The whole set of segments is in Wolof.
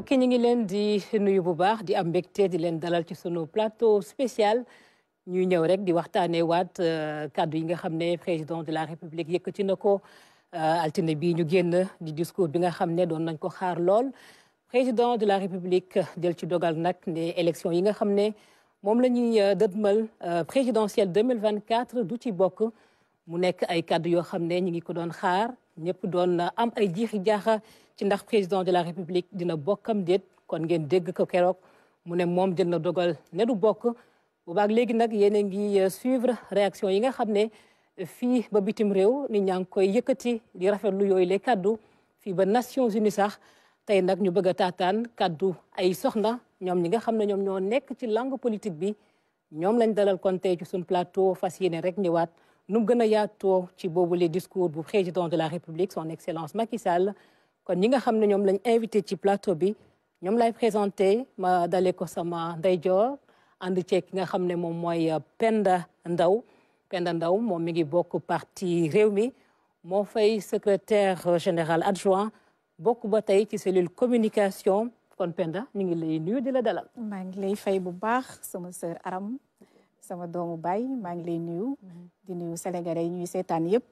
mbokk ñu ngi à di nuyu bu di di dalal ci plateau spécial ñu ñëw rek di euh, yi président de la république yëkkati nako euh altiné nous ñu génn di discours bi nga président de la république nous ci dogal nak né élection yi nga la euh, euh, présidentielle 2024 du ci bok mu nekk ay yo ñëpp doon am ay jiixi jaaxa ci ndax président de la république dina bokkam déet kon ngeen dégg ko keroog mu ne moom jël na dogal ne du bokk bu baax léegi nag yéen a ngi euh, suivre réaction yi nga xam ne fii ba bitim réew ni ñaa koy yëkkati di rafetlu yooyu le kaddu fii ba Nations uni sax tey nag ñu bëgg a taataan kaddu ay soxna ñoom ñi nga xam ne ñoom ñoo nekk ci langue politique bi ñoom lañ dalal kon tey ci suñ plateau fas yéene rek ñëwaat. nu mu gën a yaatoo ci boobule discours du président de la république son excellence Macky Sall kon ñi nga xamne ñom lañ invité ci plateau bi ñom lay présenté ma dale ko sama ndeyjoor ànd ceeg ki nga xamne mom moy euh, Penda Ndaw Penda Ndaw mom mi ngi bokk parti réew mo fay secrétaire général adjoint bokku ba tey ci cellule communication kon Penda ñi ngi lay nuyu di la dalal. ma ngi lay fay bu baax sama sœur Aram. sama doomu bay ma ngi lay nuyu. Mhm. di nuyu Sénégalais yi ñuy sétane yépp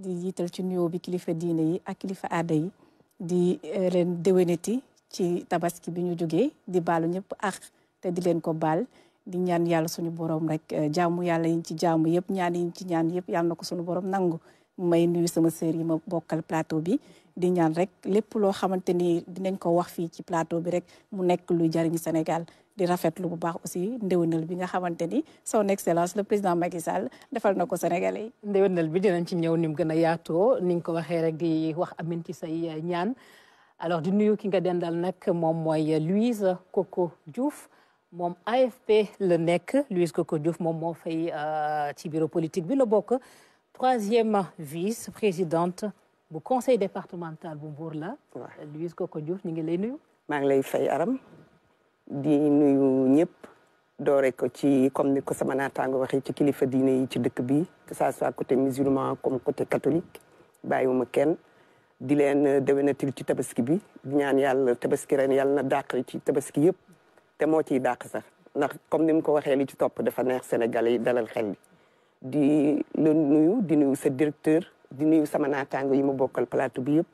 di jiital ci nuyu bi kilifa diiné yi ak kilifa aada yi. di euh, leen déwénati ci tabaski bi ñu joggé di balu ñëpp ak té di leen ko bal di ñaan yalla suñu borom rek euh, jaamu yalla yi ci jaamu yépp ñaan yi ci ñaan yépp yalla nako suñu borom nangu. may nuyu sama sœur yi ma bokkal plateau bi di ñaan rek lepp lo xamanteni dinañ ko wax fi ci plateau bi rek mu nekk lu jariñu Sénégal. di rafetlu bu baax aussi ndéwénal bi nga xamante ni son excellence le président Macky Sall defal na ko Sénégalais yi. ndéwénal bi dinañ ci ñëw ni mu gën a yaatoo ni nga ko waxee rek di wax amin ci say ñaan alors di nuyu ki nga dendal nag moom mooy Louise Coco Diouf. moom AFP Lenec nekk Louise Coco Diouf moom moo fay euh, ci bureau politique bi la bokk troisième vice présidente bu conseil départemental bu Mbour la. Louise Coco Diouf ñu ngi lay nuyu. maa ngi lay fay Aram di nuyu ñëpp doore ko ci comme ni ko sama naataango waxee ci kilifa diine yi ci dëkk bi que ça soit côté musulman comme côté catholique bàyyiwuma kenn di leen déwénatil ci tabaski bi di ñaan yàlla tabaski reen yàlla na dàq ci tabaski yëpp te moo ciy dàq sax ndax comme ni mu ko waxee li ci topp dafa neex Sénégalais yi dalal xel di la nuyu di nuyu sa directeur di nuyu sama naataango yi ma bokkal plateau bi yëpp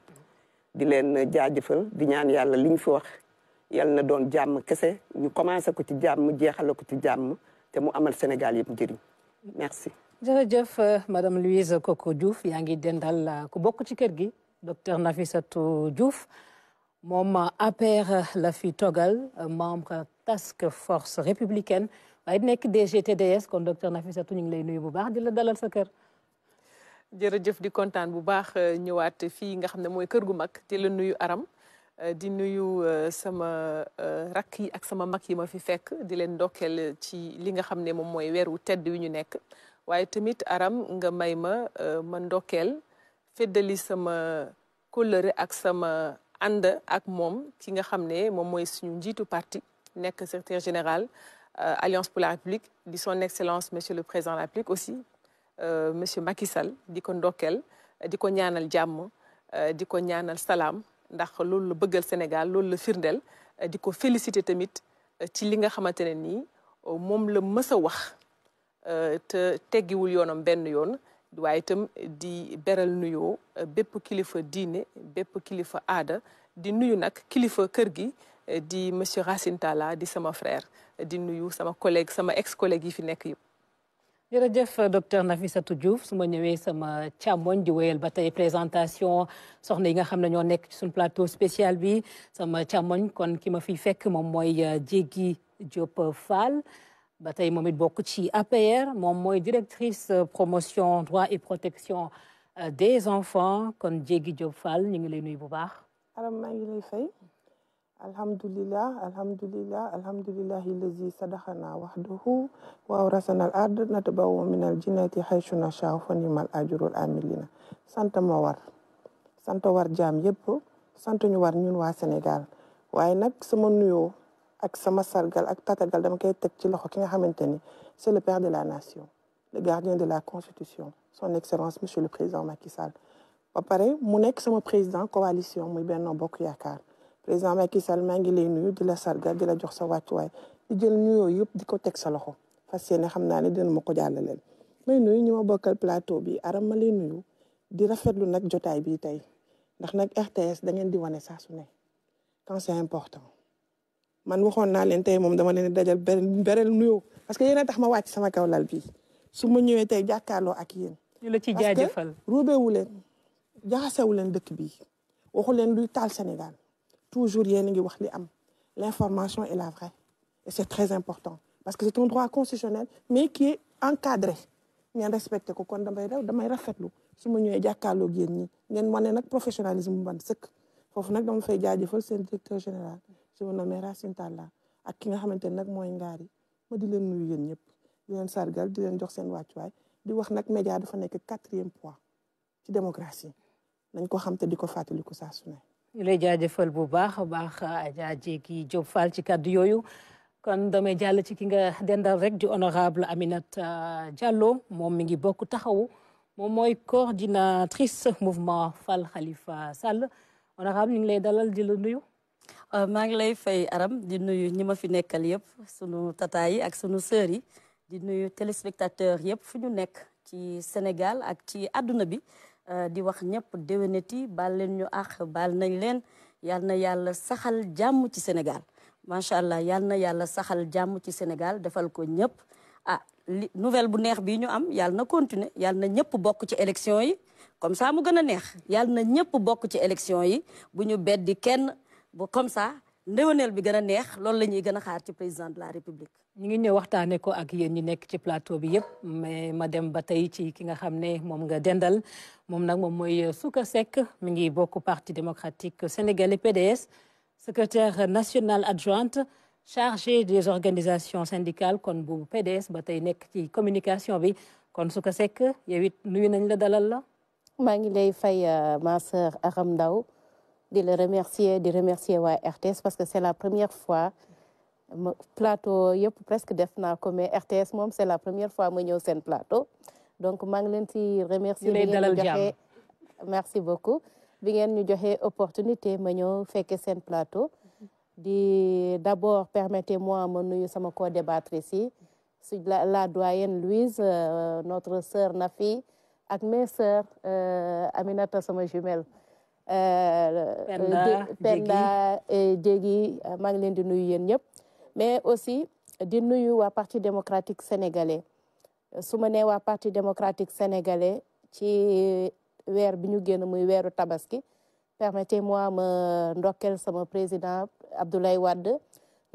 di leen jaajëfal di ñaan yàlla liñ fi wax yal don doon jàmm ñu commencé ko ci jàmm jéxal ko ci jàmm té mu amal Sénégal yépp njëriñ merci. jërëjëf euh, madame Louise Coco Diouf ya ngi dendal euh, ku bokku ci kër gi docteur Nafissatou Diouf moom euh, APR la fi togal membre task force républicaine waaye nekk dgtds TDS kon docteur Nafissatou ñu ngi lay nuyu bu baax di la dalal sa kër. jërëjëf di kontaan bu baax ñëwaat fii nga xam ne mooy kër gu mag te la nuyu aram euh, di nuyu euh, sama euh, rakk yi ak sama mag yi ma fi fekk di leen ndokkeel ci li nga xam ne moom mooy tedd ñu nekk tamit aram nga may ma ma ndokkeel Ande sama kóllëre ak sama ànd ak moom ki nga suñu parti nekk secrétaire général Alliance pour la République di son excellence monsieur le président de la République aussi monsieur Macky Sall di ko ndokkeel di ko ñaanal jàmm di ko ñaanal ndax loolu la bëggal Sénégal loolu la firndeel euh, di ko féliciter tamit euh, ci li nga xamante ne nii euh, moom la mës wax te teggiwul yoonam benn yoon waaye itam di beral nuyoo bépp kilifa diine bépp kilifa aada di nuyu nag kilifa kër gi di mosieur Racine di sama frère di nuyu sama collègue sama ex collègue yi fi nekk yëpp. jërëjëf docteur Nafissatou Diouf suma ma ñëwee sama càmmoñ di wéyal ba tey présentation soxna yi nga xam ne ñoo nekk ci suñu plateau spécial bi sama càmmoñ kon ki ma fi fekk moom mooy Diégui euh, Diop Fall ba tey moom it bokk ci APR moom mooy directrice euh, promotion droit et protection euh, des enfants kon Diégui Diop Fall ñu ngi lay nuy bu baax. alam maa ngi lay fay alhamdulillah alhamdulillah il lazi sadaqana wahdahu wa awrasana al ard natabawu min al jinnati haythu shafani mal ni'mal ajrul amilina Santa Mawar, war sant war jam yépp Santa ñu war ñun wa Sénégal waaye nag sama nuyo, ak sama sargal ak tatagal dama koy teg ci loxo c'est le père de la nation le gardien de la constitution son excellence monsieur le président Macky Sall ba pare mu sama président coalition muy Benno Bokk yakar. président Macky Sall maa ngi lay nuyu di la sargal di la jox sa wàccuwaay di jël nuyoo yëpp di ko teg sa loxo fas yéene xam naa ne dina ma ko jàllaleel may nuyu ñi ma bokkal plateau bi aram ma lay nuyu di rafetlu nag jotaay bi tey ndax nag RTS da ngeen di wane saa su ne quand c'est important man waxoon naa leen tey moom dama leen dajal benn berel nuyoo parce que yene a tax ma wàcc sama kaw lal bii su ma ñëwee tey jàkkaarloo ak yéen. ñu la ci jaajëfal parce que ruubeewu leen jaxasewu leen dëkk bi waxu leen luy taal Sénégal. toujours yéen ngi wax li am l'information est la vraie et c'est très important parce que c'est est un droit constitutionnel mais qui est encadré ngeen respecté ko kon damay rew damay rafetlu su ma jakkalo jàkkaarloog yéen ñi ngeen wane professionnalisme ban sëkk fofu nak dama fay jaajëfal sen directeur général je nomé nomme Racine Talla ak ki nga xamante nak moy mooy Ngari ma di len nuyu yéen ñëpp di len sargal di len jox seen wàccuwaay di wax nak média dafa nek 4e poids ci démocratie nañ ko xam té diko di ko sa saa su ne ñu lay jaajëfal bu baax a baax Adja ki Diop faal ci kàddu yooyu kon damay jàll ci ki nga dendal rek di honorable Aminata euh, Diallo moom mi ngi bokk taxawu moom mooy coordinatrice mouvement fal Khalifa Sall honorable ñu ngi lay dalal di la nuyu. Euh, maa ngi lay fay aram di nuyu ñi ma fi nekkal yépp sunu tata yi ak sunu sœur yi di nuyu téléspectateurs yépp fu ñu nekk ci Sénégal ak ci àdduna bi. Euh, di wax ñëpp déwénati bal leen ñu àq bal nañ leen yal na yàlla saxal jàmm ci Sénégal macha allah yal na yàlla saxal jàmm ci Sénégal defal ko ñëpp ah li nouvelle bu neex bii ñu am yal na continuer yal na ñëpp bokk ci élection yi comme ça mu gën a neex yal na ñëpp bokk ci élection yi bu ñu beddi kenn bu comme ça ndéwéneel bi gëna neex loolu lañuy gëna xaar ci président de la république. ñi ngi ñëw waxtaanee ko ak yeen ñi nekk ci plateau bi yépp mais ma dem ba tey ci ki nga xam ne moom nga dendal moom nag moom mooy Souka Seck mi ngi bokk parti démocratique sénégalais PDS secrétaire nationale adjointe chargée des organisations syndicales kon bu PDS ba tey nekk ci communication bi kon Souka Seck yow it nuyu nañ la dalal la. maa ngi lay fay euh, ma sœur Aram ndaw de le remercier, de remercier RTS parce que c'est la première fois. plateau est presque def comme RTS mom c'est la première fois ma ñëw sen plateau donc je ngi len ci remercier merci beaucoup bi ngeen ñu joxé opportunité ma fekke plateau di d'abord permettez-moi de nuyu sama co la doyenne Louise euh, notre sœur Nafi et mes sœurs euh, Aminata sama jumelle Euh, Penda Jégi maa ngi leen di nuyu yéen ñëpp mais aussi di nuyu waa parti démocratique sénégalais su ma nee waa parti démocratique sénégalais ci weer bi ñu génn muy weeru tabaski permettez-moi ma ndokkeel sama président Abdoulaye Wade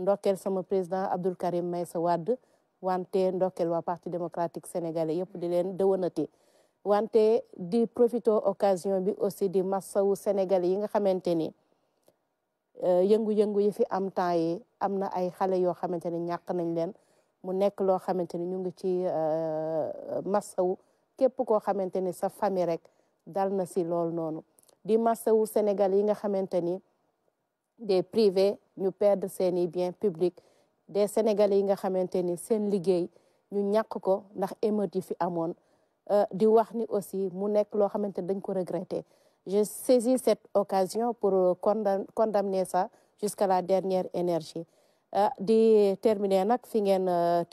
ndokkeel sama président Abdoul Karim Meïssa Wade wante ndokkeel waa parti démocratique sénégalais yëpp di leen dëwanati wante di profito occasion bi aussi di massawu Sénégal yi nga xamante ni euh, yëngu-yëngu yi fi am temps yi am na ay xale yoo xamante ni ñàkk nañ leen mu nekk loo xamante ni ñu ngi ci euh, massawu képp koo xamante ni sa famille rek dal na si lool noonu di massawu Sénégal yi nga xamante ni des privés ñu perdre seeni bien publics des Sénégalais yi nga xamante ni seen liggéey ñu ñàkk ko ndax émeute yi fi amoon Euh, di wax aussi mu nekk ko regretter je saisis cette occasion pour euh, condamner ça jusqu'à la dernière énergie euh, terminer nak fi le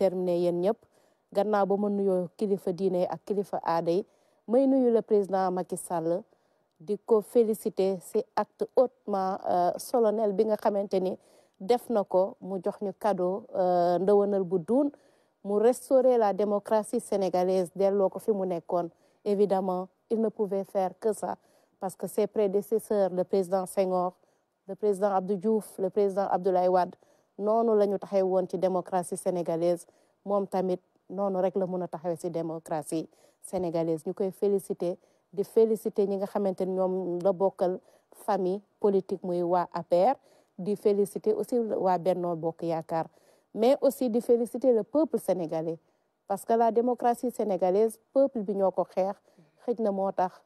président Macky Sall di ko féliciter acte hautement solennel bi nga xamanteni mu cadeau bu mu restaurer la démocratie sénégalaise dès lors fi mu évidemment il ne pouvait faire que ça parce que ses prédécesseurs le président Senghor le président Abdou Diouf le président Abdoulaye Wade non, nous ñu démocratie sénégalaise Moi tamit noonu rek la été démocratie sénégalaise Nous pouvons féliciter di féliciter ñi nga la famille politique muy à APR di féliciter aussi waa Benno Yakar mais aussi di féliciter le peuple sénégalais parce que la démocratie sénégalaise peuple bi ñoo ko xeex na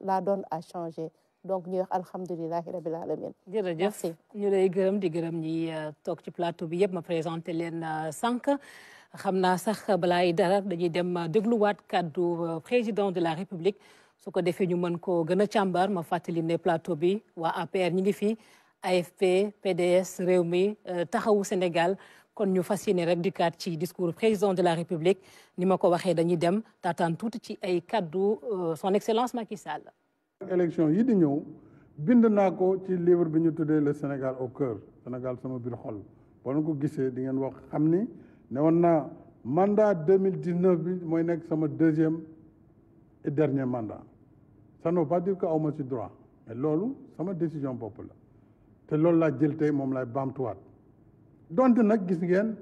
la donne a changé donc ñu wax alhamdulilahi rabil alamin jërëjëf ñu lay gërëm di gërëm ñi euh, toog ci plateau bi yëpp ma présenté leen euh, sànq xam sax balaay dara dañuy dem euh, wat cadeau président de la république su ko defee ñu mën ko gëna a ma fàttali né plateau bi wa APR ñi ngi fi AFP PDS réew mi taxawu Sénégal kon ñu fas rek dikkaat ci discours président de la république ni ma ko waxee dañuy dem taataan tuuti ci ay kaddu euh, son excellence Macky Sall. élection yi di ñëw bind naa ko ci livre bi ñu tuddee le Sénégal au cœur Sénégal sama biir xol boo ko gisee di ngeen wax xam ni ne naa mandat 2019, bi mooy nekk sama deuxième et dernier mandat ça ne veut pas dire que aw ma ci droit mais loolu sama décision bopp la te loolu laa jël tey moom laay baamtuwaat. donte nag gis ngeen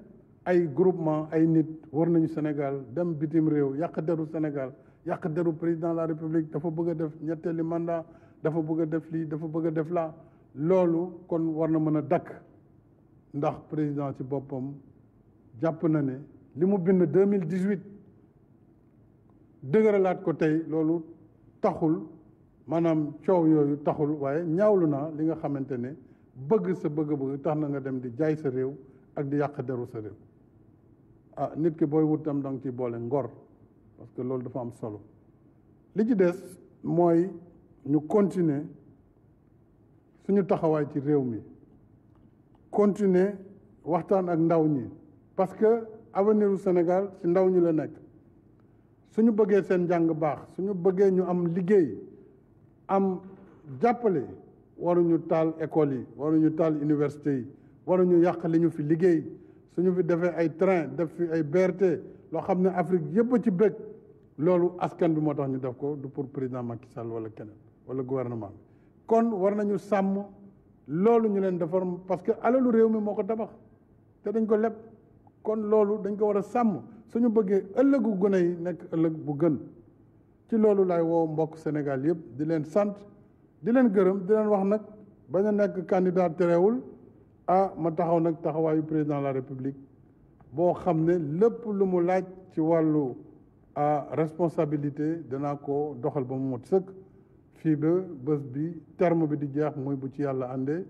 ay groupement ay nit war nañu Sénégal dem bitim réew yàq deru Sénégal yàq deru président la République dafa bëgg a def ñetteeli mandat dafa bëgg a def lii dafa bëgg a def laa loolu kon war na mën a dakk ndax président ci boppam jàpp na ne li mu bind deux mille dix huit dëgëralaat ko tey loolu taxul maanaam coow yooyu taxul waaye ñawlu naa li nga xamante ne bëgg sa bëgg-bëgg tax na nga dem di jaay sa réew ak di yàq deru sa réew ah nit ki booy wut tam danga ci boole ngor parce que loolu dafa am solo li ci des mooy ñu continuer suñu taxawaay ci réew mi continuer waxtaan ak ndaw ñi parce que avenir u Sénégal ci ndaw ñi la nekk suñu bëggee seen njàng baax suñu bëggee ñu am liggéey am jàppale waruñu taal école yi waruñu taal université yi waruñu yàq li ñu fi liggéey su ñu fi defee ay train def fi ay BRT loo xam ne Afrique yëpp ci bëgg loolu askan bi moo tax ñu def ko du pour président Macky Sall wala keneen wala gouvernement kon war nañu sàmm loolu ñu leen defar parce que alalu réew mi moo ko tabax te dañ ko leb kon loolu dañ ko war a sàmm suñu bëggee ëllëgu gone yi nekk ëllëg bu gën ci loolu laay woo mbokk Sénégal yëpp di leen sant di leen gërëm di leen wax nag bañ a nekk candidat terewul ah ma taxaw nag taxawaayu président la république boo xam ne lépp lu mu laaj ci wàllu ah responsabilité danaa ko doxal ba mu mot sëkk fii ba bës bi terme bi di jeex muy bu ci yàlla àndee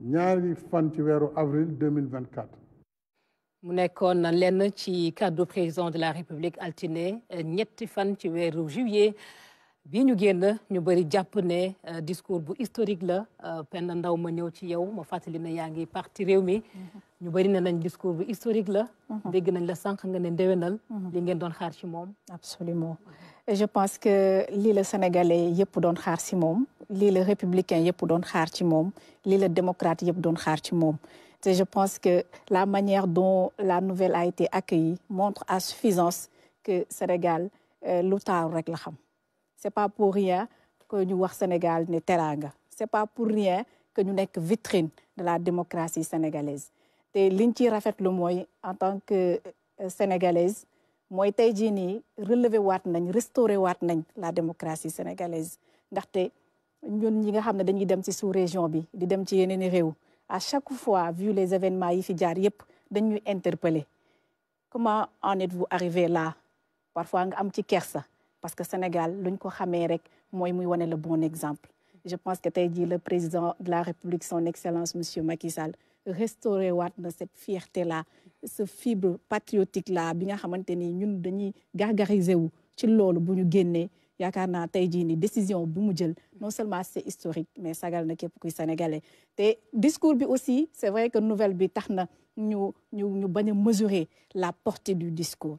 ñaari fan ci weeru avril 2024 mu nekkoon lenn ci cadre président de la république altine eh, ñetti fan ci weeru juillet bii ñu génn ñu bari jàpp ne euh, discours bu historique la euh, Penda Ndaw ma ñëw ci yow ma fàttali ne yaa ngi parti réew mi mm-hmm. ñu bari ne nañ discours bu historique la mm-hmm. dégg nañ la sànq nga ne ndéwénal mm-hmm. li ngeen doon xaar ci moom absolument et je pense que lii la sénégalais yépp doon xaar ci moom lii la républicain yépp doon xaar ci moom lii la démocrate yépp doon xaar ci moom te je pense que la manière dont la nouvelle a été accueillie montre à suffisance que Sénégal euh, lu taaru rek la xam n'est pas pour rien que nous ñu au Sénégal ne n'est c'est pas pour rien que nous sommes vitrine de la démocratie sénégalaise Et liñ que le fait en tant que euh, sénégalaise c'est été jii pour relever restaurer la démocratie sénégalaise Nous ñun ñi nga xam dañuy sous région bi di dem ci à chaque fois vu les événements yi fi jaar comment en êtes-vous arrivé là parfois nga am ci kersa parce que Sénégal luñ ko xamee rek moy muy le bon exemple je pense que le président de la République son excellence monsieur Macky Sall restaurer cette fierté là ce fibre patriotique là bi nga xamanteni ñun dañuy gargariser wu ci lolu buñu yakarna ni décision bu mu jël non seulement c'est historique mais sagal na képp kuy sénégalais le discours aussi c'est vrai que nouvelle bi taxna ñu ñu ñu mesurer la portée du discours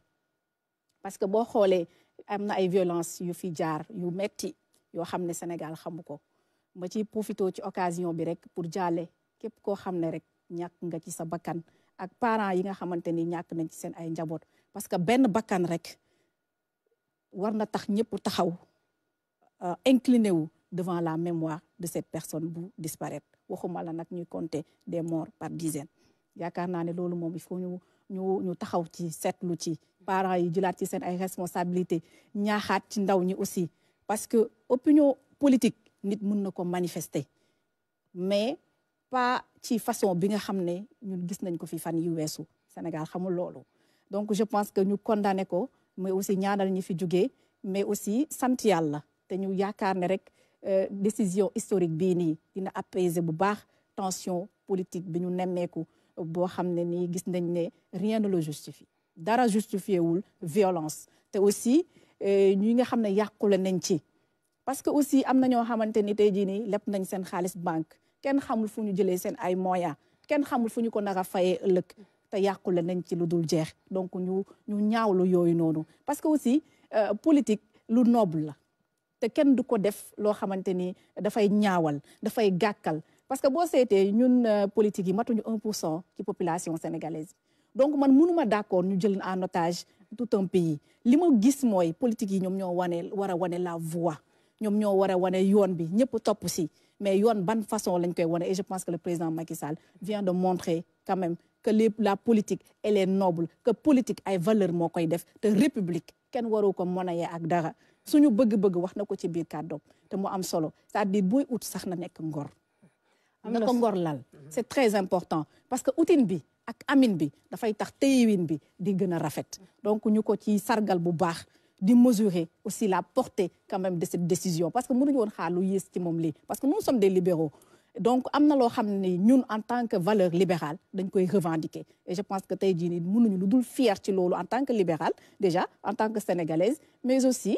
parce que bo xolé amna na ay violence yu fi jaar yu metti yo xamné Sénégal xamuko ko ma ci profité ci occasion bi rek pour jaale képp ko xamné rek ñàkk nga ci sa bakkan ak parents yi nga xamanteni ni nañ ci sen ay njabot parce que ben bakkan rek Warna tax ñepp taxaw euh, incliné wu devant la mémoire de cette personne bu disparaître waxuma la nak ñuy compter des morts par dizaines yakarna né lolu mom il faut ñu ñu ñu taxaw ci setlu ci parents yi jëlaat ci seen ay responsabilité ñaaxaat ci ndaw ñi aussi parce que opinion politique nit mën na ko manifester mais pas ci façon bi nga xam ne ñun gis nañ ko fi fan yu weesu Sénégal xamul loolu donc je pense que ñu condamné ko mais aussi ñaanal ñi fi jugee mais aussi sant yàlla te ñu yaakaar ne rek euh, décision historique bii nii dina apaiser bu baax tension politique bi ñu nemmeeku boo xam ne nii gis nañ ne rien ne le justifie dara justifié wul violence te aussi euh, ñi nga xamné ne nañ ci parce que aussi am na ñoo xamante ni tey nañ sen xaliss banque ken xamul fuñu jëlé sen ay moyens ken xamul fuñu ko nar fayé fayee ëllëg te yàqule nañ ci luddul dul jeex donc ñu ñu ñaawlu yooyu nonu parce que aussi euh, politique lu noble la te ken duko def lo xamanteni da fay ñaawal da fay gakkal parce que bo sété ñun euh, politique yi matuñu un pour cent ci population sénégalaise donc man mënuma d'accord ñu jël en otage tout un pays li ma gis mooy politique yi ñoom ñoo wane war la voix. la voix, ñoom ñoo war a wane yoon bi ñëpp topp si mais yoon ban façon lañ koy et je pense que le président Macky Sall vient de montrer quand même que les, la politique elle est noble que politique ay valeur moo koy def La république kenn waru ko monnaye ak dara suñu bëgg-bëgg wax na ko ci biir kàddoom c'est mu am solo c'est-à-dire booy ut sax na nekk ngor na ko ngor c'est très important parce que outil bi ak amin bi fay tax teyewin bi di gëna rafet donc ñu ci sargal bu mesurer aussi la portée quand même de cette décision parce que parce que nous sommes des libéraux donc amna en tant que valeur libérale revendiquer et je pense que en tant que libéral déjà en tant que sénégalaise mais aussi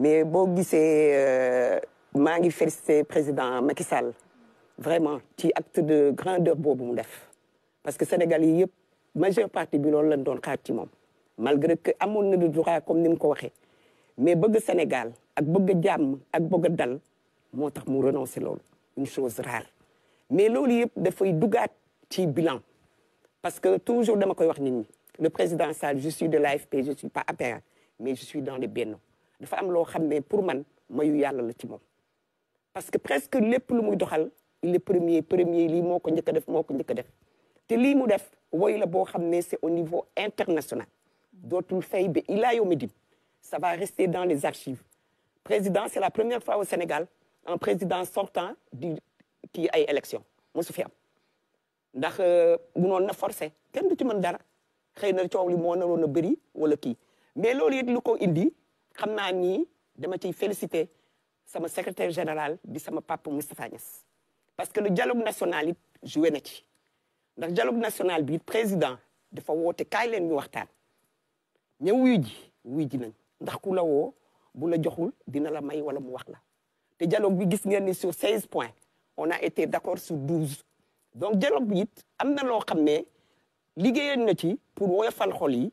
mais boo c'est euh, maa président Macky Sall vraiment ci acte de grandeur pour mon def parce que Sénégal yi yëpp majeure partie bi loolu lañ le malgré que nous ne du droit comme nous le mais bëgg Sénégal ak bëgg a ak bëgg dal moo tax mu renoncé loolu une chose rare mais loolu yëpp dafay dugaat ci bilan parce que toujours dama koy wax le président Sall je suis de l'AFP je suis pas APA, mais je suis dans les bien de am loo xam pour man mayu le la ci parce que presque les lu muy doxal il est premier premier lii moo ko njëkk a def moo ko njëkk def mu def la c'est au niveau international D'autres fay ba a yow Médine ça va rester dans les archives président c'est la première fois au Sénégal un président sortant di kii ay élection mosu fi am ndax euh, munoon na forcé kenn du ci mën dara xëy na coow li moo naroon a bëri wala qui. mais loolu it lu ko indi xam dama ciy féliciter sama secrétaire général di sama papa Moustapha Niass parce que le dialogue national it joué na ci ndax dialogue national bi président dafa wote kaay leen ñu waxtaan ña wuyu ji wuy ji nañ ndax ku la wo bu la joxul dina la may wala mu wax la te dialogue bi gis ngeen ni sur 16 points on a été d'accord sur 12 donc dialogue bi it am na loo xam ne na ci pour woyofal xol yi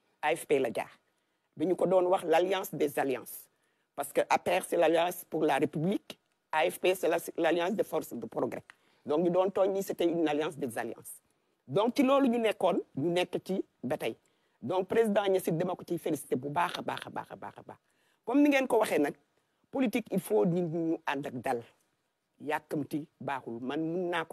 AFP la guerre. nous avons ko l'alliance des alliances parce que APR c'est l'alliance pour la République AFP c'est l'alliance des forces de progrès donc nous avons dit que c'était une alliance des alliances donc nous avons ñu nekkoon nous nekk ci ba bataille. donc président il dama ko félicité bu baax a comme ni ngeen ko la politique il faut nous ñu il ak dal yàkkamti baaxul man mun naa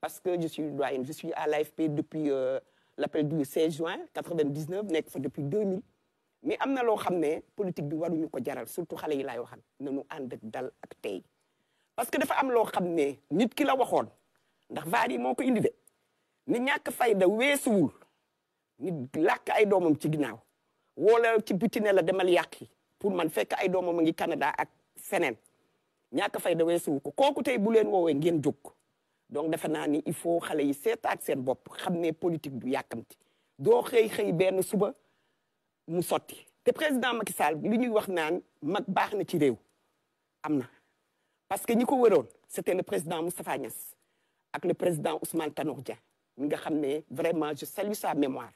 parce que je suis je suis à l'AFP depuis euh, l'appel du 16 juin 99 nekk fa depuis 2000 am na loo xam ne politique bi waruñu ko jaral surtout xale yi laay waxal nañu ànd ak dal ak tey parce que dafa am loo xam ne nit ki la waxoon ndax vaar yi moo ko indi de ni ñàkk fayda weesuwul nit làkk ay doomam ci ginnaaw woola ci biti ne la demal yàq yi pour man fekk ay doomam a ngi Canada ak feneen ñàkk fayda weesuwu ko kooku tey bu leen woowee ngeen jóg donc il faut que yi actions pour politique du président Macky Sall na parce que nous c'était le président Moustapha Niass et le président Ousmane Tanor vraiment je salue sa mémoire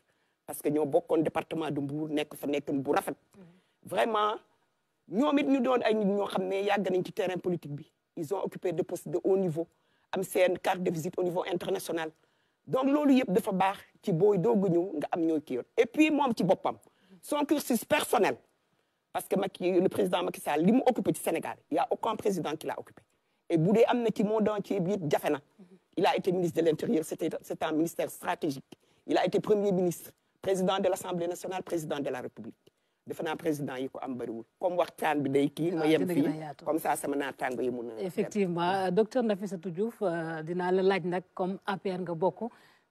parce que ñoo le département de Mbour de vraiment nous ñu ay terrain politique ils ont occupé des postes de haut niveau am une carte de visite au niveau international donc lolu yëpp dafa bax ci boy doog ñëw nga am ñooy et puis mom ci bopam son cursus personnel parce que le président Macky Sall li occupé ci Sénégal Il y a aucun président qui l'a occupé et Boudé amna il a été ministre de l'intérieur c'était c'est un ministère stratégique il a été premier ministre président de l'Assemblée nationale président de la République defe naa président yi ko am bëriwul comme waxtaan bi day kii ma ah, yem fii comme ça sama naataango yi mun na effectivement mm. docteur Nafissatou Diouf euh, dinaa la laaj nag comme APR nga bokk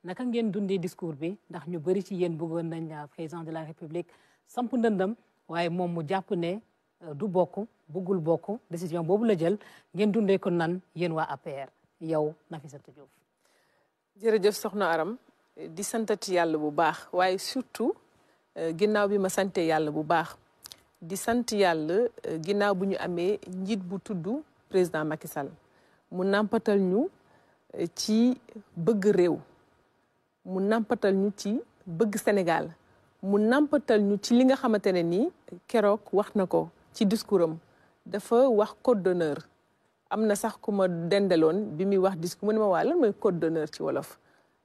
naka ngeen dundee discours bi ndax ñu bëri ci yéen bëggoon nañ euh, président de la république samp ndëndam waaye moom mu jàpp ne euh, du bokk bëggul bokk décision boobu la jël ngeen dundee ko nan yéen waa APR yow Nafissatou Diouf jërëjëf soxna Aram di santati yàlla bu baax Euh, ginnaaw bi ma sante yàlla bu baax di sant yàlla euh, ginnaaw bu ñu amee njiit bu tudd président Macky Sall mu nàmpatal ñu euh, ci bëgg réew mu nampatal ñu ci bëgg Sénégal mu nampatal ñu ci li nga xamante ne nii keroog wax na ko ci discours am dafa wax code d'honneur am na sax ku ma dendeloon bi muy wax discours mu ne ma waa lan mooy code d'honneur ci wolof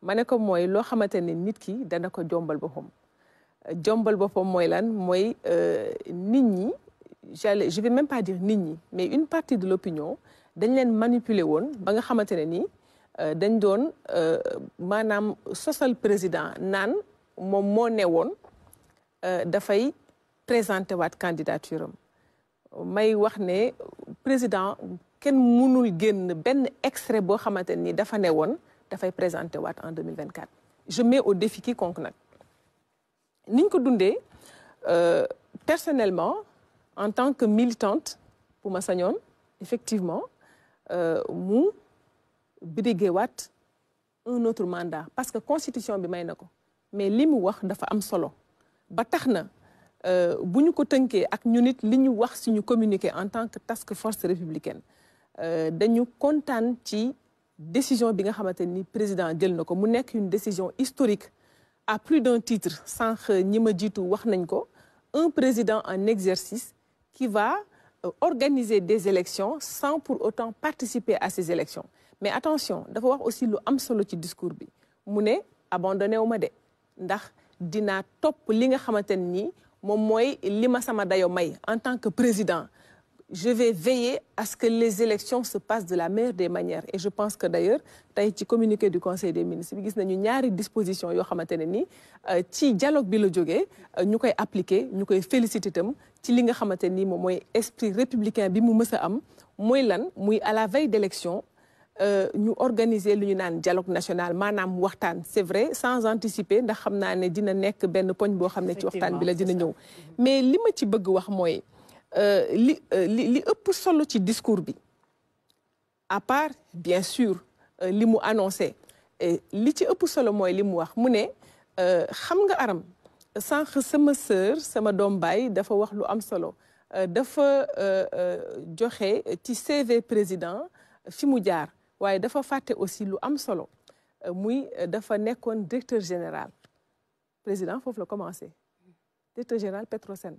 ma ne ko mooy loo xamante ne nit ki dana ko jombal boppam jombal boppam moy lan moy euh je vais même pas dire nit mais une partie de l'opinion dañ leen manipuler won ba nga xamante ne nii euh, dañ doon euh, maanaam président nan moom moo ne woon euh, dafay présenté waat candidature am may wax né président Ken mënul génn ben extrait bo xamante ne nii dafa ne woon dafay présenté en 2024 je mets au défi quiconque nak nous avons, euh, personnellement en tant que militante pour ma effectivement euh, mu bidigewaat un autre mandat parce que la constitution bi may mais ce que wax dafa am solo ba tax na euh, communiqué en tant que task force républicaine Nous sommes contents décision la décision que le président a une décision historique à plus d'un titre sans que nous ne wax un président en exercice qui va euh, organiser des élections sans pour autant participer à ces élections mais attention faut voir aussi le am solo ci discours bi mu abandonner abandonné dé de ndax dina top li nga lima mom moy en tant que président je vais veiller à ce que les élections se passent de la meilleure des manières et je pense que d'ailleurs dans ci communiqué du conseil des ministres nous gis nañu ñaari disposition yoo xamante euh, dialogue bi la appliqué, euh, nous appliquer ñu féliciter itam ci li nga esprit républicain bi mu a am mooy lan à la veille d'élection euh, ñu organiser lu ñu dialogue national manam c'est vrai sans anticiper nous avons naa ne dina nekk benn poñ boo xam ci mais ce ma ci bëgg dire, mooy euh, euh, li li ëpp solo ci discours à part bien sûr euh, li mu annoncé li ci ëpp solo mooy li mu wax mu ne xam nga aram sànq sama sœur sama dafa wax lu am solo dafa joxe ci CV président fi mu jaar waaye dafa aussi lu am solo muy dafa directeur général président foofu la commencé directeur général Petrosen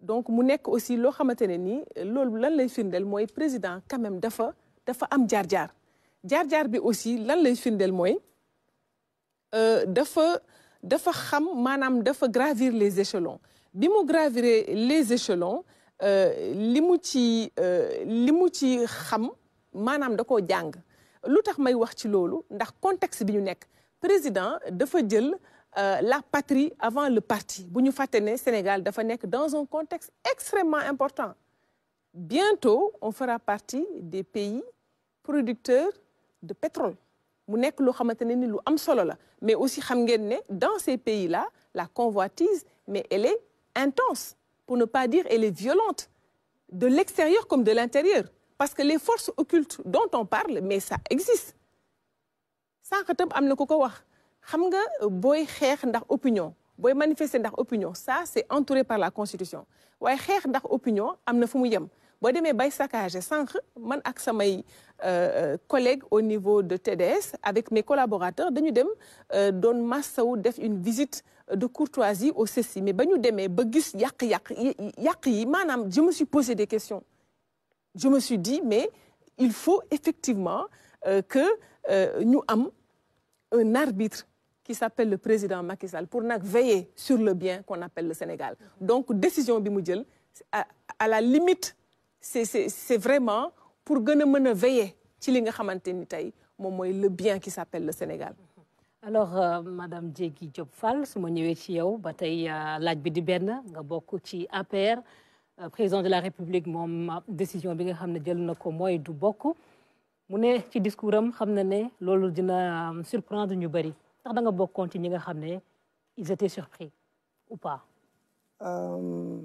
donc mu nek aussi lo xamantene ni lolou lan lay findel moy président quand même dafa dafa am jaar-jaar bi aussi lan lay moy euh dafa dafa xam manam dafa gravir les échelons bi mu gravir les échelons euh mu ci euh mu ci xam manam dako jang lutax may wax ci lolou ndax contexte bi ñu président dafa jël euh, la patrie avant le parti Si nous Sénégal dafa dans un contexte extrêmement important bientôt on fera partie des pays producteurs de pétrole mais aussi dans ces pays là la convoitise mais elle est intense pour ne pas dire elle est violente de l'extérieur comme de l'intérieur parce que les forces occultes dont on parle mais ça existe Ça, c'est ce xam nga euh, booy xeex ndax opinion booy manifester ndax opinion ça c'est entouré par la constitution waaye xeex ndax opinion am na fu mu yem boo demee bay saccagé sànq man ak samay euh, euh, collègues au niveau de TDS avec mes collaborateurs dañu dem doon massaw def une visite de courtoisie au CECI mais ba ñu demee ba gis yàq-yàq yi je me suis posé des questions je me suis dit mais il faut effectivement que ñu am un arbitre qui s'appelle le président Macky Sall pour nous veiller sur le bien qu'on appelle le Sénégal donc décision bi à la limite c'est vraiment pour veiller ci li nga le bien qui s'appelle le Sénégal alors euh, madame Diégui Diop Fall su ma ñëwee ci yow ba euh, laaj bi di Le euh, président de la République a décision bi nga xam ne jël na du bokk ci discours am xam dina euh, surprendre ndax da nga bokkoon ci ñi nga xamné ils étaient surpris ou pas. Euh,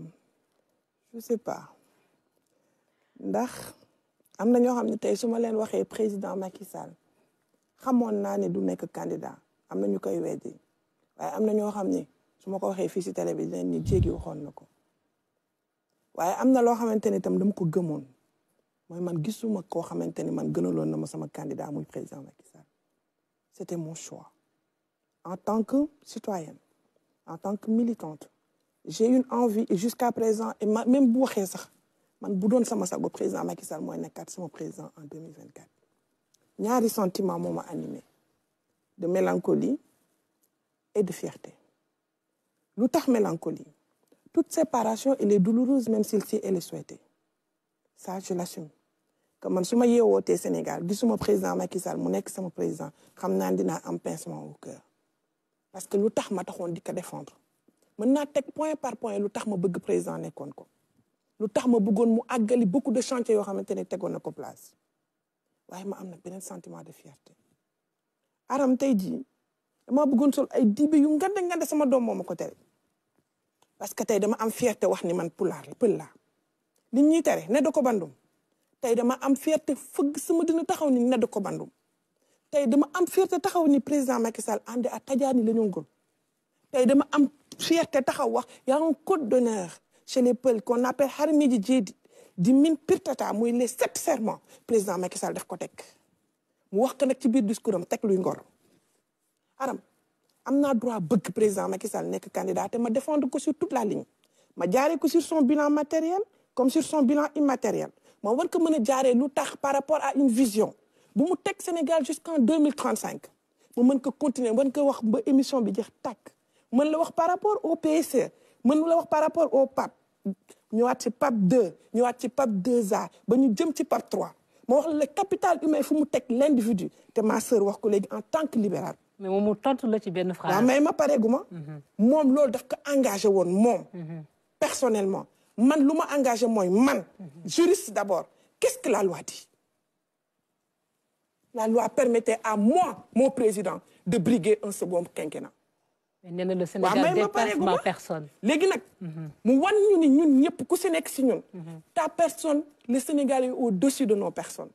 je sais pas ndax amna ño ñoo tay suma tey su leen waxee président Macky Sall xamoon naa ne du nekk candidat amna ñu koy weddi waye amna ño ñoo suma ko waxé fi ci télé bi dinañ ni djégi waxon nako waye amna lo na loo ni itam dama ko gëmon moy man gisuma ko xamante man gënaloon na sama candidat muy président Macky Sall c'était mon choix en tant que citoyenne, en tant que militante, j'ai une envie, jusqu'à présent, et même pour ça, man bu doon sama président Macky Sall mooy nekkaat sama président en 2024 ñaari sentiment mon moment animé de mélancolie et de fierté lu mélancolie toute séparation elle est douloureuse même si elle est souhaitée ça je l'assume que man su ma au Sénégal mon président Macky Sall mon ex sama président je naa un pincement au cœur parce que lu tax ma taxoon di ko défendre mën naa teg point par point lu tax ma bëgg président nekkoon ko lu tax ma bëggoon mu àggali beaucoup de chantiers yoo xamante ne tegoon na ko place waaye ma am na beneen sentiment de fierté aram tey jii dama bëggoon sol ay dibe yu ngande ngande sama doom moo ma ko tere parce que tey dama am fierté wax ni man pulaar la pël laa ñuy tere ne da ko bandum tey dama am fierté fëgg sama dina taxaw ni ne ko bandum tay dama am fierté taxaw ni président Macky Sall ànd ak Tadjani la ñu ngëm dama am fierté taxaw wax y a un code d'honneur chez les Peuls qu'on appelle Harimedi Diedi di min pirtata muy les sept serments président Macky Sall daf ko tek mu wax ko nak ci biir discours tek luy ngor aram amna droit bëgg président Macky Sall nekk candidat te ma défendre ko sur toute la ligne ma jaaree ko sur son bilan matériel comme sur son bilan immatériel ma je ko mën a lu tax par rapport à une vision bu mu au Sénégal jusqu'en 2035 mu mën continuer mën ko wax ba émission bi jeex tac. mën la wax par rapport au PSE mën la wax par rapport au PAP avons ci PAP 2 avons ci PAP 2A ba ñu jëm ci PAP 3 le capital humain il faut que l'individu que ma soeur, wax ko en tant que libéral. mais moom mu tontu la ci benn phrase. mais ma pareegu ma. Mhm. moom loolu daf ko engagé woon -hmm. personnellement man je ma engagé man. Mhm. juriste d'abord qu'est-ce que la loi dit la loi permettait à moi, mon président, de briguer un second quinquennat. Mais le Sénégal dépasse ma personne léegi nag. Mhm. mu wan ñu ni ñun ñëpp ku ñun. Mhm. ta personne le Sénégal est au-dessus de nos personnes.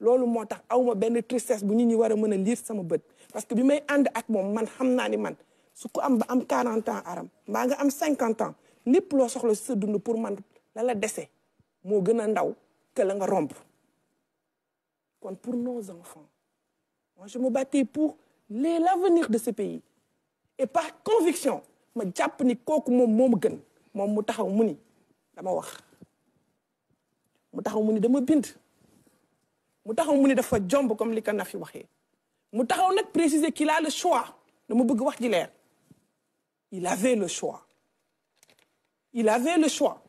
C'est moo tax aw ma benn tristesse bu nit ñi war a lire sama bët parce que bi may suis ak moi, man sais que ni man su ko am ba am 40 ans aram mbaa nga am 50 ans tout ce que si pour man la la dese moo gën ndaw que la nga pour nos enfants, moi, je me battais pour l'avenir de ce pays. Et par conviction, suis jàpp ni mom. Je suis ma que je Je dama wax suis Je Je dama je comme je suis qu'il a le choix dama wax il avait le choix il avait le choix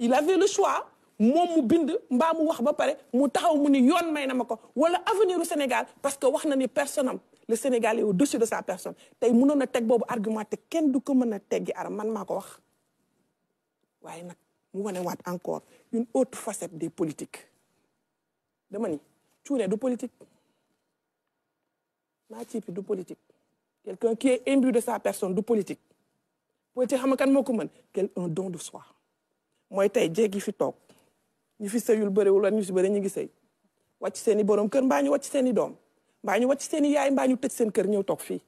il avait le choix moom mu bind mbaa mu wax ba pare mu taxaw mu ni yoon may na wala avenir du Sénégal parce que wax na ni personne le Sénégal est au-dessus de sa personne tay mënoon a teg boobu argument te du ko meuna teggi aram man mako wax waye nak mu woné wat encore une autre facette des politiques dama ni cuune du politique ma ciipi du politique quelqu'un qui est imbu de sa personne du politique politique xam nga kan moo ko quel un don de soi moy tay jéegi fi tok ñi fi sëyul bëriwul wala ñu si bëri ñu ngi sëy wàcc seen i borom kër mbaa ñu wàcc seen i doom mbaa ñu wàcc seeni yaay mbaa ñu tëj seen kër ñëw toog fii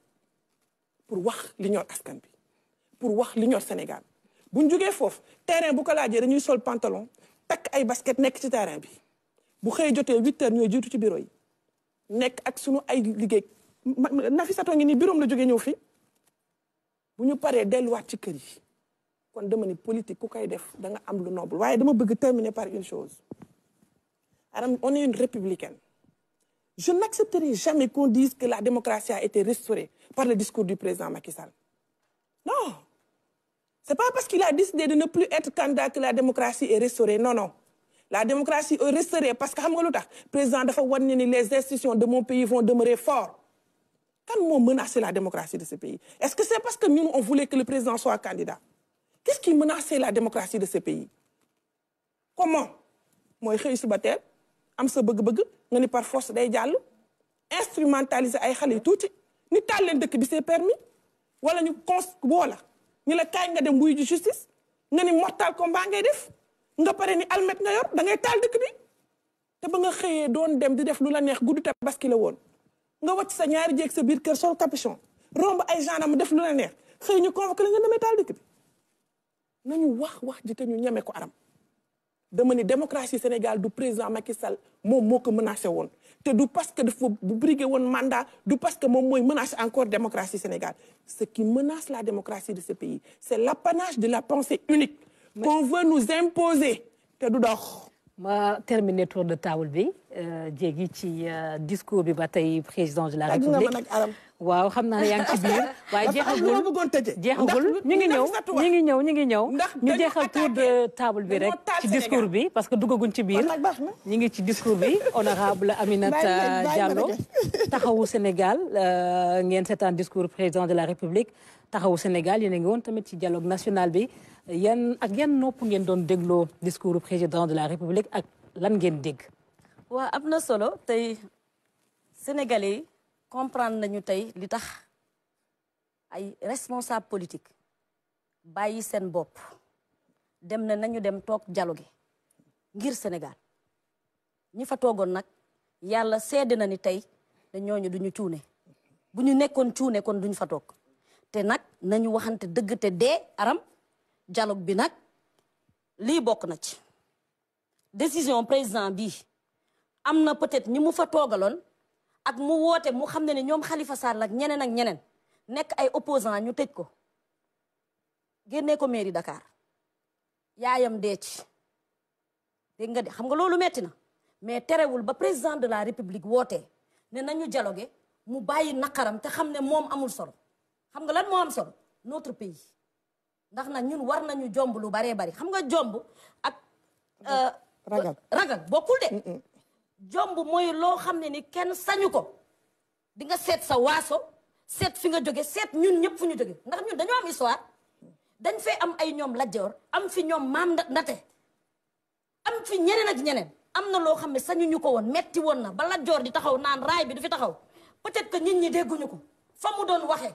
pour wax li ñor askan bi pour wax li ñor Sénégal bu ñu jógee foofu terrain bu ko laajee dañuy sol pantalon takk ay basket nekk ci terrain bi bu xëy jotee huit ñoo ñooy jiitu ci bureau nekk ak sunu ay liggéey Nafisato ngi nii bureau la jógee ñëw fii bu ñu paree delluwaat ci kër yi. Quand on est politique on ne def da noble Je dama terminer par une chose on est une républicaine je n'accepterai jamais qu'on dise que la démocratie a été restaurée par le discours du président Macky Sall non n'est pas parce qu'il a décidé de ne plus être candidat que la démocratie est restaurée non non la démocratie est restaurée parce que xam président dafa les institutions de mon pays vont demeurer fortes Quand on menacé la démocratie de ce pays est-ce que c'est parce que nous, on voulait que le président soit candidat Qu'est-ce qui menaçait la démocratie de ce pays Comment mooy je suis battu, je suis battu, je suis ni par force day jàll instrumentaliser ay xale yu tuuti ni suis leen dëkk c'est permis wala ñu cons woo la ñu la kaay je suis justice nga ni mortal combat ngay def nga pare ni almet je suis da ngay taal dëkk bi te nga xëyee doon dem di def lu la neex gudd tabaski la woon nga wacc sa ñaari jéeg sa biir kër sol capuchon romb ay gendarme def lu la neex xëy ñu convoqué nga demee je suis bi nañu wax wax ji te ñu ñame ko aram dama la démocratie Sénégal du président Macky Sall mom moko menacé du parce que dafa bu brigué mandat du parce que mom moy menace encore démocratie Sénégal ce qui menace la démocratie de ce pays c'est l'apanage de la pensée unique qu'on veut nous imposer Je du dox ma terminer tour de table bi djegi euh, ci euh, discours bi ba président de la république waaw xamna naa yaa ci biir waaye jeexagul jeexagul ñu ngi ñëw ñu ngi ñëw ngi ñëw ñu jeexal tour de table bi rek ci discours bi parce que duggaguñ ci biir ñi ngi ci discours bi honorable Aminata Diallo taxawu Sénégal euh, ngeen seetaan discours président de la république taxawu Sénégal yéen a ngi won tamit ci dialogue national bi yan ak yan nopp ngeen doon dégloo discours président de la république ak lan ngeen dégg waa am na solo tey sénégalais yi comprendre nañu tey li tax ay responsable politique bàyyi seen bopp dem na nañu dem toog dialogue ngir Sénégal ñi fa toogoon nag yàlla sedd na ni tey ne ñooñu duñu cuune bu ñu nekkoon cuune kon duñu fa toog te nag nañu waxante dëgg te dee aram dialogue bi nag lii bokk na ci décision président bii am na peut-être ñi mu fa toogaloon ak mu woote mu xam ne ne ñoom Khalifa Sall ak ñeneen ak ñeneen nekk ay opposant ñu tëj ko génne ko mairie Dakar yaayam dee ci dégg nga de xam nga loolu metti na mais terewul ba président de la république wootee ne ñu jaloge mu bàyyi naqaram te xam ne moom amul solo xam nga lan moo am solo notre pays ndax na ñun war nañu jomb lu baree bari xam nga jomb ak. Euh, ragal ragal bokkul de. jomb mooy loo xam ne ni kenn sañu ko di nga seet sa waaso seet fi nga jóge seet ñun ñëpp fu ñu jóge ndax ñun dañoo am histoire dañ fee am ay ñoom lajjoor am fi ñoom maam ndate am fi ñeneen ak ñeneen am na loo xam ne sañu ñu ko woon metti woon na ba lajjoor di taxaw naan raay bi du fi taxaw peut-être que nit ñi dégguñu ko fa mu doon waxee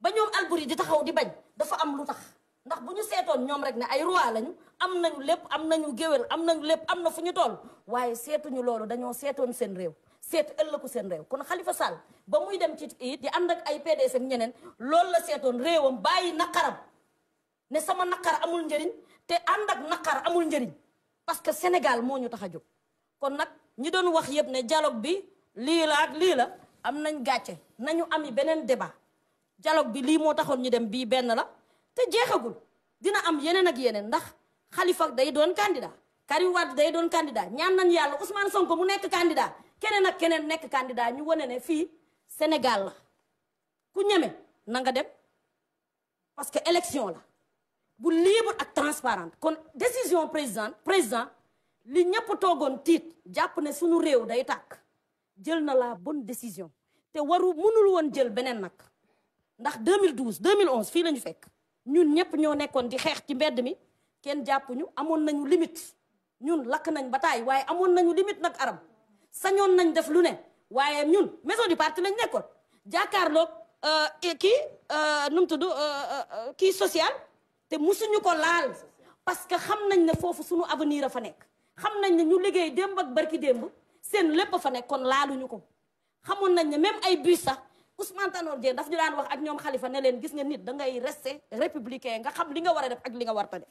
ba ñoom alburi di taxaw di bañ dafa am lu tax ndax bu ñu seetoon ñoom rek ne ay roi lañu am nañu lépp am nañu géwél am nañu lépp am na fu ñu toll waaye seetuñu loolu dañoo seetoon seen réew seet ëllëgu seen réew kon Khalifa Sall ba muy dem ci it di ànd ak ay PDS ak ñeneen loolu la seetoon réewam bàyyi naqaram ne sama naqar amul njëriñ te ànd ak naqar amul njëriñ parce que Sénégal moo ñu tax a jóg kon nag ñi doon wax yëpp ne dialogue bi lii la ak lii la am nañ gàcce nañu ami beneen débat dialogue bi lii moo taxoon ñu dem bii benn la te jeexagul dina am yenen ak yenen ndax Khalifa day doon candidat kari wad day doon candidat ñaan nañ yalla Ousmane Sonko mu nekk candidat keneen ak keneen nekk candidat ñu wone ne fi senegal la ku ñeme na nga dem parce que élection la bu libre ak transparent kon décision président président li ñepp togon tit japp ne suñu réew day tak jël na la bonne décision te waru mënul won jël benen nak ndax 2012 2011 fi lañu fekk ñun ñëpp ñoo nekkoon di xeex ci mbedd mi kenn jàppuñu amoon nañu limite ñun lakk nañ ba taay waaye amoon nañu limite nag aram sañoon nañ def lu ne waaye ñun maison du parti lañ nekkoon jàkkaarloog euh, kii euh, nu mu tudd euh, kii social te musuñu ko laal parce que xam nañ ne foofu suñu avenir a fa nekk xam nañ ne ñu liggéey démb ak barki démb seen lépp a fa nekk kon laaluñu ko xamoon nañ ne même ay bus sax Ousmane Tanor Dieng daf ñu daan wax ak ñom khalifa ne leen gis nga nit da ngay rester républicain nga xam li nga wara def ak li nga warta def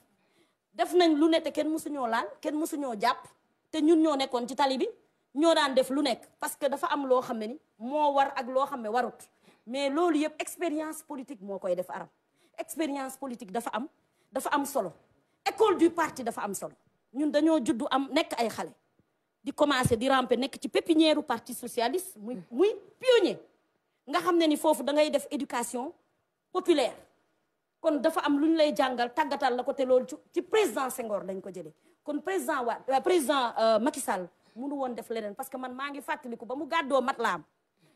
def nañ lu ken te kenn musuñoo laal musu ñoo japp te ñun ñoo nekkon ci talibi ñoo daan def lu nekk parce que dafa am lo xamé ni mo war ak lo xamé warut mais lolu yëpp expérience politique mo koy def aram expérience politique dafa am dafa am solo école du parti dafa am solo ñun dañoo juddu am nekk ay xalé di commencer di ramper nek ci pépinière parti socialiste muy muy pionnier nga xamné ni fofu da ngay def éducation populaire kon dafa am luñ lay Jangal, tagatal la ko te loolu ci président Senghor dañ ko jëlé kon président waa euh, président euh, Macky Sall munu won def lénen parce que man ma ngi fàttaliku ba mu gaddo matlam.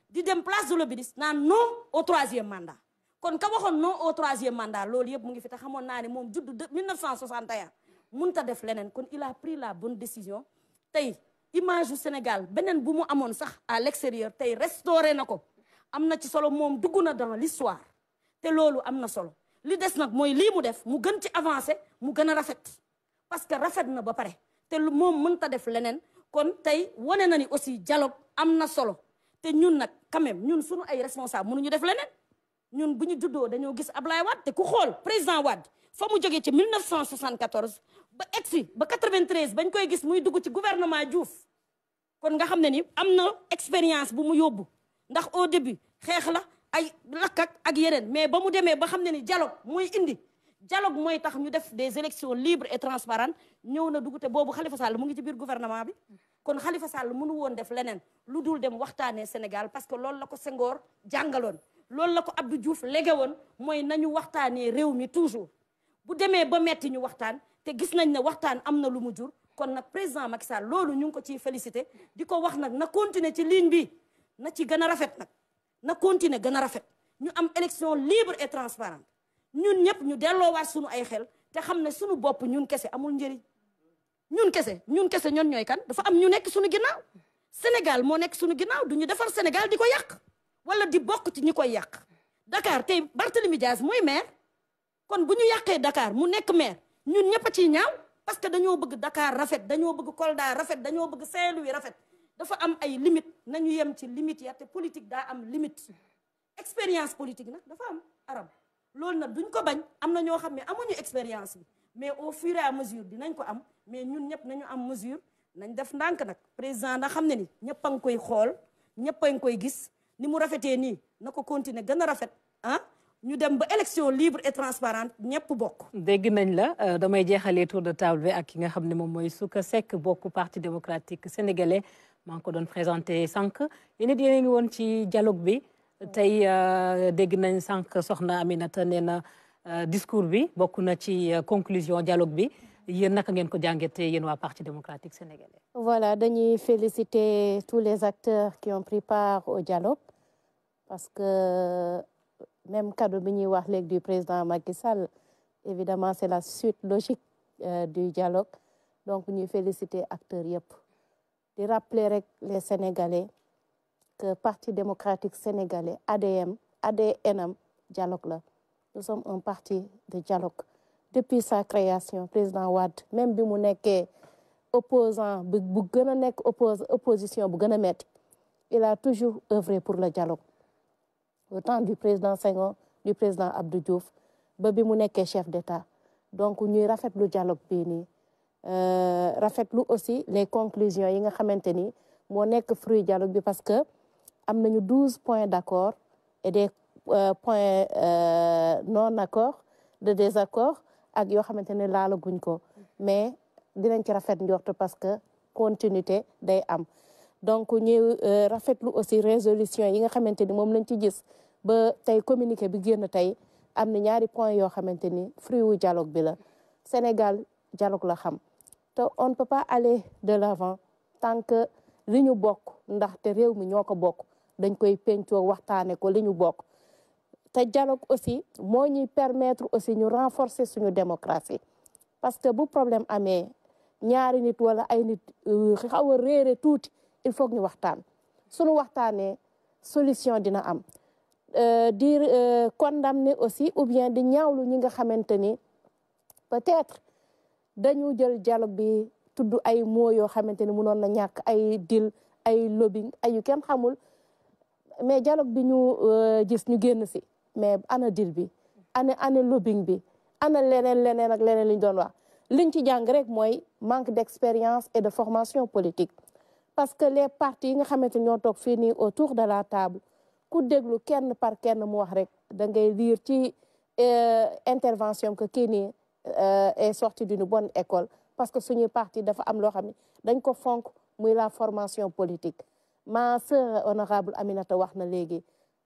di dem place de l'Obélisque nan non au troisième mandat kon ka waxon non au troisième mandat loolu yeb mu ngi fi te xamoon na ni mom juddu 1961 mënut def lénen kon il a pris la bonne décision tey image du Sénégal benen bu mu amone sax à l'extérieur tey restauré nako. am na ci solo moom dugg na dans l'histoire te loolu am na solo li des nag mooy lii mu def mu gën ci avancé mu gën a rafet parce que rafet na ba pare te lu moom mënta def leneen kon tey wane na ni aussi dialogue am na solo te ñun nag quand ñun suñu ay responsable mënuñu def leneen ñun bu ñu juddoo dañoo gis Ablaye Wade te ku xool président Wade foo mu jógee ci 1974 ba egsi ba 93 bañ koy gis muy dugg ci gouvernement Diouf kon nga xam ne ni am na expérience bu mu yóbbu ndax au début xex la ay lakk ak ak mais ba mu demee ba xamné ni dialogue mooy indi dialogue moy tax ñu def des élections libres et transparentes ñëw na dugute bobu Khalifa Sall mu ngi ci biir gouvernement bi kon Khalifa Sall mënu won def lenen lu dul dem waxtaanee Sénégal parce que lool la ko sengor jàngaloon lool la ko Abdou Diouf lége woon mooy nañu waxtaanee réew mi toujours bu demee ba metti ñu waxtaan te gis nañ ne waxtaan amna lu mu jur kon nag président Macky Sall loolu ñu ngi ko ci féliciter diko wax nak na continuer ci ligne bi na ci gën a rafet nag na continuer gën a rafet ñu am élection libre et transparente ñun ñëpp ñu delloo delloowaat suñu ay xel te xam ne suñu bopp ñun kese amul njëriñ ñun kese ñun kese ñoon ñooy kan dafa am ñu nekk suñu ginnaaw Sénégal moo nekk suñu ginnaaw du ñu defar Sénégal di ko yàq wala di bokk ci ñi koy yàq Dakar tey Barthélemy Dias mooy maire kon bu ñu yàqee dakaar mu nekk maire ñun ñëpp ciy ñaaw parce que dañoo bëgg dakaar rafet dañoo bëgg Kolda rafet dañoo bëgg Saint-Louis rafet dafa am ay limite nañu yem ci limite ya te politique da am limite expérience politique nag dafa am arab loolu nak duñ ko bañ am na ñoo xam amuñu expérience mais au fur et à mesure dinañ ko am mais ñun ñep nañu am mesure nañ def ndank nak président da xamné ni ñëpp a koy xol ñëpp koy gis ni mu rafetee ni nako continuer gëna rafet ah ñu dem ba élection libre et transparente ñëpp bokk. dégg nañ la euh, damay jeexalee tour de table bi ak ki nga xam ne moom mooy Souka parti démocratique sénégalais. Je ngi ko doon présenté sank yéen di ngi won ci dialogue bi tay euh, dégg nañ sank soxna Aminata nee euh, discours bi bokk na ci euh, conclusion dialogue bi yéen naka ngeen ko jàngatee yéen parti démocratique sénégalais. voilà dañuy féliciter tous les acteurs qui ont pris part au dialogue parce que même cadeau bi ñuy wax du président Macky Sall évidemment c'est la suite logique du dialogue donc ñuy féliciter acteurs je rappeler les sénégalais que le parti démocratique sénégalais ADM ADNM, dialogue nous sommes un parti de dialogue depuis sa création président Ouad, même si nous opposant opposition il a toujours œuvré pour le dialogue au temps du président Senghor du président Abdou Diouf ba chef d'État donc ñuy le dialogue le euh, rafetlu aussi les conclusions yi nga xamanteni mo nek fruit dialogue bi parce que am 12 12 points d'accord et des euh, points euh, non accord de désaccord ak yoo xamante ne le ko mais dinañ ci rafet njort parce que continuité day am donc ñuy rafetlu aussi résolution yi nga xamanteni mom lañ ci gis ba tay communiqué bi génn tay amna ñaari points yo xamanteni le fruit dialogue bi la Sénégal dialogue la xam te on ne peut pas aller de l'avant tant que li ñu bokk ndaxte réew mi ñoo ko bokk dañ koy pencoo waxtaane ko li ñu bokk te dialogue aussi moo ñuy permettre aussi ñu renforcer suñu démocratie parce que bu problème amee ñaari nit wala ay nit euh, xaw a tout il faut ñu waxtaan suñu waxtaanee solution dina am euh, di euh, condamner aussi ou bien di ñaawlu ñi nga xamante ni peut-être dañu jël dialogue bi tudd ay mots yoo xamante ni mënoon na ñàkk ay deal ay lobbying ay yu kenn xamul mais dialogue bi ñu euh, gis ñu génn si mais ana deal bi ana ana lobbying bi ana leneen leneen ak leneen li ñu doon wax liñ ci jàng rek mooy manque d'expérience et de formation politique parce que les partis yi nga xamante ñoo toog fii nii autour de la table ku déglu kenn par kenn mu wax rek da ngay lire ci euh, intervention que kii nii euh, est sorti d'une bonne école parce que suñu parti dafa am D'un xam ne dañ ko fonk muy la formation politique ma sœur honorable Aminata wax na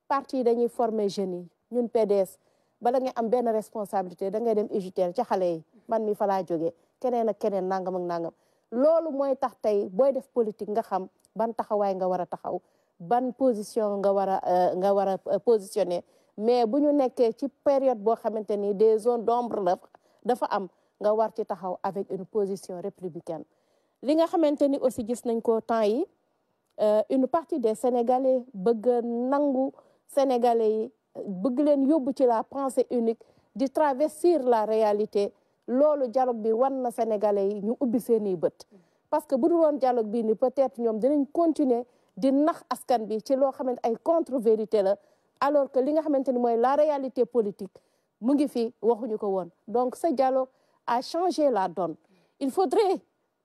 parti dañuy former jeunes yi ñun PDS bala nga am benn responsabilité da ngay dem UJTL ci yi man mi fala laa jógee keneen ak keneen nangam ak nangam Lolo moi tax tey booy def politique nga xam ban taxawaay nga war taxaw ban position nga wara euh, nga wara euh, positionné mais bu ñu ci période boo xamante des zones d'ombre la dafa am nga war ci taxaw avec une position républicaine li nga xamanteni aussi gis nañ ko temps yi euh, une partie des sénégalais bëgg nangu sénégalais yi euh, bëgg leen yóbbu ci la pensée unique di traverser la réalité lolu dialogue bi wan na sénégalais yi ñu ubbi seeni bët parce que bu dul dialogue bi ni peut-être ñom dinañ continuer di nax askan bi ci lo xamanteni ay contre vérité la alors que li nga xamanteni moy la réalité politique donc ce dialogue a changé la donne il faudrait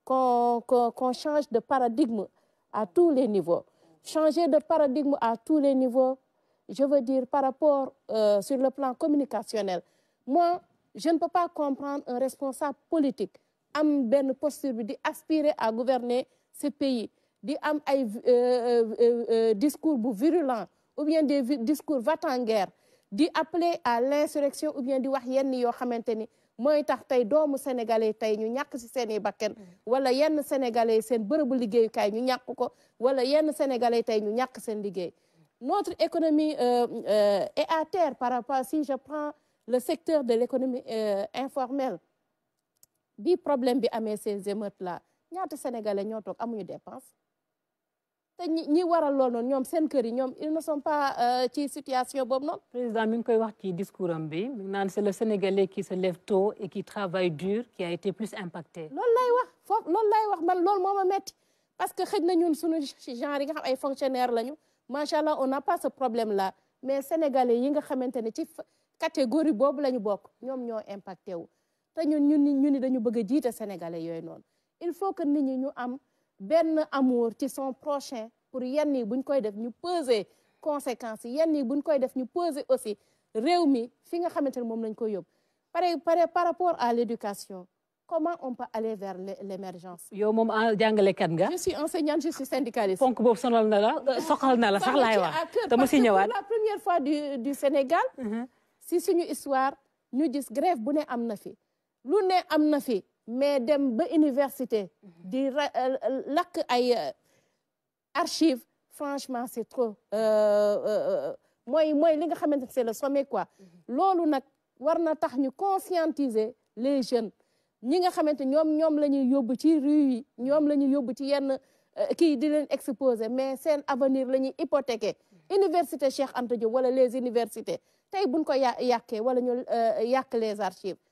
qu'on change de paradigme à tous les niveaux changer de paradigme à tous les niveaux je veux dire par rapport euh, sur le plan communicationnel moi je ne peux pas comprendre un responsable politique am ben posture d'aspirer à gouverner ce pays di am ay euh, euh, discours virulent ou bien des discours va en guerre di appeler à l'insurrection ou bien di wax yenn yo xamanteni moy tax tay doomu sénégalais tay ñu ñak ci seeni bakken wala yenn sénégalais seen bërëbu kay ñu ñak ko wala yenn sénégalais tay ñu ñak seen liggéey notre économie euh, euh, est à terre par rapport si je prends le secteur de l'économie euh, informelle bi problème bi amé ces émeutes là ñaata sénégalais ñoo pas amuñu dépenses te waral lool noonu ñoom kër yi ñoom ils ne sont pas euh, ci situation boobu non président mi ngi koy wax ci discours bi mi c'est le Sénégalais qui se lève tôt et qui travaille dur qui a été plus impacté. loolu lay wax foofu loolu lay wax man loolu moo metti parce que xejna ñun suñu genre yi nga xam ay fonctionnaires lañu machallah on n'a pas ce problème là mais sénégalais yi nga xamante ci catégorie bobu lañu bok ñom ñoo impacté wu. té ñun ñun ñu dañu bëgg jité sénégalais yoy non il faut que nit ñi ñu am ben amour ci son prochain pour yenn yi buñ koy def ñu peser conséquences yi yenn yi buñ koy def ñu peser aussi réew mi fi nga xamantene mom lañ ko yóbbu paré paré par rapport à l'éducation comment on peut aller vers l'émergence yo mom moom ah, kat nga. je suis enseignante je suis syndicaliste. fonk bob sonal na la soxal na la sax lay wax. te mu si ñëwaat la première fois du du Sénégal. Mhm. si suñu histoire ñu gis grève bu né am na fi. lu né am na fi mais dem ba université di euh, euh, lak ay euh, archives franchement c'est trop Moi, moi, li nga xamante c'est le sommet quoi mm-hmm. loolu nak war na tax ñu conscientiser les jeunes ñi nga xamante ñom ñom lañuy ñuy ci rue yi ñoom la ci yenn kii di len exposer mais sen avenir lañuy hypothéquer mm-hmm. université Cheikh Anta Diop wala les universités tay buñ ko yà wala ñu yàq les archives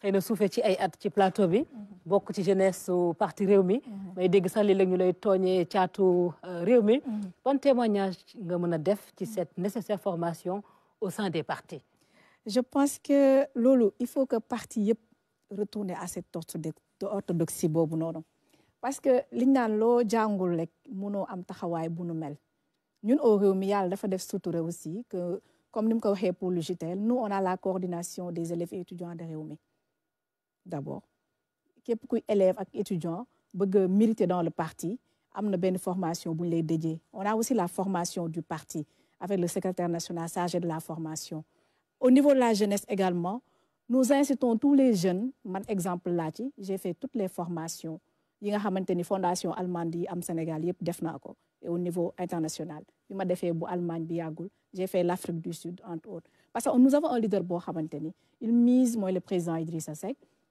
xëy na suufee ci ay at ci plateau bi bokk ci jeunesse parti réew may dégg sax li la ñu lay togné caatu euh, réew mi ban témoignage nga mëna a def ci cette nécessaire formation au sein des partis je pense que lolu il faut que parti yépp retourner à cette orthodoxie bobu noonu parce que liñ naan lo jangul rek mëno am taxaway bu nu mel ñun au réew yalla dafa def sutura aussi que comme nim ko waxé pour le JTL nous on a la coordination des élèves et étudiants de réew d'abord képp kuy élève et étudiant bëgg a militer dans le parti amener une bonne formation pour les dédier. on a aussi la formation du parti avec le secrétaire national chargé de la formation au niveau de la jeunesse également nous incitons tous les jeunes man exemple là j'ai fait toutes les formations Il y a une fondation allemande yi am Sénégal et au niveau international Il ma defee bu Allemagne j'ai fait l'Afrique du Sud entre autres parce que nous avons un leader qui il mise moi le président Idrissa Seck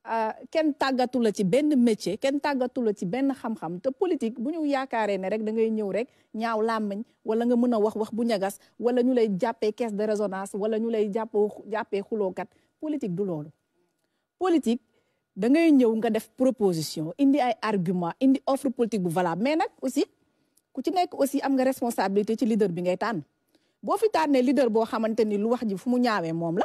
Eh, ken tagatul la ci benn métier ken tagatul la ci benn xam-xam te politique bu ñu yaakaaree ne rek da ngay ñew rek ñaaw lamagne wala nga mëna wax wax bu ñagas wala ñu lay jappé caisse de résonance wala ñu lay jappé xulo kat politique du lolu politique da ngay ñew nga def proposition indi ay argument indi offre politique bu valable mais nak aussi ku ci nekk aussi am nga responsabilité ci leader bi ngay tan bo fi tané leader bo xamanteni ni lu wax ji fu mu ñaawé mom la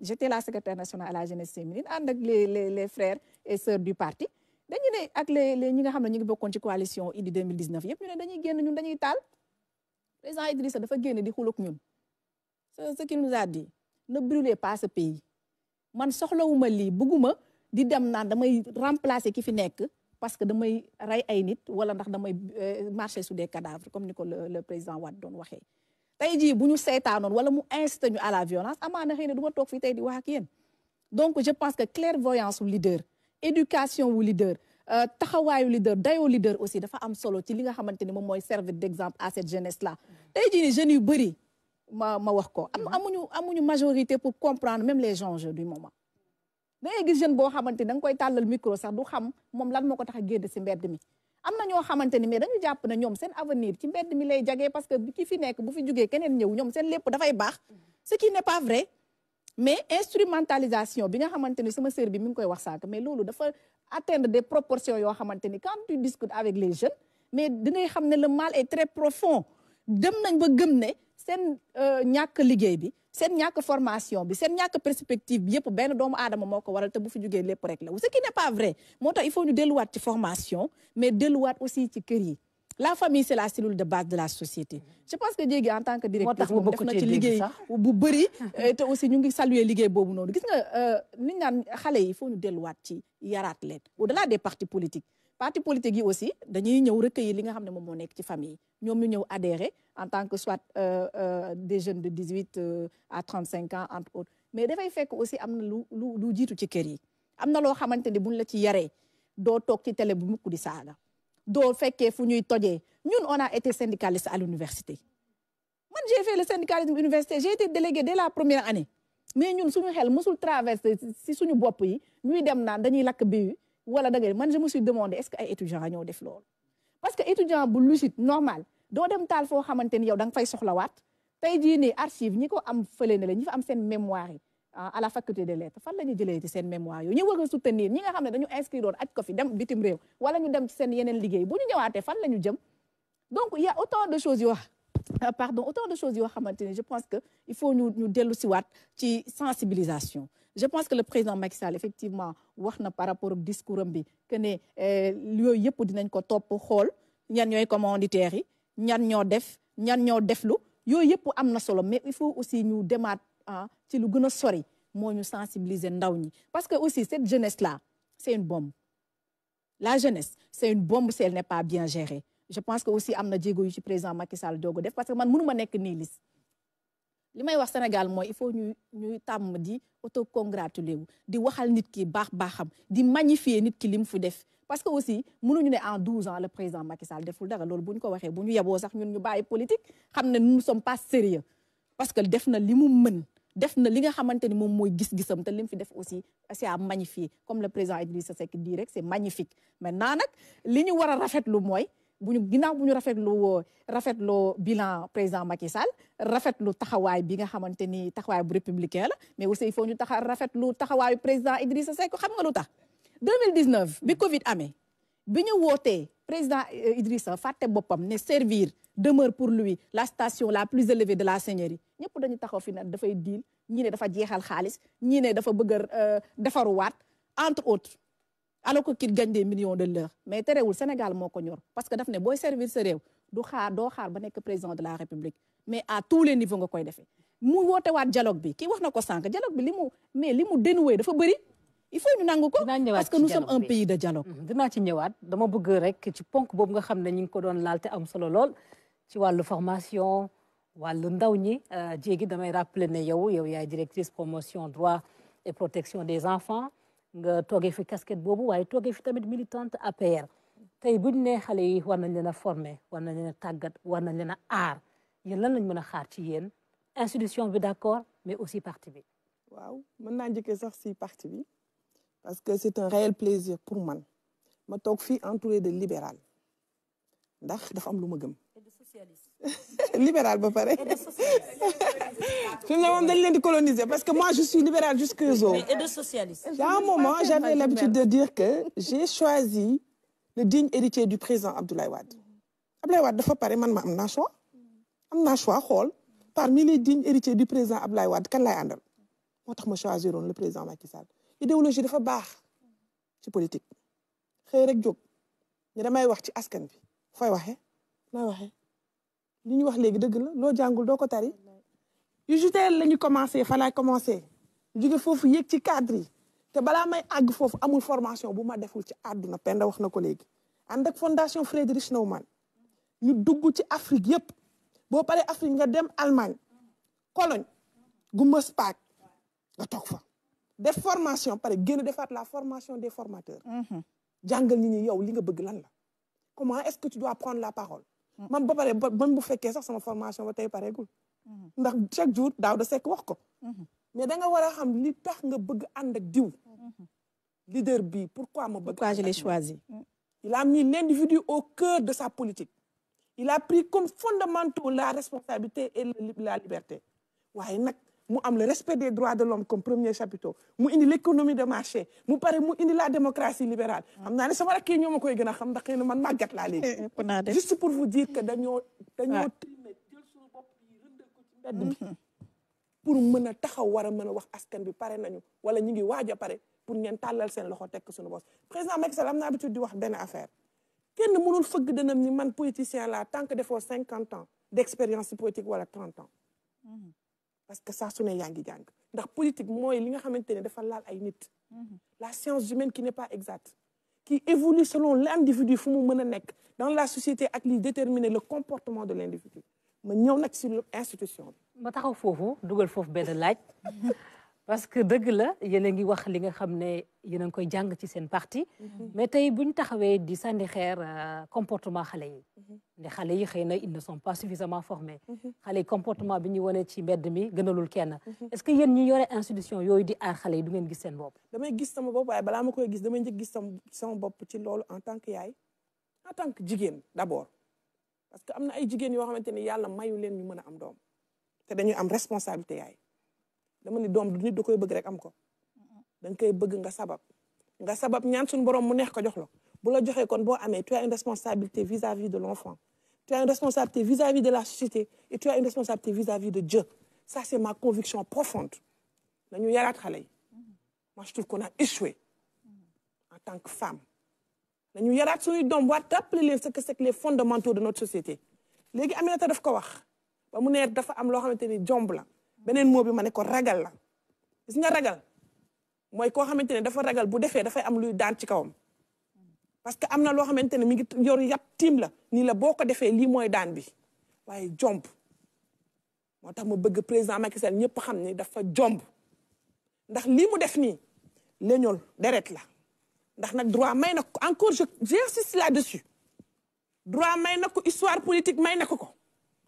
j'étais la secrétaire nationale à la jeunesse féminine avec les frères et sœurs du parti dañu les ñi nga coalition 2019 ñu dañuy dañuy président Idrissa dafa di xuluk ñun ce qui nous a dit ne brûlez pas ce pays man soxlawuma li di dem remplacer parce que damay ray ay nit wala ndax euh, marcher sous des cadavres comme le président Wade tey jii bu ñu wala mu incité ñu à la violence amana xëy na du ma toog fii tey di wax ak donc je pense que clairvoyance ou leader éducation ou leader euh, taxawaayu leader dayo leader aussi dafa am solo ci li nga xamante ni moy servir d'exemple à cette jeunesse là. tey jii ni jeune yu bëri ma ma wax ko. amuñu amuñu majorité pour comprendre même les enjeux du moment. da ngay gis jeune boo xamante ni koy talal micro sax du xam mom lan moko ko tax ci mbedd mi amna ñoo ni mais dañu japp na ñom sen avenir ci mbedd mi lay jagee parce que ki fi nek bu fi jugee keneen ñom sen lepp da fay bax ce qui n'est pas vrai mais instrumentalisation bi nga xamanteni ni sama sœur bi mi ngi koy wax sànq mais loolu dafa atteindre des proportions yo xamanteni ni quand tu discutes avec les jeunes mais dangay xamné le mal est très profond dem nañ ba gëm né sen euh, ñak liguey bi sen ñak formation bi sen ñak perspective bi ben, benn doomu adam moko waral te bu fi jógee lépp rek la ce qui n'est pas vrai moo il faut ñu delluwaat ci formation mais delluwaat aussi ci kër yi la famille c'est la cellule de base de la société je pense que Diegui en tant que directrice moom def na ci liguey bu bëri euh, te aussi ñu ngi saluer liguey bobu nonu gis nga euh, niñ naan xalé yi il faut ñu delluwaat ci yaraat au delà des partis politiques parti politique aussi dañuy ñëw recueillir li nga xamné mom mo nekk ci famille ñom ñu ñëw adhérer en tant que soit euh, euh, des jeunes de 18 euh, à 35 ans entre autres mais fay fekk aussi amna lu lu lu jitu ci kër yi amna lo xamanteni buñ la ci yaré do tok ci télé bu mukk di saaga doo fu ñuy tojé ñun on a été syndicaliste à l'université man j'ai fait le syndicalisme université j'ai été délégué dès la première année mais nous, suñu xel mosul traversé si suñu bopp yi ñuy dem naan dañuy lakk biu wala da ngay man je me suis demandé est-ce que ay a ñoo def loolu parce que étudiant bu normal doo dem taal foo xamante ni yow da nga fay soxlawaat tey jii nii archive ñi ko am fële ne la ñi fa am seen mémoire yi ah, la faculté des lettres fan la ñu jëlee ci seen mémoire yooyu ñu war a soutenir ñi nga xam ne dañu inscrire woon aj ko fi dem bitim wala ñu dem ci seen yeneen liggéey bu ñu ñëwaatee fan la ñu jëm donc il y de choses yoo Euh, pardon autant de choses je pense qu'il faut nous ñu dellu la sensibilisation je pense que le président Macky Sall effectivement par rapport au discours il bi que qu'il euh, yooyu nous dinañ ko topp xool ñan ñooy commanditaires ñan ñoo def ñan ñoo deflu yooyu yëpp am solo mais il faut aussi nous démarrer, ah ci lu gën sori sensibiliser parce que aussi cette jeunesse là c'est une bombe la jeunesse c'est une bombe si elle n'est pas bien gérée je pense que aussi amna Diego yu ci président Macky Sall doog def parce que man mënuma nekk nii liste li may wax Sénégal moy il faut ñu ñuy tam di auto congratuler di waxal nit ki bax baxam di magnifier nit ki lim fu def parce que aussi ñu né en douze ans le président Macky Sall deful dara lool buñ ko waxé buñu yabo sax ñun ñu baye politique xamné ne nous sommes pas sérieux parce que def na li mën def na li nga xamanteni mom moy gis-gisam te lim fi def aussi c'est à magnifier comme le président Idrissa Seck dit rek c'est magnifique maintenant nak li ñu war a rafetlu bu ñu ginnaaw bu ñu rafetloo rafetloo bilan président Macky Sall rafetlu taxawaay bi nga xamante ni taxawaay bu républicain mais aussi il faut ñu taxa rafetlu taxawaayu président Idrissa Seck xam nga lu tax 2019 bi Covid amé bi ñu woté président euh, Idrissa faté bopam ne servir demeure pour lui la station la plus élevée de la seigneurie ñepp dañu taxaw fi da fay diil ñii ne dafa jeexal xaalis ñii ne dafa bëgg défaru euh, defaruwaat entre autres alors que kii gagne des millions de l'heure mais terewul Sénégal moo ñor parce que daf ne booy servir ce rêve. du xaar doo xaar ba président de la République mais à tous les niveaux nga koy defee mu woote waat dialogue bi kii wax na ko dialogue bi li mais li mu dénoué dafa bëri il faut ñu nangu ko parce que nous sommes un pays de dialogue mm-hmm. dinaa ci ñëwaat dama bëgg rek ci ponk boobu nga xam ne ñu ngi ko doon laal te am solo lool ci wàllu formation wàllu ndaw ñi euh, jéegi rappeler ne yow yow yaay directrice promotion droit et protection des enfants nga toogee fi casquette boobu waaye toogee fi tamit militante APR tey buñ ne xale yi war nañ leen a former war nañ leen a tàggat war nañ leen a aar yéen lan lañ mën a xaar ci yéen institution bi d'accord mais aussi parti bi waaw mën naa njëkkee sax si parti bi parce que c'est un réel plaisir pour man ma toog fii entouré de libéral ndax dafa am lu ma gëm libéral ba pare. fi mu ne moom pas leen di coloniser parce que moi je suis libéral jusqu'aux os. et de socialiste. Il y a un moment j'avais l'habitude de dire que j'ai choisi le digne héritier du président Abdoulaye Wade. Abdoulaye Wade dafa pare man ma am un choix. am un choix parmi les dignes héritiers du président Abdoulaye Wade kan laay àndal moo Moi, ma choisi le président Macky Sall idéologie dafa baax ci politique xëy rek jóg ñu damay wax ci askan bi fooy waxee nooy waxee li ñu wax léegi dëgg la loo jàngul doo ko tari UJTL la ñu commencer. fa laay commencé jóge foofu yéeg ci cadre yi te balaa may àgg foofu amul formation bu ma deful ci àdduna Penda wax na ko léegi ànd fondation Friedrich Naumann ñu dugg ci Afrique yep. boo paree Afrique nga dem Allemagne Cologne Gumba Spaak nga toog fa def formation pare génn defaat la formation des formateurs mhm. jàngal ñi ñi yow li nga bëgg lan la comment est-ce que tu dois prendre la parole Mm-hmm. man ba paré man bu féké sax sama formation ba paré pareegul. Mm-hmm. ndax chaque jour daw da sék wax ko. Mm-hmm. mais da nga wara xam li tax nga bëgg and ak diw. leader bi pourquoi mo bëgg. pourquoi je l'ai choisi. Mm. il a mis l'individu au cœur de sa politique. il a pris comme fondamental la responsabilité et la liberté waaye nak mu am le respect des droits de l'homme comme premier chapiteau mu indi l'économie de marché mu pare mu indi la démocratie libérale xam naa ne sama rakk yi ñoo ma koy gën a xam ndax na man màggat laa léegi eh, juste pour vous dire que dañoo dañoo tëlme jël suñu bopp yi rëndal ko ci mbedd bi pour mën a taxaw war a wax askan bi paré nañu wala ñi ngi waja paré pour ñen talal seen loxo tek suñu boss président Macky Sall amna habitude di wax ben affaire kenn mënul fëgg dënam ni man politicien la tant que défo 50 ans d'expérience politique wala 30 ans mm-hmm parce que ça, sonne yangi yang. Dans ndax politique moi, li nga xamante ne dafa laal ay mhm. la science humaine qui n'est pas exacte qui évolue selon l'individu dans la société ak li le comportement de l'individu ma nous sommes sur l'institution Je vous taxaw foofu dugal foofu benn parce que deug la yene ngi wax li nga xamné yene yéen ngi koy jang ci sen parti. Mhm. mais tay buñ taxawé di sànni xeer euh, comportement xalé yi. Mhm. ne xalé yi xeyna na ils ne sont pas suffisamment formés. Mhm. xalé comportement bi ñu wane ci mbedd mi gënalul kenn. est-ce que yene ñi yoré institution yooyu di aar xalé du ngeen gis sen bopp. damay gis sama bopp waaye bala ma koy gis damay njëkk gis sama bopp ci loolu en tant que yaay en tant que jigéen d'abord parce que amna ay jigéen yo xamanteni yalla mayu len ñu mëna am doom té dañuy am responsabilité yaay dama ni doom nit da koy bëgg rek am ko dang nga koy bëgg nga sabab nga sabab ñaan suñu borom mu neex ko jox la bu la joxee kon boo amee tu as une responsabilité vis-à-vis de l'enfant tu as une responsabilité vis-à-vis de la société et tu as une responsabilité vis-à-vis de Dieu ça c'est ma conviction profonde nañu yaraat xale yi moi je trouve qu'on a échoué en tant que femme nañu yaraat suñuy doom avons rappeler leen ce que c'est les fondements de notre société léegi Aminata daf ko wax ba mu neer dafa am loo xamante ni jomb la benen moo bi mané ko ragal la gis nga ragal moy ko xamantene dafa ragal bu da fay am luy daan ci kawam parce que amna lo xamantene mi ngi yor yàpp la ni la boko défé li moy mooy daan bi waye jomb motax mo bëgg président Macky Sall ñepp xam ni dafa jomb ndax li mu def ni leñol deret la ndax nak droit may encore je j'insiste là-dessus droit may ko histoire politique may na ko ko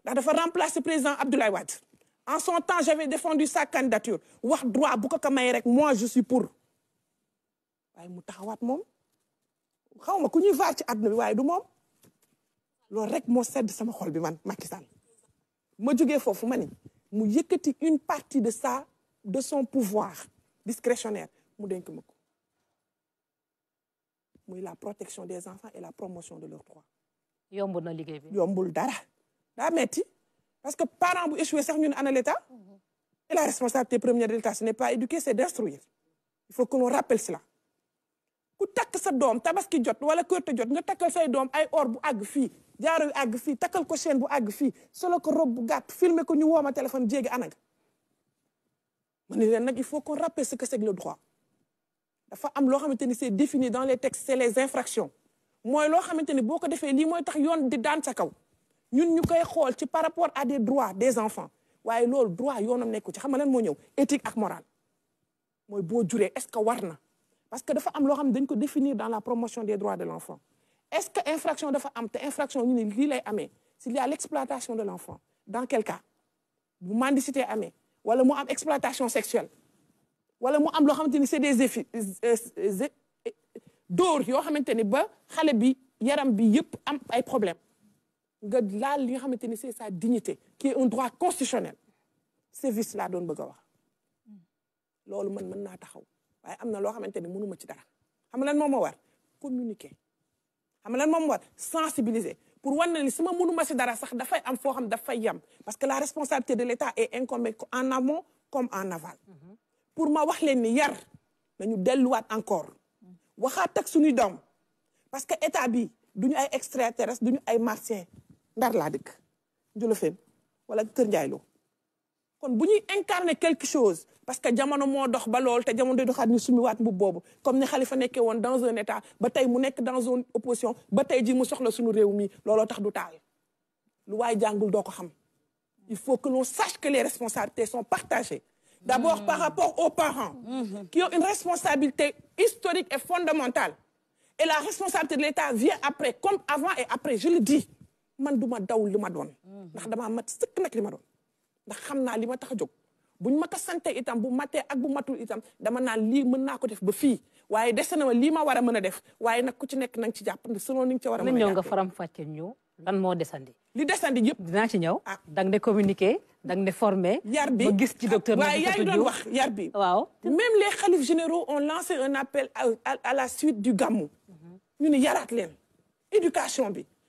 ndax dafa remplacer président Abdoulaye Wade en son temps, j'avais défendu sa candidature. Wax droit, bu ko moi je suis pour. Il ma ku ñuy ci bi du rek man Macky ma il mu une partie de ça de son pouvoir discrétionnaire mu la protection des enfants et la promotion de leurs droits. yombul na liggéey la yombul dara parce que parents bu échoué sax ñun ana l'état et la responsabilité première de l'état ce n'est pas éduquer c'est d'instruire il faut que l'on rappelle cela ku takk sa doom tabaski jot wala korite jot nga takkal say doom ay or bu àgg fii jaaro yu àgg fii takkal ko chaîne bu àgg fii solo ko robe bu gàtt filmer ko ñu wooma téléphone jéegi ana nga ma ne il faut qu'on rappelle ce que c'est que le droit dafa am loo xamante c'est défini dans les textes c'est les infractions mooy loo xamante ni boo ko defee lii mooy tax yoon di daan sa kaw nous ñu koy ci par rapport à des droits des enfants waaye loolu droit yoonam nekku ci xam nga lan moo ñëw éthique ak morale Si boo juree est-ce que war parce que dafa am loo xam définir dans la promotion des droits de l'enfant est-ce que infraction dafa am te infraction ñu est lii s'il y a l'exploitation de l'enfant dans quel cas bu mendicité amee wala mu am exploitation sexuelle wala mu am loo xamante c'est des effets euh, euh, dóor yoo xamante ni ba xale bi yaram bi am ay problèmes nga laal li nga xamante ni c'est sa dignité qui est un droit constitutionnel service laa doon bëgg a wax loolu man mën naa taxaw waaye am na loo xamante ni mënuma ci dara xam lan moom moo war communiquer xam lan moom moo sensibiliser pour wan na ni su ma mënuma si dara sax dafay am foo xam dafay yam parce que la responsabilité de l'État est incombée en amont comme en aval pour ma wax leen ni yar nañu delluwaat encore waxaat ak suñuy doom parce que état bi duñu ay extraterrestres duñu ay martiens ndar laa dëkk Jolofeen wala Kër Ndiaye kon bu incarner quelque chose parce que jamono moo dox ba lool te jamono day ñu comme ni Khalifa nekkee woon dans un état ba tey dans une opposition ba tey ji mu soxla suñu réew mi looloo tax du taal lu waaye jàngul doo ko xam il faut que l'on sache que les responsabilités sont partagées d'abord mm. par rapport aux parents mm-hmm. qui ont une responsabilité historique et fondamentale et la responsabilité de l'État vient après comme avant et après je le dis man du daw li ma don ndax dama mat sëkk nak li ma don ndax xamna li ma tax a buñ ma ko sante itam bu maté ak bu matul itam dama naan li mën naa ko def ba fi waye dessena ma li ma wara meuna def waye nak ku ci nek nang ci japp ne solo ni ci wara meuna mën a nga faram faccé ñu lan mo dessandi li dessandi yëpp dina ci ñëw ah. da nga ne communiqué da nga yar bi ma gis ci docteur ah, waaye yaa ngi doon wax yar bi waaw même les khalifes généraux ont lancé un appel à la suite du gamou mhm. ñu ni yaraat len éducation bi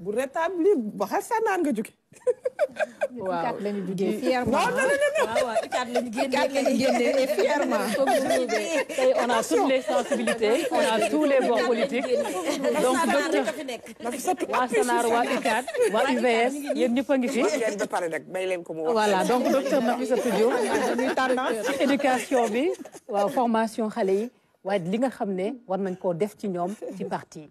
on a toutes les sensibilités on a tous les bons politiques. donc docteur voilà donc docteur éducation formation parti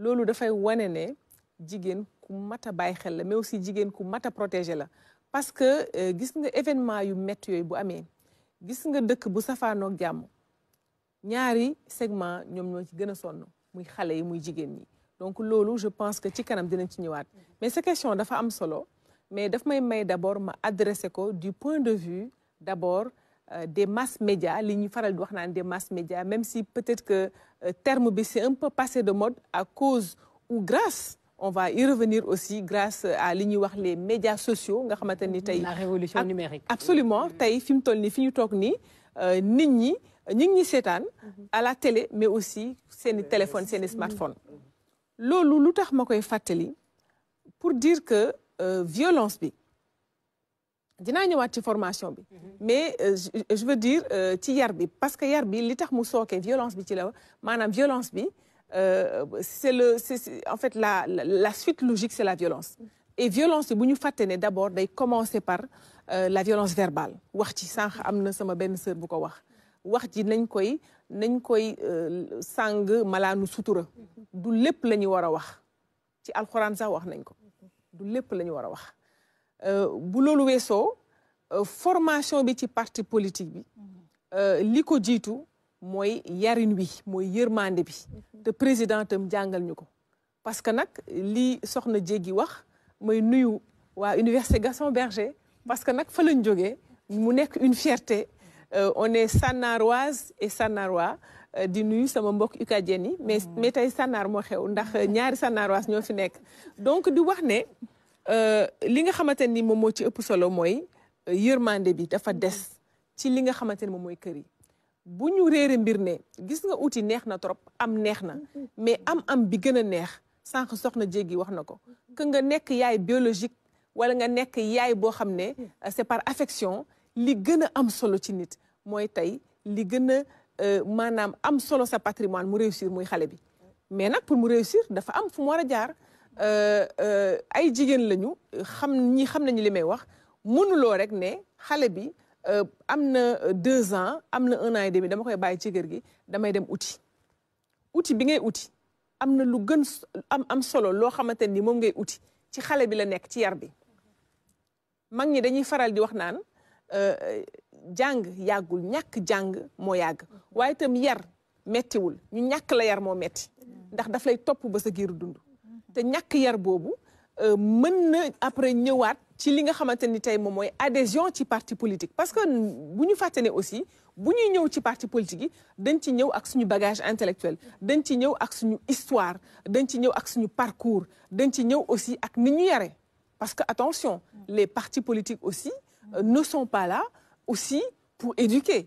loolu dafay wane ne jigen ku mata bay xel la mais aussi jigen ku mata protéger la parce que euh, gis nga événement yu métti yooyu bu amé gis nga dëkk bu ak jamm ñaari segment ñom ñoo ci gëna a sonn muy xalé yi muy jigen ni donc lolu je pense que ci kanam dinañ ci ñëwaat mais cette question dafa am solo mais daf may may d'abord ma adresser ko du point de vue d'abord euh, des masses médias li ñu faral di wax naan des masses médias même si peut-être que euh, terme bi un peu passé de mode à cause ou grâce on va y revenir aussi grâce à li wax les médias sociaux la révolution numérique. absolument mm-hmm. tey fi mu toll nii ni ñu toog euh, nit ñi mm-hmm. à la télé mais aussi seeni euh, téléphone seeni mm-hmm. smartphone. loolu lu tax ma koy pour dire que violence dina ñëwaat formation bi mhm. mais euh, je veux dire euh, ci yar bi parce que yar bi li tax mu sooke violence bi ci la manam violence bi euh, c'est le c'est en fait la la suite logique c'est la violence et violence bi bu ñu fàtte ne d'abord day commencer par la violence verbale wax ci sank amna sama benn sœur bu ko wax wax ci nañ koy nañ koy sang malanu sutura mhm. du lepp lañu wara wax ci alcorane sax wax nañ ko du lepp lañu wara wax euh, bu loolu weesoo euh, formation bi ci parti politique bi euh, li ko jiitu mooy yarin wi mooy yërmande bi mhm. te président tam jàngal ñu ko parce que nag li soxna jéggi wax mooy nuyu waa université Gaston Berger parce que nag fa lañ jógee mu nekk une fierté on est Sanaroise et Sanarois di nuyu sama mbokk ukajeen yi mais mhm. mais tey Sanar moo xew ndax ñaari Sanaroise ñoo fi nekk donc di wax ne Euh, li nga xamante ni moom moo ci ëpp solo mooy euh, yërmande bi dafa des mm-hmm. ci li nga xamante ni moom mooy kër yi bu ñu réere mbir ne gis nga uti neex na trop am neex na mm-hmm. mais am am bi gën a neex sànq soxna jéggi wax na ko mm-hmm. que nga nekk yaay biologique wala nga nekk yaay boo xam ne euh, c'est par affection li gën a am solo ci nit mooy tey li gën a maanaam am solo sa patrimoine mu réussir muy xale bi mais nag pour mu réussir dafa am fu mu war a jaar Euh, euh, ay jigéen lañu xam ñi xam nañu li may wax mënuloo rek ne xale bi euh, am na deux ans am na un an et dama koy bàyyi ci kër gi damay dem uti uti bi ngay uti am na lu gën am am solo loo xamante ni moom ngay uti ci xale bi la nekk ci yar bi mag ñi dañuy faral di wax naan jàng yàggul ñàkk jàng moo yàgg waaye itam yar mettiwul ñu ñàkk la yar moo metti ndax daf lay topp ba sa giiru dund te ñak yar bobu euh après ñëwaat ci li nga xamanteni tay adhésion ci parti politique parce que si nous aussi ñëw ci parti politique dañ ci ñëw ak suñu bagage intellectuel dañ ci ñëw ak suñu histoire dañ ci ñëw ak suñu parcours dañ ci ñëw aussi parce que attention les partis politiques aussi euh, ne sont pas là aussi pour éduquer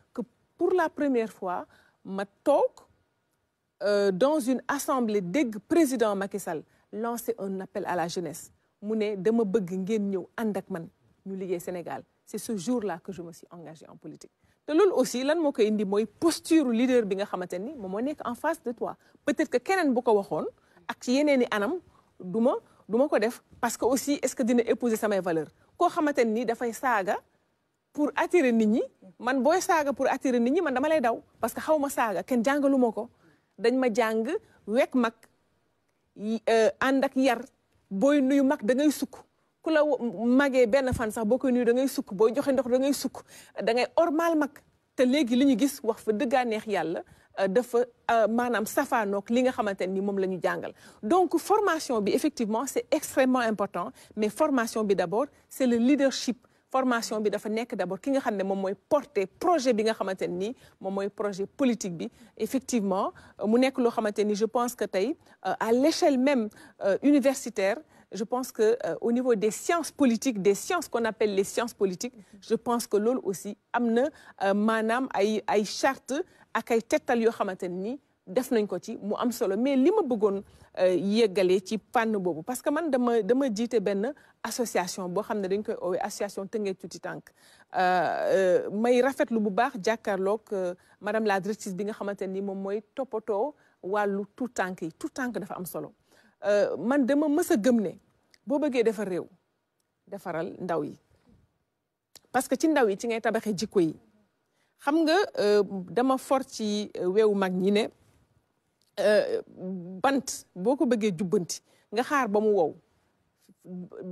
pour la première fois ma euh, dans une assemblée dégg président Macky Sall lancer un appel à la jeunesse mu ne dama bëgg ngeen ñëw ànd man ñu Sénégal c'est ce jour-là que je me suis engagé en politique te loolu aussi lan moo koy indi mooy posture leader bi nga xamante ni moom en face de toi peut-être que keneen bu ko waxoon ak yeneeni anam du ma du ma ko def parce que aussi est-ce que dina épouser mes valeurs koo xamante ni dafay saga, pour attirer nit ñi man boy s'aga pour attirer nit ñi man dama lay daw parce que xawma saga ken kenn jàngalu ma ko dañ ma jàng wekk euh, ak yar boy nuyu mak da ngay sukk ku la ben fan sax boko nuyu da ngay sukk boy joxe ndox da ngay sukk da ngay ormal mak te légui li ñu gis wax fa dëggaa neex yàlla euh, dafa euh, manam safanok li nga xamanteni ni moom la donc formation bi effectivement c'est extrêmement important mais formation bi d'abord c'est le leadership formation bi dafa nek qui ki nga ne moy porter projet bi nga xamanteni ni mom projet politique effectivement euh, mu je pense que tay euh, à l'échelle même euh, universitaire je pense qu'au niveau des sciences politiques des sciences qu'on appelle les sciences politiques je pense que l'ol aussi amna manam à ay ay charte ak ay yo xamanteni def nañ ko ci mu am solo mais li ma bëggoon euh, yeggale ci fànn boobu parce que man dama dama jiite benn association boo xam ne dañ koy oowee association Tëngéej Tuuti Tànk euh, euh, may rafetlu bu baax jàkkaarloog madame la directrice bi nga xamante ni moom mooy toppatoo wàllu tuut tànk yi tuut tànk dafa am solo man dama mës a gëm ne boo bëggee defar réew defaral ndaw yi parce que ci ndaw yi ci ngay tabaxee jikko yi xam nga dama fort ci weewu mag ñi ne Euh, bant boo ko bëggee jubbanti nga xaar ba mu wow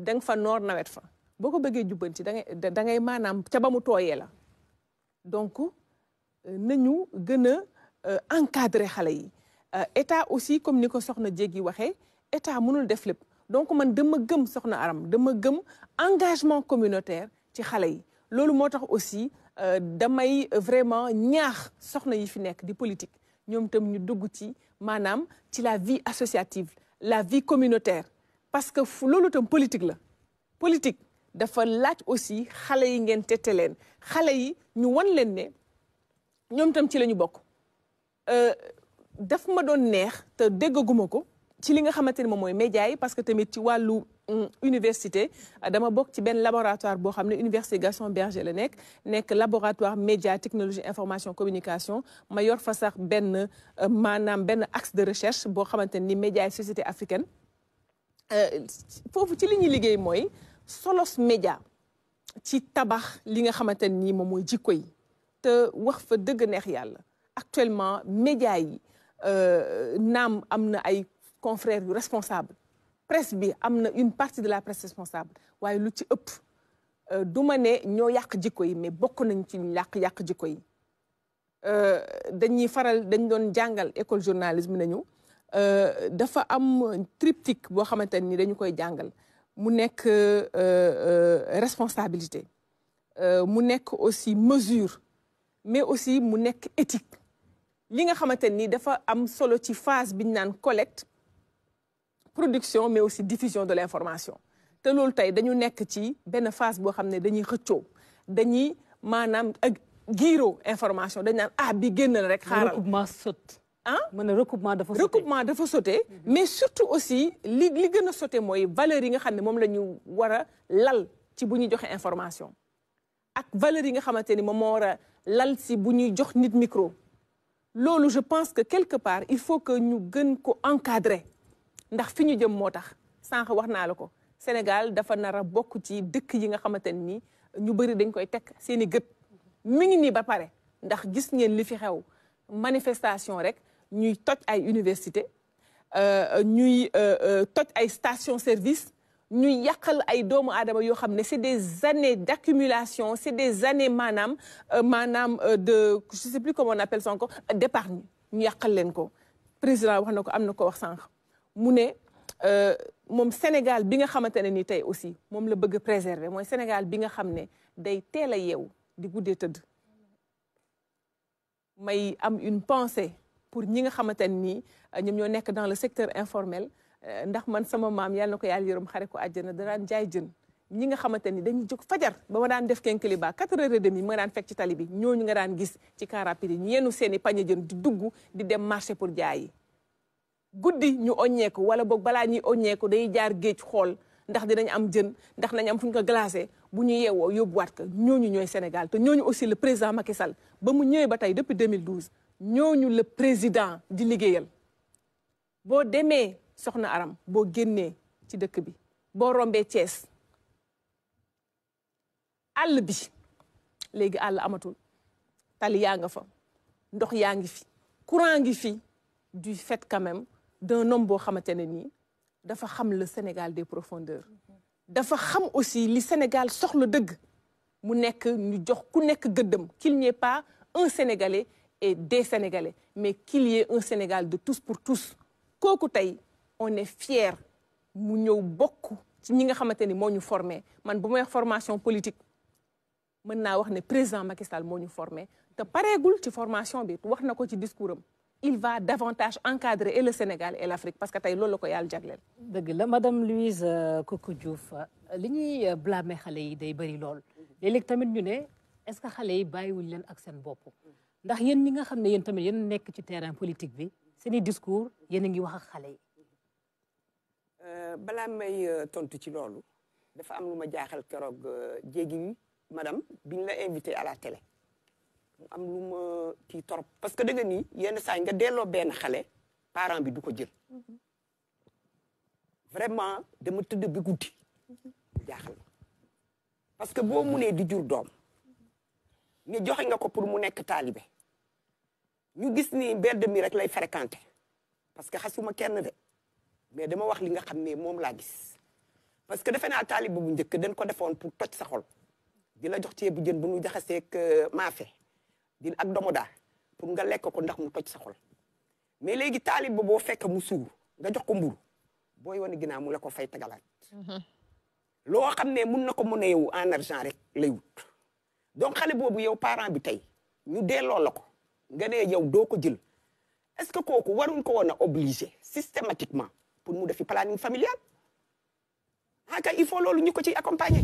da fa noor nawet fa boo ko bëggee jubbanti dangay ngay da ngay maanaam ca ba mu tooyee la donc euh, nañu gën a euh, encadrer xale yi état aussi comme ni ko soxna Jéggi waxee état mënul def lépp donc man dama gëm soxna Aram dama gëm engagement communautaire ci xale yi loolu moo tax aussi damay vraiment ñaax soxna yi fi nekk di politique nous sommes ñu dugg ci la vie associative la vie communautaire parce que fu politique la politique dafa lacc aussi xalé yi ngeen tété nous xalé yi ñu won len ci la euh daf ma doon te ci li nga parce que université dama bokk laboratoire de Berger la laboratoire média technologie information communication Mayor euh, axe de recherche pour les médias et société africaine Pour euh, ci solos média ci tabax li nga te wax fa actuellement média yi euh, confrères responsable presse bi une partie de la presse responsable waye lu ci ëpp euh duma ne ñoo yàq jikko yi mais bokku nañ ci ñu yàq yàq jikko yi euh, dañuy faral dañ doon jangal école journalisme nañu euh, dafa am triptyque bo xamanteni dañ koy jangal mu nekk euh, responsabilité mu nekk aussi mesure mais aussi mu nekk éthique li nga xamanteni dafa am solo ci phase biñ nan collecte production mais aussi diffusion de l'information Té loolu tay dañu nek ci ben phase bo xamné dañuy xëccio. dañuy manam ak giiroo information dañ naan ah bi génn rek. xaaral recoupement saute. ah mën na recoupement dafa sauté recoupement dafa sauté. mais surtout aussi li li gën a sauté mooy valeur yi nga xam ne moom la ñu war a lal ci bu ñuy joxe information. ak valeur yi nga xamante ni moom moo war a lal si bu ñuy jox nit micro. loolu je pense que quelque part il faut que ñu gën ko encadrer ndax fi ñu jëm moo tax sànq wax naa la ko Sénégal dafa nar a bokk ci dëkk yi nga xamante ne ñu bëri dañ koy teg seen i gët mi ngi nii ba pare ndax gis ngeen li fi xew manifestation rek ñuy toj ay université euh, ñuy euh, euh, toj ay station service ñuy yàqal ay doomu aadama yoo xam ne c'est des années d'accumulation c'est des années maanaam maanaam de je sais plus comment on appelle ça encore d'épargne ñu yàqal leen ko président wax na ko am na ko wax sànq mu ne euh, moom Sénégal bi nga xamante ne ni tey aussi moom la bëgg a préserver mooy Sénégal bi nga xam ne day teel a yeew di guddee tëdd may am une pensée pour ñi nga xamante ne nii euh, ñoom ñoo nekk dans le secteur informel euh, ndax man sama maam yàlla na ko yàlla yërëm xare ko àjjana daan jaay jën ñi nga xamante ni dañu jóg fajar ba ma daan def kenkili ba quatre heures et demi ma daan fekk ci tali bi ñooñu nga daan gis ci car rapide yi ñu yenu seen i pañe jën di dugg di marché pour jaay guddi ñu oññeeku wala boog balaa ñuy oññeeku day jaar géej xool ndax dinañ am jën ndax nañ am fu ñu ko glacé bu ñu yeewoo yóbbuwaat ko ñooñu ñooy Sénégal te ñooñu aussi le président Macky Sall ba mu ñëwee ba tey depuis 2012 ñooñu le président di liggéeyal boo demee soxna Aram boo génnee ci dëkk bi boo rombee cees àll bi léegi àll amatul tali yaa nga fa ndox yaa ngi fi courant ngi fi du fait quand même d'un homme qui sait dafa le Sénégal des profondeurs dafa xam aussi li Sénégal soxla dëgg mu nekk ñu jox ku nekk qu'il n'y ait pas un Sénégalais et des Sénégalais mais qu'il y ait un Sénégal de tous pour tous kooku on est fier mu ñëw beaucoup ci ñi nga xamante ni moo ñu formé man bu may formation politique mën n'a wax né président Macky Sall moo ñu formé te pareegul ci formation bi wax na ko ci discours il va davantage encadrer et le Sénégal et l'Afrique parce que tay loolu ko yàlla jagleel. deug la madame Louise koku euh, Diouf euh, liñi ñuy euh, blâmer xale yi day bari lool elek tamit ñu né est-ce que xalé yi bayiwul len ak sen bop ndax yeen ñi nga xamné yeen tamit yeen nek ci terrain politique bi seeni discours yeen ngi wax ak xalé yi. euh may tontu ci loolu dafa am luma ma jaaxal keroog jéegi madame biñ la invité à la télé. am lu kii torop parce que da nga nii yenn saay nga delloo benn xale parent bi du ko jël vraiment dama tëdd bi guddi jaaxal parce que boo munee di jur doom ni joxe nga ko pour mu nekk taalibe ñu gis ni mbedd mi rek lay fréquenté parce que xasuma kenn de mais dama wax li nga xam ne moom laa gis parce que defe naa taalibe bu njëkk dañ ko defoon pour toj sa xol jox la jox ceebu jën bu ñu jaxaseeg euh, maafe di ak da pour nga lekk ko ndax mu toj sa xol mais léegi taalib ba boo fekk mu suur nga jox ko mburu booy wane ginnaaw mu la ko fay tagalaat mhm. loo xam ne mun na ko mun a yow en argent rek lay wut donc xale boobu yow parent bi tey ñu delloo la ko nga ne yow doo ko jël est-ce que kooku waruñ ko woon a obligé systématiquement pour mu defi planning familial aka il faut loolu ñu ko ci accompagner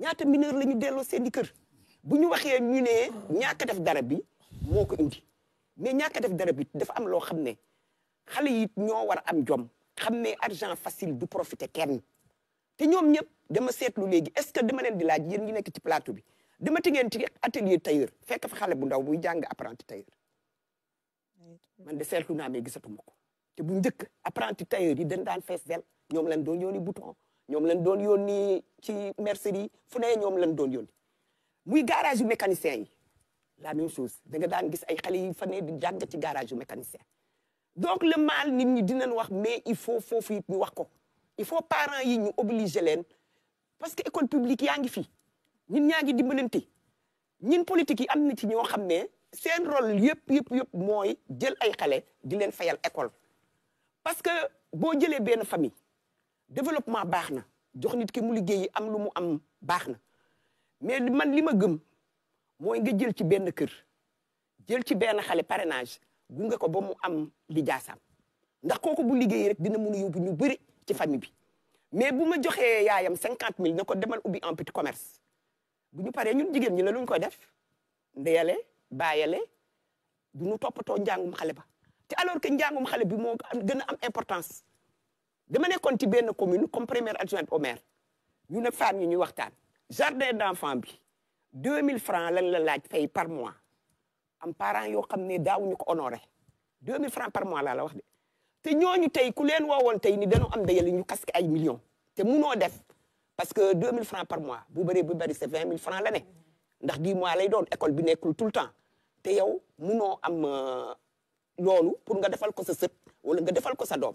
ñaata mineur la ñu delloo seen i kër bu ñu waxee ñu ne ñàkk def dara bi moo ko indi mais ñàkk def dara bi dafa am loo xam ne xale yi ñoo war a am jom xam ne argent facile du profiter kenn te ñoom ñëpp dama seetlu léegi est-ce que dama leen di laaj yéen ñi nekk ci plateau bi dama ti ngeen ci atelier tailleur fekk fa xale bu ndaw buy jàng apprenti tailleur man de seetlu naa mais gisatuma ko te bu njëkk apprenti tailleur yi dañ daan fees del ñoom lañ doon yooni bouton ñom lañ doon yoni ci mercerie fu ne ñom lañ doon yoni muy garage yu mécanicien yi la même chose da nga daan gis ay xalé yi fa ne di jagg ci garage yu mécanicien donc le mal nit ñi dinañ wax mais il faut fofu it ñu wax ko il faut parents yi ñu obliger len parce que école publique yaangi ngi fi ñun ñaa ngi dimbalante ñun politique yi am na ci ño xamné seen rôle yépp yépp yépp mooy jël ay xale di leen fayal école parce que boo jëlee benn famille développement baax na jox nit ki mu liggéey am lu mu am baax na mais man li ma gëm mooy nga jël ci benn kër jël ci benn xale parrainage gunge ko ba mu am li jaasaam ndax kooku bu liggéeyi rek dina mun a yóbbu ñu bëri ci famille bi mais bu ma joxee yaayam cinquante mille na ko demal ubbi en petit commerce bu ñu paree ñun jigéen ñi ne lu ñu koy def ndeyale bàyyale du ñu toppatoo njàngum xale ba te alors que njàngum xale bi moo gën a am importance Demain nekkoon ci benn commune comme première adjointe au maire ñu ne femme yi waxtaan jardin d'enfants, bi 2000 francs l'année la laaj fay par mois am parents yoo xam ne daawuñu ko honoré 2000 francs par mois là la wax de te ñooñu tey ku leen woowoon tey ni dañoo am dayal ñu kaske ay millions te munoo def parce que 2000 francs par mois bu bëree bu c'est 20 000 francs l'année. Dans ndax 10 mois lay donnent, école bi coule tout le temps te yow mouno am euh, loolu pour nga defal ko sa sët wala nga defal ko sa doom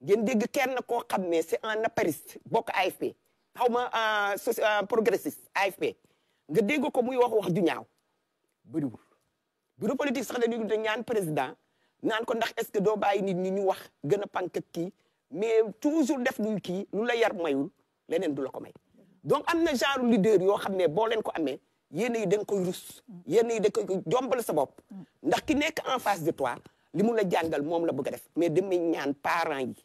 ngeen dégg kenn ko xamné c'est un apariste bok AFP xawma euh, euh progressiste AFP nga dégg ko muy wax wax du ñaaw bëriwul bureau politique sax dañu ñaan président naan ko ndax est ce do doo nit ñi ñu wax gëna pank ki mais toujours def ñu ki lu la yar mayul leneen du la ko may donc amna genre leader yo xamné bo leen ko amé yene yi da koy rus yene yi da koy jombal sa bop ndax ki nek en face de toi limu la jangal mom la bëgg def mais damay ñaan parents yi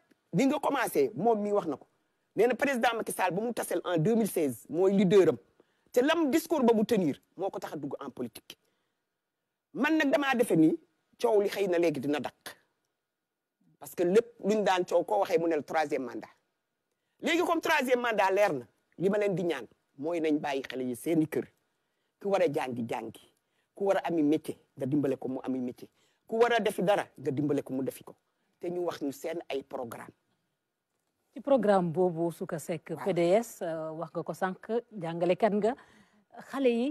ni nga commencé moom mi wax na ko nee na président ma Sall ba mu tasel en 2016 mooy leader am te lam discours ba mu tenir moo ko tax a dugg en politique man nag damaa defe ni coow li xëy na léegi dina dakk parce que lépp luñ daan coow koo waxee mu ne la troisième mandat léegi comme troisième mandat leer na li ma leen di ñaan mooy nañ bàyyi xale yi seeni kër ku war a jàngi jàngi ku war a ami métier nga dimbale ko mu ami métier ku war a defi dara nga dimbale ko mu defi ko te ñu wax ñu seen ay programme Le programme Bobo Souka PDS euh, wax nga ko sànq jàngalekat nga xale yi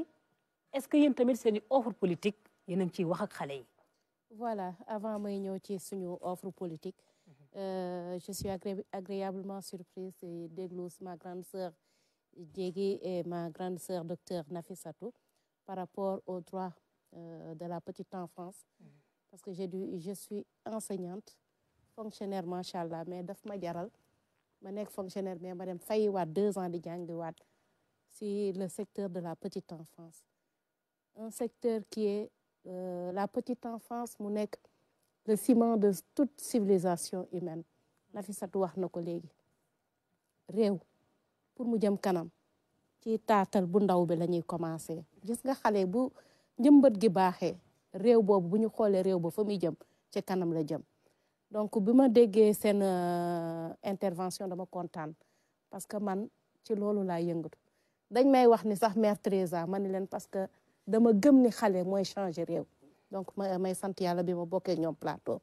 est-ce que yéen tamit seen offre politique yéen a wax ak xale yi voilà avant may ñëw ci suñu offre politique euh, je suis agréablement surprise de ma grande sœur Diégui et ma grande sœur docteur Satou par rapport aux droits euh, de la petite enfance parce que dû je suis enseignante fonctionnaire machallah mais daf ma jaral ma suis fonctionnaire mais ma dem fayiwaat deux ans de wat c'est le secteur de la petite enfance un secteur qui est euh, la petite enfance mu le ciment de toute civilisation humaine suis wax na ko léegi pour mu dire kanam ci taatal bu ndaw avons commencé gis nga xale bu njëmbët gi baaxee réew boobu bu ñu xoolee réew ba fa muy ci kanam la donc bi ma de cette euh, intervention dama contente parce que man suis très laa Je suis may wax ni mère Teresa parce que je suis ni xale changer donc je may sant yàlla bi ma plateau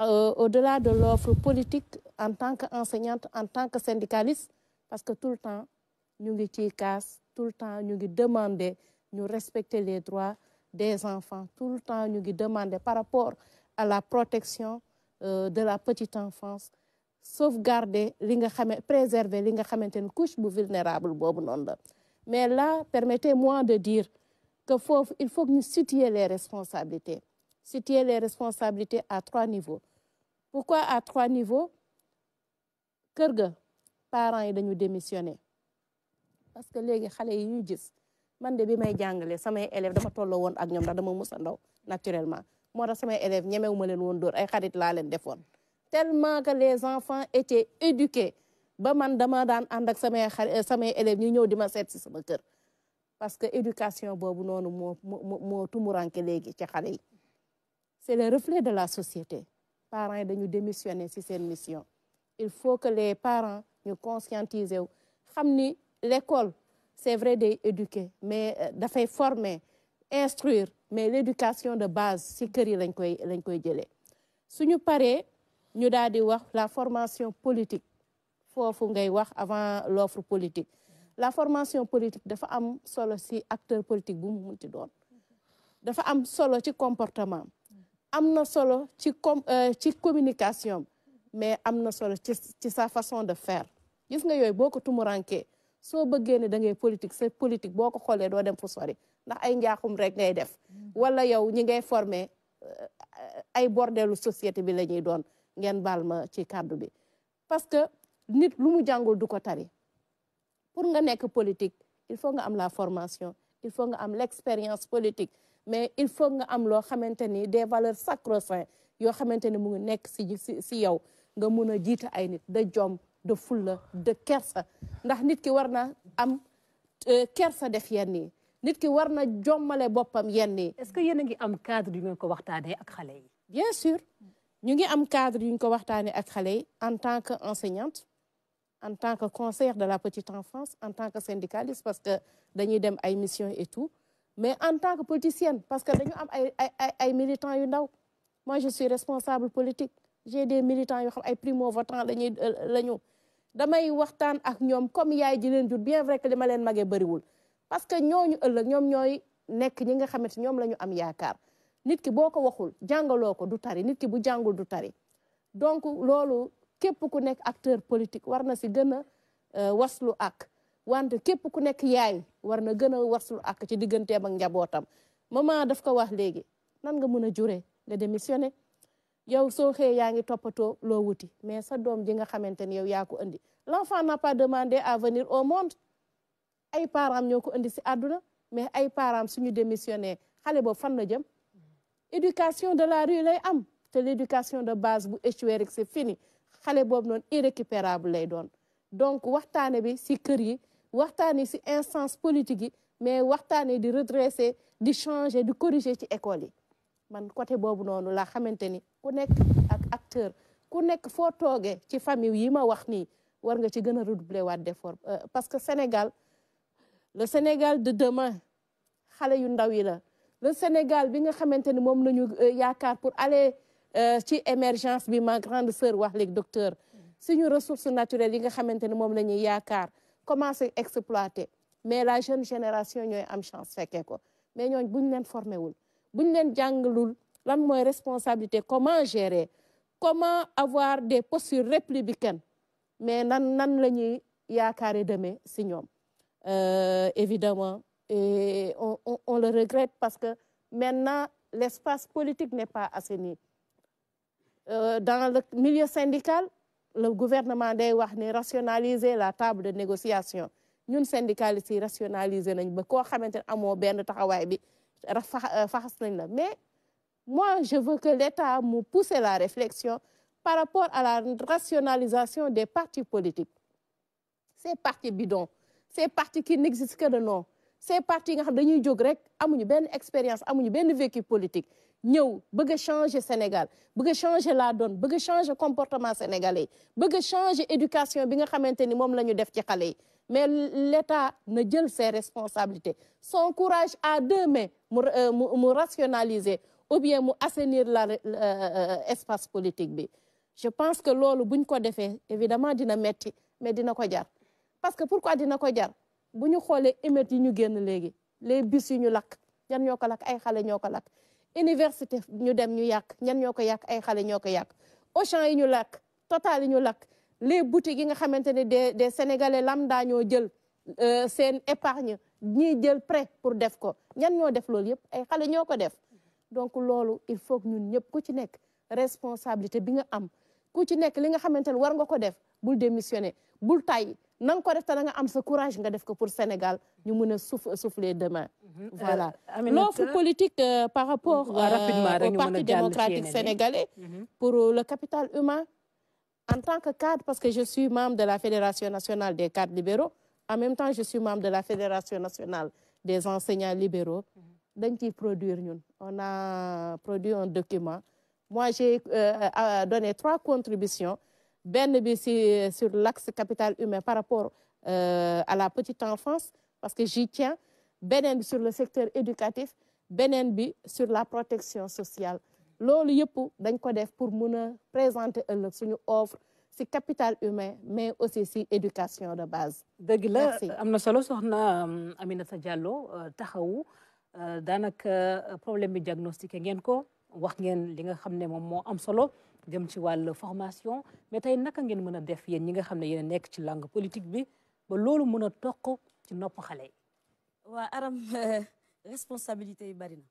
euh, au-delà de l'offre politique en tant qu'enseignante en tant que syndicaliste parce que tout le temps nous ngi ciy tout le temps nous ngi demander ñu respecter les droits des enfants tout le temps nous demandons, par rapport à la protection euh, de la petite enfance sauvegarder préserver li nga couche vulnérable mais là permettez-moi de dire qu'il faut que nous situer les responsabilités situer les responsabilités à trois niveaux pourquoi à trois niveaux que les parents yi nous démissionner parce que les gens yi ñu gis man de bi may jàngale samay élèves dama tolloo ak naturellement moi, tax samay élèves ñemewu ma leen woon dóor ay xarit laa leen defoon tellement que les enfants étaient éduqués ba man dama daan ànd ak samay xarit euh, samay élèves ñu ñëw di ma seet sama parce que éducation boobu noonu moo moo moo tumuranke ci xale yi c'est le reflet de la société parents yi dañu démissionner ci une mission il faut que les parents ñu conscientiser wu l'école c'est vrai d'éduquer éduquer mais euh, dafay former instruire mais l'éducation de base si kër yi lañ koy lañ koy jëlee suñu paré ñu daal wax la formation politique fofu ngay wax avant l'offre politique la formation politique dafa am solo si acteur politique bu mu munti doon dafa am solo ci comportement amna solo ci com euh, ci communication mais amna solo ci ci sa façon de faire gis nga yoy boko tumu ranké so bëggee né da ngay politique c'est politique boko xolé do dem fu sori ndax ay njaaxum rek ngay def wala yow ñi ngay former euh, ay bordelu société bi la ñuy doon ngeen baal ma ci kàddu bi parce que nit lu mu jàngul du ko tari pour nga nekk politique il faut nga am la formation il faut nga am l'expérience politique mais il faut nga am loo xamante ni des valeur sacro yoo xamante ni mu ngi nekk si si si yow nga mun a jiit ay nit de jom de fulla de kersa ndax nit ki war na am euh, kersa def yenn yi nit ki war na jommale est-ce que yéen a ngi am cadre yu ngeen ko waxtaanee ak xale bien sûr ñu ngi am cadre yu ñu ko waxtaanee ak xale en tant que enseignante en tant que conseillère de la petite enfance en tant que syndicaliste parce que dañuy dem ay missions et tout mais en tant que politicienne parce que dañu am ay ay ay militants yu ndaw moi je suis responsable politique j'ai des militants yu xam ay primo votants la lañu damay waxtaan ak ñoom comme yaay ji leen jur bien vrai que li ma leen magee bëriwul. parce que ñooñu ëllëg ñoom ñooy nekk ñi nga xamante ñoom la ñu am yaakaar nit ki boo ko waxul jàngaloo ko du tari nit ki bu jàngul du tari donc loolu képp ku nekk acteur politique war na si gën a euh, waslu ak wante képp ku nekk yaay war na gën a waslu ak ci digganteem ak njabootam maman daf ko wax léegi nan nga mën a juree nga démissionné yow soo xëyee yaa ngi toppatoo loo wuti mais sa doom ji nga xamante ni yow yaa ko indi l'enfant n'a pas à venir au monde ay parents ñoko andi ci aduna mais ay parents suñu démissionné xalé bo fan la jëm éducation de la rue lay am té l'éducation de base bu échoué rek c'est fini xalé boobu non irrécupérable lay doon donc waxtaane bi ci kër yi waxtaane ci instance politique yi mais waxtaane di redresser di changer di corriger ci école yi man côté bobu noonu la xamante ku nekk ak acteur ku nekk fo togué ci famille yi ma wax ni war nga ci gëna redoubler waat d'effort euh, parce que Sénégal le Sénégal de demain xale yu ndaw le Sénégal bi nga xamante ni moom la euh, pour aller euh, ci émergence bi ma grande sœur wax léegi docteur suñu ressources naturelles yi nga xamante ni moom la comment exploiter mais la jeune génération a am chance quelque ko mais nous avons leen formé wul buñ leen jàngalul lan mooy responsabilité comment gérer comment avoir des postures républicaines mais nan nan la de yaakaare demee si ñoom euh, évidemment. Et on, le regrette parce que maintenant, l'espace politique n'est pas assaini. Euh, dans le milieu syndical, le gouvernement a wax rationaliser la table de négociation nous syndicalistes yi rationaliser nañ ba euh, mais moi je veux que l'État me pousse la réflexion par rapport à la rationalisation des partis politiques ces partis bidons ces partis qui n'existent que de nom ces partis qui ont dañuy expérience une bonne vécu politique Nous, bëgg a changer Sénégal bëgg changer la donne bëgg changer comportement sénégalais bëgg changer l'éducation, bi nga xamante ni mais l'État ne jël ses responsabilités son courage à deux mains euh, rationaliser ou bien mu assainir l'espace euh, euh, politique je pense que loolu buñ ko fait, évidemment dina mettre, mais dina parce que pour pourquoi dina ko jar bu ñu xoolee émeutes yi ñu génn léegi les bis yi ñu lakk ñan ñoo ko lakk ay xale ñoo ko lakk université ñu dem ñu yàq ñan ñoo ko yàq ay xale ñoo ko yàq Auchan yi ñu lakk Total yi ñu lakk les boutiques yi nga xamante ne des des sénégalais lambda ñoo jël euh, seen épargne ñiy jël prêt pour def ko ñan ñoo def loolu yëpp ay xale ñoo ko def donc loolu il faut ñun ñëpp ku ci nekk responsabilité bi nga am ku ci nekk li nga xamante ne war nga ko def bul démissionner bul tàyyi Nous ko courage nga def Sénégal ñu mëna souffler demain. Mhm. voilà euh, l'offre politique euh, par rapport. Euh, au parti démocratique sénégalais. Mhm. pour le capital humain. en tant que cadre parce que je suis membre de la fédération nationale des cadres libéraux en même temps je suis membre de la fédération nationale des enseignants libéraux. Mhm. dañ ci on a produit un document. moi j'ai donné trois contributions benn sur l'axe capital humain par rapport euh, à la petite enfance parce que j'y tiens beneen sur le secteur éducatif beneen sur la protection sociale loolu yëpp dañ ko def pour mun présenter ëllëg suñu offre c'est capital humain mais aussi si éducation de base. dëgg amna am na solo soxna euh, Aminata Diallo euh, taxawu problème diagnostique diagnostiqué ngeen ko wax ngeen li nga xam am solo. jëm ci wàll formation mais tey naka ngeen mën a def yéen ñi nga xam ne yéen nekk ci langue politique bi ba loolu mën a toq ci nopp xale yi. waa aram responsabilité yi bari na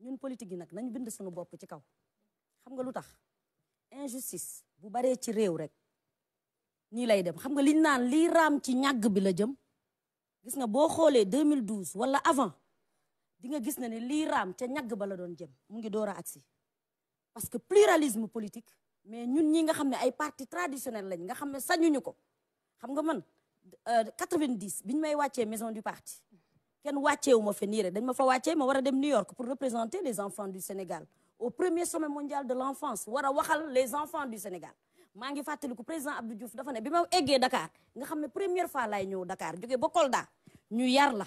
ñun politique yi nag nañ bind suñu bopp ci kaw xam nga lu tax injustice bu baree ci réew rek nii lay dem xam nga liñ naan lii raam ci ñàgg bi la jëm gis nga boo xoolee 2012 wala avant di nga gis na ne lii raam ca ñagg ba la doon jëm mu ngi door a agsi parce que pluralisme politique mais ñun ñi nga xam ay parti traditionnel lañ nga xam ne sañuñu ko xam nga man 90 euh, biñ may maison du parti kenn wàcceewu ma fa nii je dañ ma fa wàccee ma de New York pour représenter les enfants du Sénégal au premier sommet mondial de l'enfance war a waxal les enfants du Sénégal maa ngi fàttaliku président Abdou Diouf dafa allé à ma Dakar nga xam première fois laay à Dakar jógee ba Kolda ñu yar la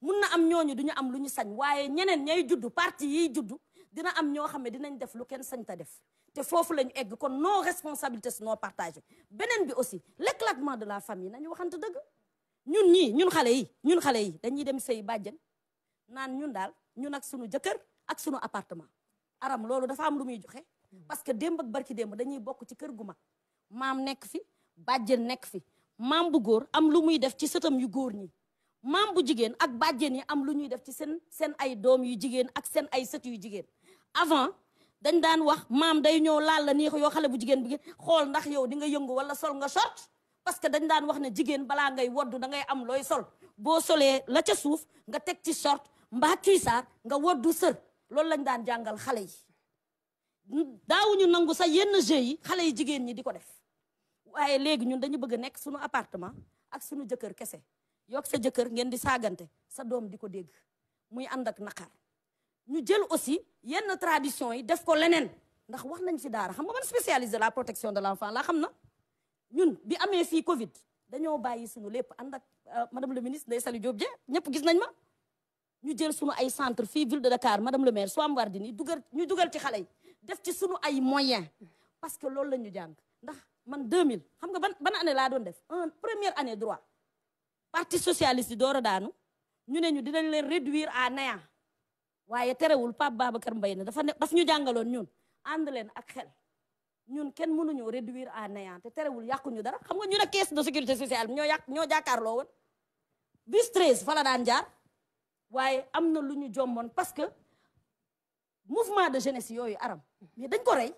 mun na am ñooñu du ñu am lu ñu sañ waaye ñeneen ñay juddu parti yiy juddu dina am ñoo xam ne dinañ def lu kenn sañ ta def te foofu la ñu egg kon nos responsabilités non partagées beneen bi aussi l'éclatement de la famille nañu waxante dëgg ñun ñii ñun xale yi ñun xale yi dañuy dem sëy bàjjen naan ñun daal ñun ak sunu jëkkër ak sunu appartement aram loolu dafa am lu muy joxe parce que démb ak barki démb dañuy bokk ci kër gu mag maam nekk fi bàjjen nekk fi maam bu góor am lu muy def ci sëtam yu góor ñi maam bu jigéen ak bàjjen yi am lu ñuy def ci seen seen ay doom yu jigéen ak seen ay sët yu jigéen avant dañ daan wax maam day ñëw laal la nii yoo xale bu jigéen bi xool ndax yow di nga yëngu wala sol nga short parce que dañ daan wax ne jigéen balaa ngay woddu da ngay am looy sol boo solee la ca suuf nga teg ci short mbaa cuisaar nga woddu sër loolu lañ daan jàngal xale yi daawuñu nangu sax yenn jeux yi xale yi jigéen ñi di ko def waaye léegi ñun dañu bëgg nekk suñu appartement ak suñu jëkkër kese yok sa jëkër ngeen di saganté sa dom di dégg muy and ak nakar ñu jël aussi yenn tradition yi def ko lenen ndax wax nañ ci dara xam nga man spécialiste la protection de l'enfant la xamna ñun bi amé fi Covid dañu bayyi suñu lepp and ak euh, madame le ministre ndey salu Diop Dieng ñëpp gis nañ ma. ñu jël suñu ay centre fi ville de Dakar madame le maire Soham Wardini duggal ñu duggal ci xalé def ci suñu ay moyens parce que loolu la ñu ndax man 2000 xam nga ban ban année la doon def un première année droit. parti socialiste yi door daanu ñu ne ñu dinañ leen réduire à néant waaye terewul Pape Babacar Mbaye ne dafa daf ñu jàngaloon ñun and leen ak xel ñun kenn mënu ñu réduire à néant te terewul ñu dara xam nga ñu na caisse de sécurité sociale bi ñoo yàq ñoo jàkkaarloo woon bus 13 fa daan jaar waaye amna luñu lu parce que mouvement de jeunesse yooyu aram mais dañ ko rey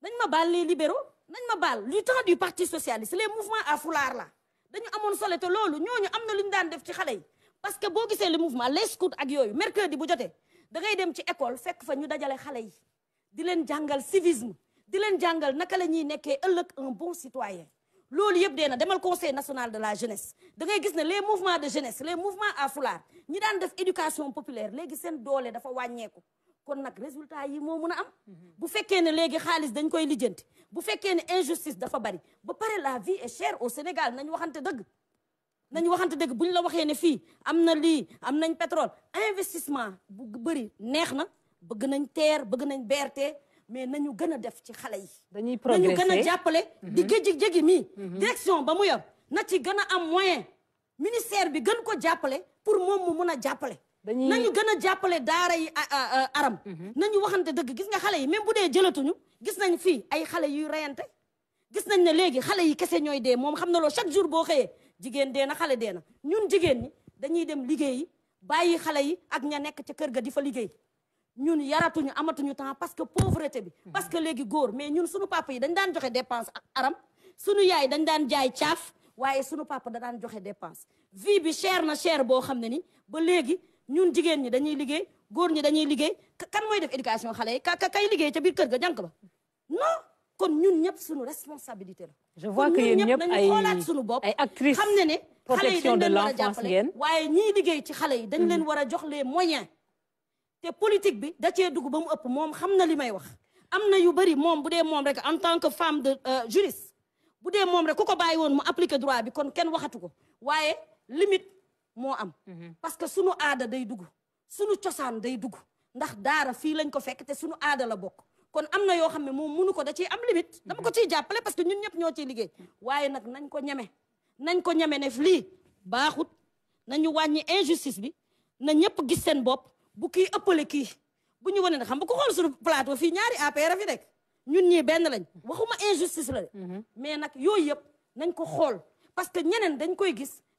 dañ ma bal les libéraux dañ ma bal du temps du parti socialiste les mouvements à foulard là dañu amone solo te loolu ñooñu amna luñu daan def ci xalé yi parce que bo gisee le mouvement les scouts ak yooyu mercredi bu joté da ngay dem ci école fekk fa ñu dajalé xalé yi di len jangal civisme di len jangal naka lañuy nekké nekkee un bon citoyen loolu yeb dee demal conseil national de la jeunesse da ngay gis né les mouvements de jeunesse les mouvements à foulard ñi daan def éducation populaire légui sen doolé dafa wañéku kon nag résultat yi moo mun a am mhm. bu fekkee ne léegi xaalis dañ koy lijjanti bu fekkee ne injustice dafa bari ba pare la vie et chère au Sénégal nañ waxante dëgg nañ waxante dëgg bu buñ la waxee ne fii am na lii am nañ pétrole investissement bu bëri neex na bëgg nañ teer bëgg nañ berte mais nañu gën a def ci xale yi dañuy progresser nañu gën jàppale di géji-jégi mhm. mii mhm. direction ba mu yor na ci gën a am moyen ministère bi gën ko jàppale pour moom mu mun a jàppale dañuy nañu gën a jàppale daara yi aram. Mhm. nañu waxante dëgg gis nga xale yi même bu dee jëlatuñu gis nañ fii ay xale yuy reyante. gis nañ ne léegi xale yi kese ñooy dee moom xam na loolu chaque jour boo xëyee jigéen dee na xale dee na ñun jigéen ñi dañuy dem liggéeyi bàyyi xale yi ak ña nekk ci kër ga di fa liggéey ñun yaratuñu amatuñu temps parce que pauvreté bi. Mhm. parce que léegi góor mais ñun suñu papa yi dañ daan joxe dépense ak aram suñu yaay dañ daan jaay caaf waaye suñu papa da daan dépense vie bi cher na cher boo xam ne ni ba léegi. ñun jigéen ñi dañuy liggéey góor ñi dañuy liggéey kan mooy def éducation xale yi ka kay liggéey ca biir kër ga jànk ba non kon ñun ñëpp suñu responsabilité la. je vois que yéen ñëpp ay xoolaat suñu bopp ay actrices xam ne ne xale yi dañ leen war a jàppale waaye ñii liggéey ci xale yi dañ mm. leen war a jox lee moyens te politique bi da cee dugg ba mu ëpp moom xam na li may wax am na yu bëri moom bu dee moom rek en tant que femme de euh, juriste bu dee moom rek ku ko bàyyi woon mu appliquer droit bi kon kenn waxatu ko waaye limite moo am mhm. parce que sunu aada day dugg sunu cosaan day dugg ndax daara fii lañ ko fekk te sunu aada la bokk kon am na yoo xam ne moom munu ko da ciy am limite dama ko ciy jàppale parce que ñun ñëpp ñoo ciy liggéey waaye nag nañ ko ñeme nañ ko ñeme neef lii baaxut nañu wàññi injustice bi na ñëpp gis seen bopp bu kii ëppale kii bu ñu wane na xam nga ko xool suñu plateau fii ñaari APR fi rek ñun ñii benn lañ waxuma injustice la de mhm. mais nag yooyu yëpp nañ ko xool parce que ñeneen dañ koy gis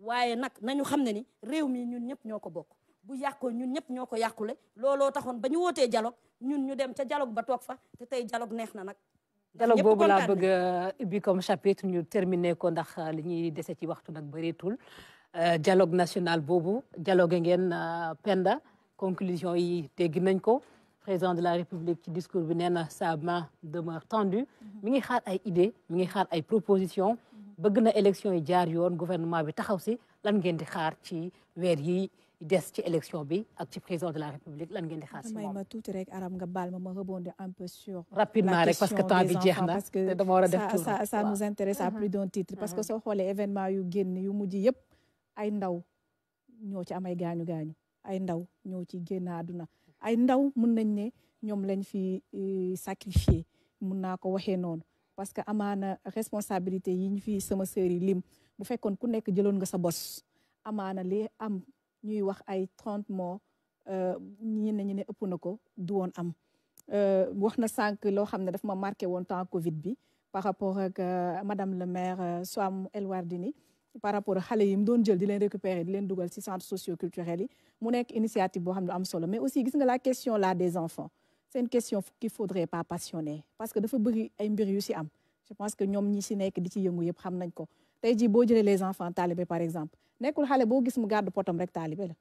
waye nak nañu xamné dialogue ñun ñu dem dialogue ba dialogue euh, comme chapitre ñu terminé ko ndax euh, li ci euh, dialogue national bobu dialogue ngeen Penda conclusion yi dégg nañ président de la république ci discours bi sa main demeure tendue mhm. mi ngi xaar ay idées mi ngi propositions bëgg na élection yi jaar yoon gouvernement bi taxaw si lan ngeen di xaar ci weer yi des ci élection bi ak ci président de la république lan ngeen di xaar si moom. may ma tuuti rek Arame nga baal ma ma rebondir un peu sur. rapidement rek parce que temps bi jeex na te dama war a def tour ça ça nous intéresse à uh-huh. parce que uh-huh. soo xoolee événement yu génn yu mujj yëpp ay ndaw ñoo ci amay gaañu gaañu ay ndaw ñoo ci génn àdduna ay ndaw mun nañ ne ñoom lañ fi eh, sacrifié mun naa ko waxee noonu. parce que amana responsabilité yiñ fi sama sœur yi lim bu fekkoon ku nek jëloon nga sa boss amana li am ñuy wax ay 30 mois euh ñi ne ëpp na du won am euh na sank lo xamne daf ma marqué won temps Covid bi par rapport ak euh, madame le maire euh, Soham Elwardini, par rapport xalé yi mu doon jël di leen récupérer di leen dougal ci centre socio culturel yi mu nek initiative bo xam am solo mais aussi gis nga la question là des enfants c'est une question qu'il faudrait pas passionner parce que dafa bëri ay mbir si am je pense que ñoom ñi si nekk di ci yëngu yëpp xam nañ ko les enfants talibé par exemple nekkul xale boo gis mu gàddu potam rek talibé la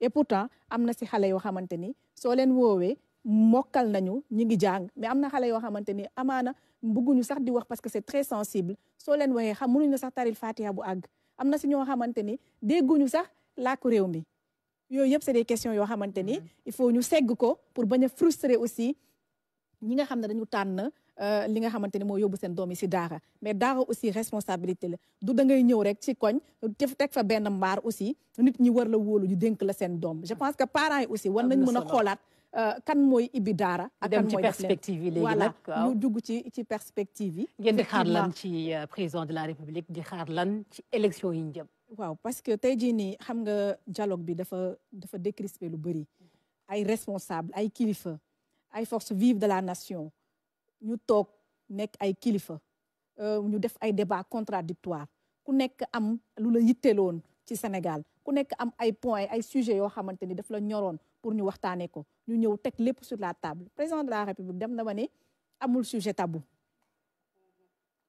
et pourtant amna ci si yo xamanteni so len wowe mokal nañu ñi ngi jang mais amna xalé yo xamanteni amana ni amaana sax di wax parce que c'est très sensible so len waxee xam mënuñu sax taril fatiha bu ag amna ci si xamanteni xamante ni dégguñu sax làkku réew mi yooyu c'est des questions yo mm-hmm. il faut ñu ségg ko pour bañ nous frustrer aussi ñi nga xam dañu euh, li nga mais aussi responsabilité du da ngay aussi la la je pense que parents aussi nañ euh, perspective dugg ci ci perspective yi euh, président de la république di xaar lan élection yi waaw parce que tey jii xam nga dialogue bi dafa dafa décrisper lu bëri ay responsable ay kilifa ay forces vives de la nation ñu tok nek ay kilifa euh, ñu def ay débat contradictoire ku nek am lu la yitteloon ci Sénégal ku nek am ay points ay sujets yo xamanteni ni daf la ñoroon pour ñu waxtaanee ko ñu ñëw tek lepp sur la table président de la République dem na ba amul sujet tabou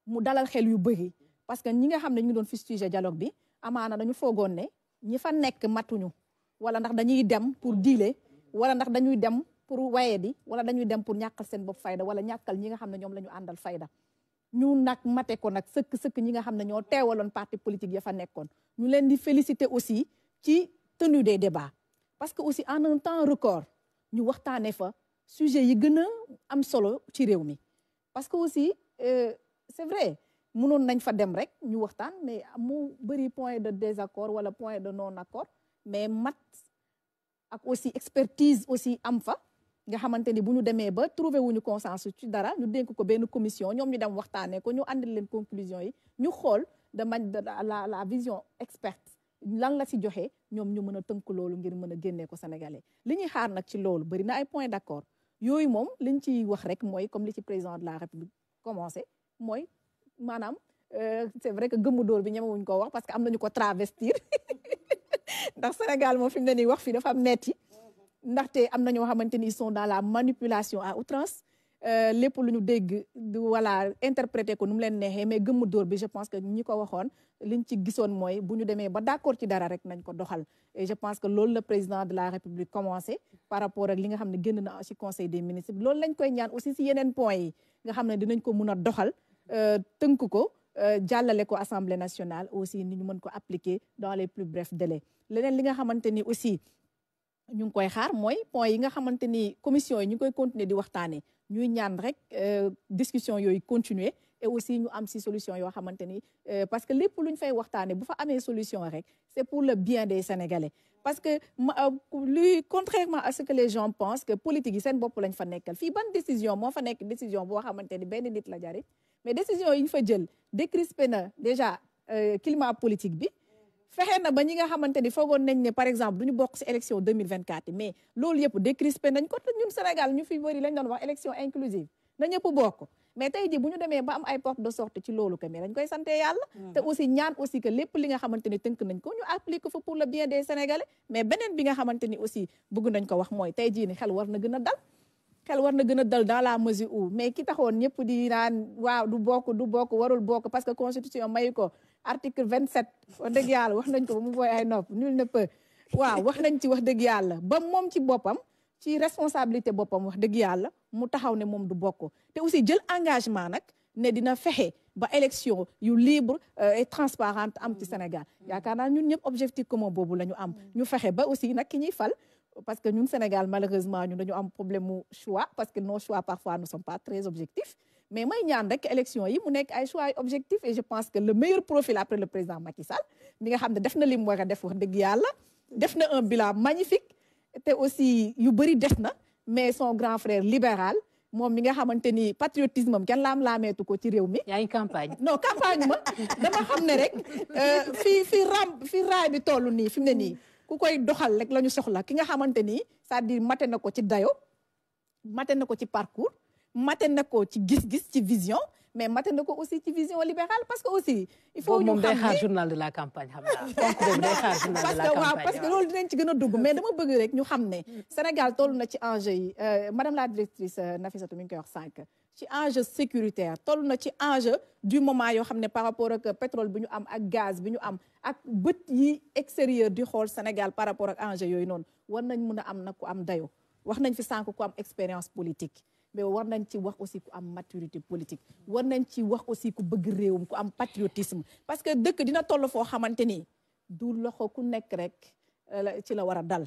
mu dalal xel yu bëri parce que ñi nga xam ne ñu ngi fi sujet dialogue bi amaana dañu foogoon ñi fa nek matuñu wala ndax dañuy dem pour diile wala ndax dañuy dem pour wayé di wala dañuy dem pour ñakal sen bop fayda wala ñakal ñi nga xamné ñom lañu andal fayda ñu nak maté ko nak sëkk sëkk ñi nga xamné ño téwalon parti politique ya fa nekkoon ñu leen di féliciter aussi ci tenue des débats parce que aussi en un temps record ñu waxtané fa sujet yi gëna am solo ci réew mi parce que aussi euh, c'est vrai mënoon nañ fa dem rek ñu waxtaan mais mu bari point de désaccord wala point de non accord mais mat ak aussi expertise aussi am fa nga xamanteni ni bu ñu ba trouver wuñu consensus ci dara ñu dénk ko benn commission ñom ñu dem waxtaanee ko ñu àndil leen conclusion yi ñu xol de man la la vision experte lan la si joxé ñom ñu mëna teunk lolu ngir mëna génné ko sénégalais liñuy xaar nak ci lolu bari na ay point d'accord. yoy mom liñ ciy wax rek moy comme li ci président de la république commencé moy Madame, euh, c'est vrai que dor bi ko wax parce que ko travestir Sénégal ils sont dans la manipulation à outrance euh, lépp dégg voilà interpréter ko mais je pense que ñi ko liñ ci d'accord ci dara rek nañ et je pense que le président de la république commencé par rapport à li nga conseil des ministres lañ aussi si point nga euh, tënk ko euh, jàllale ko assemblée nationale aussi ni ñu mën ko appliquer dans les plus brefs délais leneen li nga aussi ñu ngi koy xaar mooy point yi nga commission yi ñu koy continuer di waxtaanee ñuy ñaan rek euh, discussion yooyu continuer et aussi ñu am solution yo hamanteni parce que les lu ñu fay waxtaanee bu fa solution rek c'est pour le bien des Sénégalais parce que lui contrairement à ce que les gens pensent que politique yi seen bopp lañ fa nekkal fii ban décision moo fa nekk décision boo xamante ben benn nit la jari mais décision une fois fa jël décrispé na déjà euh, climat politique bi faire na ba ñi nga xamante ni nañ par exemple nous ñu élection 2024 mais loolu yëpp décrispé nañ ko nous ñun Sénégal ñu fi bëri lañ doon wax élection inclusive na pour bokk mais tey jii bu ñu ba am ay porte de sortie ci loolu que mais dañ koy santé yalla, mm. té aussi ñaan aussi que lépp li nga xamanténi teunk nañ ko ñu applique fo pour le bien des Sénégalais mais benen bi nga xamanténi aussi bëgg nañ ko wax moy tey jii ni xel war na gëna dal xel war na gën a dal dans la mesure où mais ki taxoon ñëpp di naan waaw du bokk du bokk warul bokk parce que constitution mayu ko article vingt sept wax dëgg yàlla wax nañ ko mu booy ay nopp nul ne waaw wax nañ ci wax dëgg yàlla ba moom ci boppam ci responsabilité boppam wax dëgg yàlla mu taxaw ne moom du bokk te aussi jël engagement nag ne dina fexe ba élection yu libre euh, et transparente am ci Sénégal yaakaar naa ñun ñëpp objectif commun boobu la ñu am mm. ñu fexe ba aussi nag parce que nous, au Sénégal, malheureusement, nous avons un problème de choix, parce que nos choix, parfois, ne sont pas très objectifs. Mais moi, il y a une élection, il y un choix objectif, et je pense que le meilleur profil après le président Macky Sall, nous avons un bilan magnifique, était aussi, il mais son grand frère libéral, moom mi nga un patriotisme am kenn laam laameetu Il ci Il une a une campagne. non campagne je dama xam ne rek euh, fii fii ku koy doxal rek lañu soxla ki nga xamante ni c'est-à-dire mate ci dayo mate na ci parcours mate na ci gis-gis ci vision mais mate na aussi ci vision libérale parce que aussi. il faut ñu xam ni journal de la campagne xam journal parce la campagne parce que lolou dinañ ci gëna dugg mais dama bëgg rek ñu xam ne. Sénégal tollu na ci enjeu yi euh, madame la directrice euh, Nafissatou mi ngi koy wax sànq ci enjeu sécuritaire toll na ci enjeu du moment yo xamné par rapport ak pétrole biñu am ak gaz biñu am ak beut yi extérieur du xol Sénégal par rapport ak enjeu yoy non war nañ mëna a am nak ku am dayo wax nañ fi sank ku am expérience politique mais war nañ ci wax aussi ku am maturité politique war nañ ci wax aussi ku bëgg réewum ku am patriotisme parce que dëkk dina toll fo xamanteni du loxo ku nekk rek euh, ci la wara dal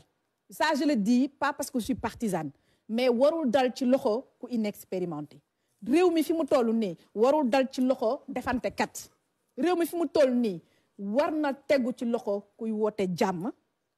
ça je le dis pas parce que je suis partisane mais warul dal ci loxo ku inexpérimenté réew mi fi mu toll nii warul dal ci loxo defante kat réew mi fi mu toll nii war na tegu ci loxo kuy woote jàmm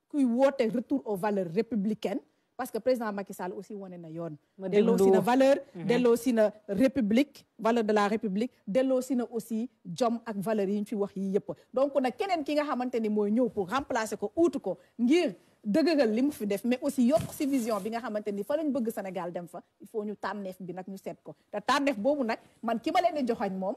kuy woote retour aux valeurs républicain parce que président Macky Sall aussi wane na yoon delloo si na valeur mhm. delloo si na république valeur de la république delloo si na aussi jom ak valeur yi ñu fi wax yi yëpp donc nag keneen ki nga xamante ni mooy ñëw pour remplacer ko uutu ko ngir dëgëral li mu fi def mais aussi yokk si vision bi nga xamante ni fa lañ bëgg Sénégal dem fa il faut ñu tànneef bi nag ñu seet ko te tànneef boobu nag man ki ma leen di joxoñ moom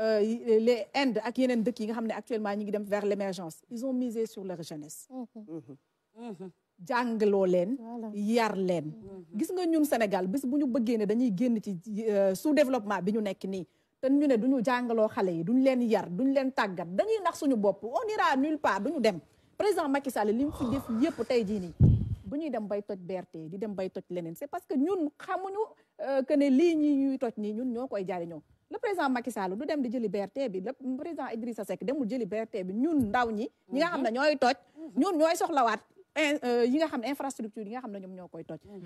euh, les Indes ak yeneen dëkk yi nga xam actuellement ñi ngi dem vers l'émergence ils ont misé sur leur jeunesse mm-hmm. mm-hmm. mm-hmm. jàngaloo len, yar len. gis nga ñun Sénégal bis bu ñu bëggee ne dañuy génn ci euh, sous développement bi ñu nekk nii te ñu duñu jàngaloo xale yi duñu len yar duñu len tagat dañuy nax suñu bop on ira nulle part duñu dem président Macky Sall lim fi def yépp tay jii ni buñuy dem bay toj berté di dem bay toj lenen c'est parce que ñun xamuñu euh, que né li ñi ñuy toj ni ñun ñokoy koy jaariñoo le président Macky Sall du dem le président Idrissa Seck demul liberté bi ñun ndaw ñi ñi nous nous euh, infrastructure mhm.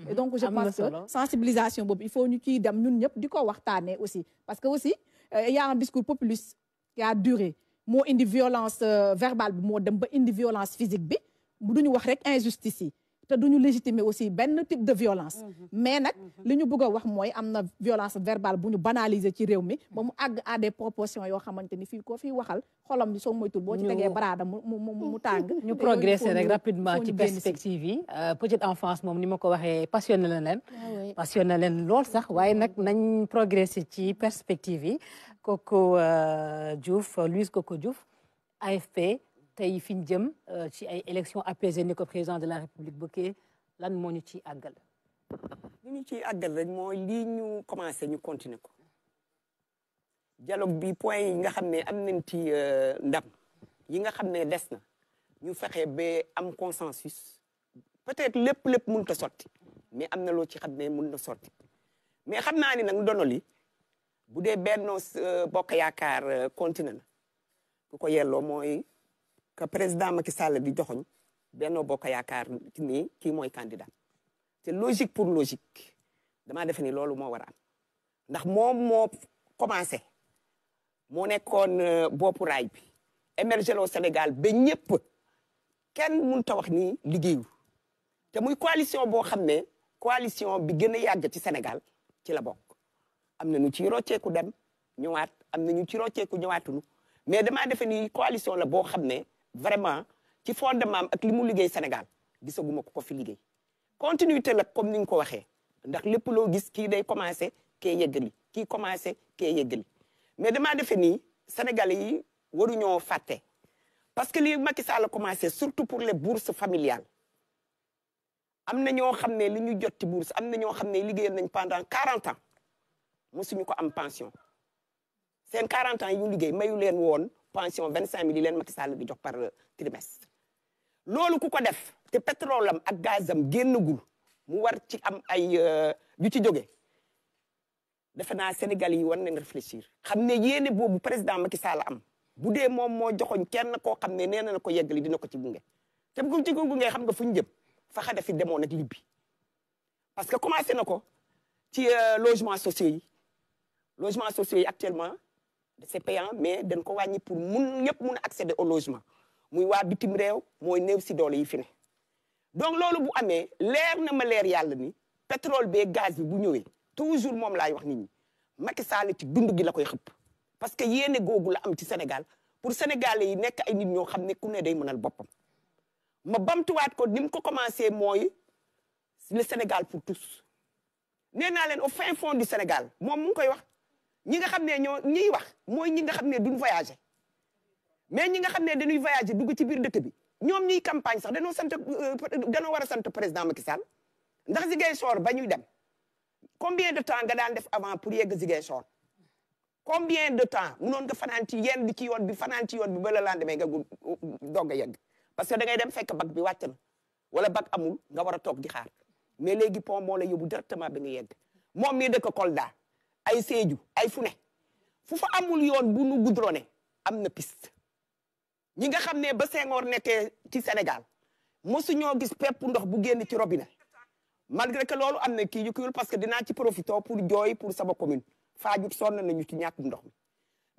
et donc je pense que sensibilisation il faut ñu nous dem ñun aussi parce que aussi euh, il y a un discours populiste qui a duré mo indi violence euh, verbale bi violence physique bi mu injustice te duñu légitimer aussi ben type de violence mm-hmm. mais nak mm-hmm. liñu bëgg wax moy amna violence verbale buñu banaliser ci réew mi ba mu à des proportions yo xamanteni fi ko fi waxal xolam bi moy moytul bo ci tegee baraada mu mu mu ñu progresser rek rapidement ci perspective yi euh, petite enfance mom ni mako waxé waxee passionné na leen ah passionné leen lool sax waaye nak nañ progresser ci perspective yi Coco euh, Diouf Louise Coco Diouf AFP tey fi ñu jëm euh, ci ay élections apaisées ni ko président de la république bëggee lan moo ñu ciy àggal. li ñu ciy àggal rek mooy lii ñu commencé ñu continuer ko dialogue bi point yi nga xam ne am nañ euh, yi nga xam ne des ñu fexe ba am consensus peut-être lépp lépp mënut a sotti mais am na loo ci xam ne na sotti mais xam naa ni nag ndono li bu dee Benno euh, Bokk Yaakaar continue na ku ko yelloo mooy. que président Macky Sall di joxoñ Benno Bokk Yaakaar nii kii mooy candidat te logique pour logique damaa defe ni loolu moo war am ndax moom moo commencé moo nekkoon euh, boppu raay bi émerger au Sénégal ba ñëpp kenn mun a wax ni liggéeyu te muy coalition boo xam ne coalition bi gën a yàgg ci Sénégal ci la bokk am na ñu ci rocceeku dem ñëwaat am na ñu ci rocceeku ñëwaatunu mais damaa defe ni coalition la boo xam ne vraiment ci fondement ak li liguey liggéey Sénégal gisaguma ko ko fi liguey continuité la comme ni nga ko waxee ndax lépp loo gis kii day commencé kee yëggali kii commencé kee yëggali mais damaa défini Sénégalais yi ñoo faté parce que li Macky Sall commencé surtout pour les bourses familiales amna na ñoo xam ne li ñu jot bourse amna na ñoo xam ne nañ pendant 40 ans mosuñu ko am pension seen 40 ans yu liguey mayu len won pension 25 cinq mille yi Macky Sall di jox par euh, trimestre loolu ku ko def te pétrole am ak gazam génnagul mu war ci am ay euh, yu ci jóge defe naa Sénégal yi won nañ réfléchir xamné ne bobu président Macky Sall am bu mom mo moo joxoñ kenn ko xamné néna nee na ko yeggali dina ko ci gunge té bu ci gunge xam nga fuñu ñu jëm fa fi demoon ak libbi parce que commencé nako ci euh, logement social yi logement social yi actuellement c'est payant mais dañ ko wàññi pour mun ñep mun accéder au logement muy wa bitim rew moy néew ci doole yi fi ne donc lolu bu amé leer na ma leer Yalla ni pétrole bee gaz bi bu ñëwé toujours mom lay wax nit ñi Macky Sall ci dundu gi la koy xëpp parce que yéene googu la am ci Sénégal pour sénégalais yi nek ay nit ñoo xamné ku ne day mënal bopam. ma bamtu wat ko ni ko commencé moy le Sénégal pour tous nee naa au fin fond du Sénégal mom mu ngi koy wax ñi nga xam ne ñoo ñiy wax mooy ñi nga xam ne duñ voyagé mais ñi nga xam dañuy voyagé dugg ci biir dëkk bi ñoom ñi campagne sax danoo sant euh, danoo war a sant président Macky Sall ndax Ziguinchor ba ñuy dem combien de temps nga daan def avant pour yegg Ziguinchor combien de temps munoon nga fanaan ci yenn bi ci yoon bi fanaan ci yoon bi ba la lendemain nga doog a yegg parce que da ngay dem fekk bag bi wàcc na wala bac amul nga war a toog di xaar mais léegi pont moo la yóbbu directement bi nga yegg moom mii dëkk Kolda ay seeju ay fune ne fu fa amul yoon bu nu goudronné am na piste ñi nga xam ne ba Senghor nekkee ci Sénégal mosu ñoo gis pepp ndox bu génn ci robinet malgré que loolu am na kii yu kiiwul parce que dinaa ci profité pour jooy pour sama commune Fadiouth sonn nañu ci ñàkkum ndox mi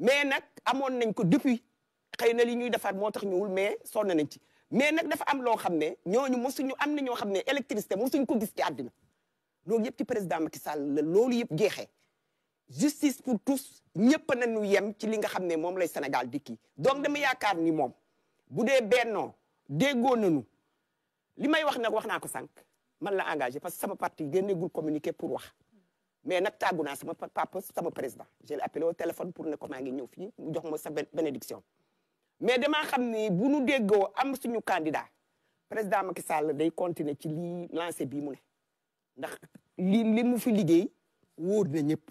mais nag amoon nañ ko depuis xëy na li ñuy defar moo tax ñëwul mais sonn nañ ci mais nag dafa am loo xam ne ñooñu mosuñu am na ñoo xam ne électricité mosuñ ko gis ci àddina loolu yëpp ci président Macky Sall la loolu yëpp jeexee justice pour tous ñëpp nañu yem ci li nga xam ne moom lay Sénégal di kii donc dama yaakaar ni moom bu dee bennoo déggoo nañu li may wax nag wax naa ko sànq man la engagé parce que sama parti génneegul communiqué pour wax mais nag tàggu naa sama papa sama président je l'ai appelé au téléphone pour ne ko ngi ñëw fii mu jox ma sa bénédiction mais dama xam ni bu nu déggoo am suñu candidat président Macky Sall day continuer ci lii lancé bii mu ne ndax li li mu fi liggéey wóor na ñëpp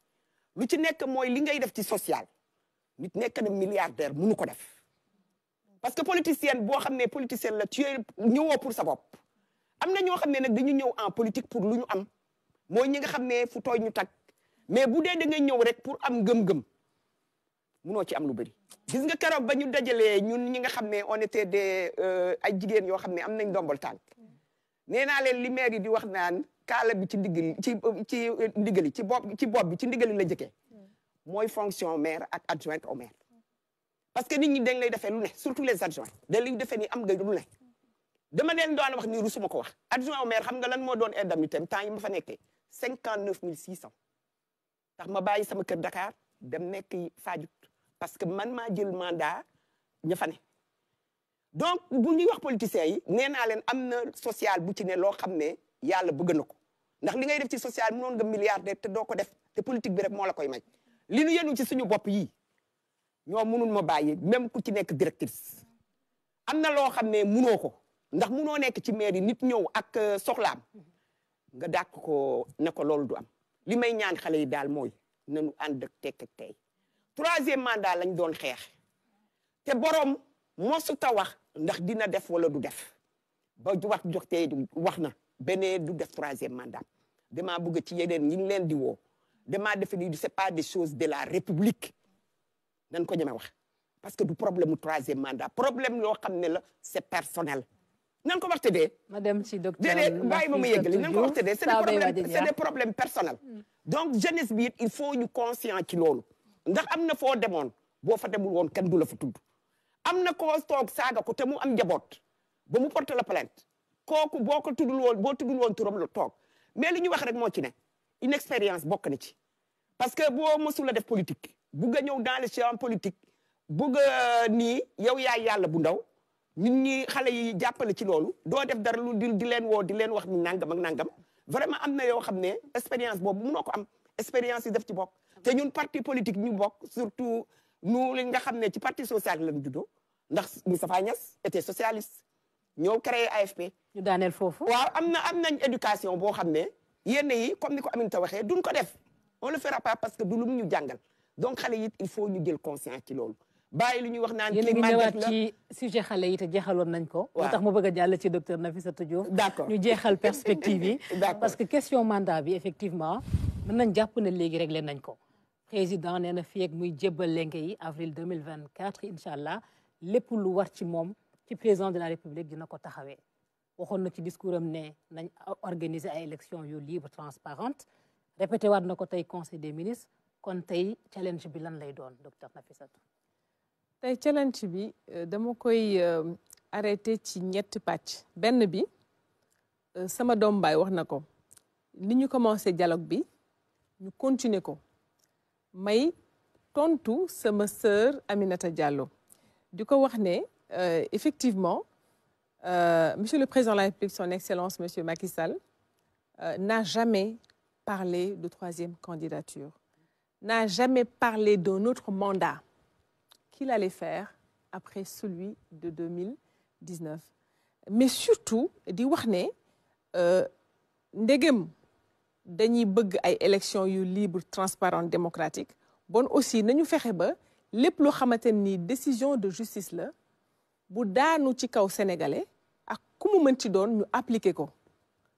lu ci nekk mooy li ngay def ci social nit nekk na milliardaire mënu ko def parce que politicienne boo xam ne politicienne la tu ñëwoo pour sa bopp am na ñoo xam ne nag dañu ñëw en politique pour lu ñu am mooy ñi nga xam ne fu tooy ñu tag mais bu dee da nga ñëw rek pour am gëm-gëm munoo ci am lu bëri gis nga keroog ba ñu dajalee ñun ñi nga xam ne on était des euh, ay jigéen yoo xam ne am nañ ndombol tànk nee naa leen li maire di wax naan kaala bi ci ndigg ci ci ndigali ci bopp ci bopp bi ci ndigali la jëkkee moy hmm. fonction maire ak adjointe au maire parce que nit ñi dañ lay défé lu ne surtout les adjoints dañ lay défé ni am nga lu ne dama leen doon wax ni rusuma ko wax adjoint au maire xam nga lan mo doon indemnité am temps yi ma fa nekkee 59600 tax ma bayyi sama kër Dakar dem nekk Fadiouth parce que man ma jël mandat ña fa donc bu ñuy wax politiciens yi nee naa leen am na social bu ci ne loo xam ne yàlla bëgg na ko ndax li ngay def ci social mënoon nga milliardaire te doo ko def te politique bi rek moo la koy may li nu yenu ci suñu bopp yi ñoo mënul ma bàyyi même ku ci nekk directrice am na loo xam ne munoo ko ndax munoo nekk ci mairie nit ñëw ak euh, soxlaam nga dàq ko ne ko loolu du am li may ñaan xale yi daal mooy nañu ànd ak tekk ak tey troisième daal lañ doon xeex te boroom mosu ta wax ndax dina def wala du def ba wax jox tey wax na Bénin du def troisième mandat ci pas des choses de la république parce que du problème troisième mandat problème c'est personnel nan ko madame si docteur c'est des problèmes des problèmes personnels mm. donc jeunesse il faut ñu conscient ci ndax fa demul la fa ko te mu am la plainte kooku boo ko tuddul woon boo tuddul woon turam lu toog mais li ñu wax rek moo ci ne inexpérience bokk na ci parce que boo mësul a def politique bugg a ñëw dans le champ politique bugg a nii yow yaay yàlla bu ndaw nit ñi xale yi jàppale ci loolu doo def dara lu di di leen woo di leen wax ni nangam ak nangam vraiment am na yoo xam ne expérience boobu munoo ko am expérience yi def ci bokk te ñun parti politique ñu bokk surtout nu li nga xam ne ci parti social lañ juddoo ndax Moustapha Niass était socialiste ñoo créé AFP ñu daaneel foofu. waaw am na éducation boo xam ne yi comme ni ko Aminata waxee duñ ko def on le fera pas parce que du lum ñu jàngal donc xale yi il faut ñu jël conscience ci loolu. bàyyi lu ñuy wax naan kii màggat la ci sujet xale yi te jeexaloon nañ ko. waaw moo tax mu bëgg ci docteur Nafissatou Diouf. d' accord ñu jeexal perspective yi. parce que question mandat bi effectivement mën nañ jàpp ne léegi régler nañ ko. président nee na fii ak muy jébbal lenke yi avril 2024 inshallah, allah lépp lu war ci moom ci président de la république dina ko taxawee. On na ci discoursam ne nañ organiser ay une yu libre transparente répété waat na ko tey conseil des ministres kon tey challenge bi lan lay doon docteur Nafissatou tey challenge bi euh, dama koy euh, arrêté ci ñetti pàcc benn bi euh, sama doom baay wax na ko ni ñu commencé dialogue bi ñu continuer ko may tontu sama sœur Aminata Diallo di ko wax ne effectivement euh, Monsieur le Président de la République, son Excellence, Monsieur Macky Sall, euh, n'a jamais parlé de troisième candidature, n'a jamais parlé d'un autre mandat qu'il allait faire après celui de 2019. Mais surtout, dit wax ne euh, ndegem dañuy bëgg ay élections libre transparente démocratique bon aussi nous avons ba lépp décisions décision de justice bu daanu ci kaw sénégalais ak ku mu ci doon ñu appliquer ko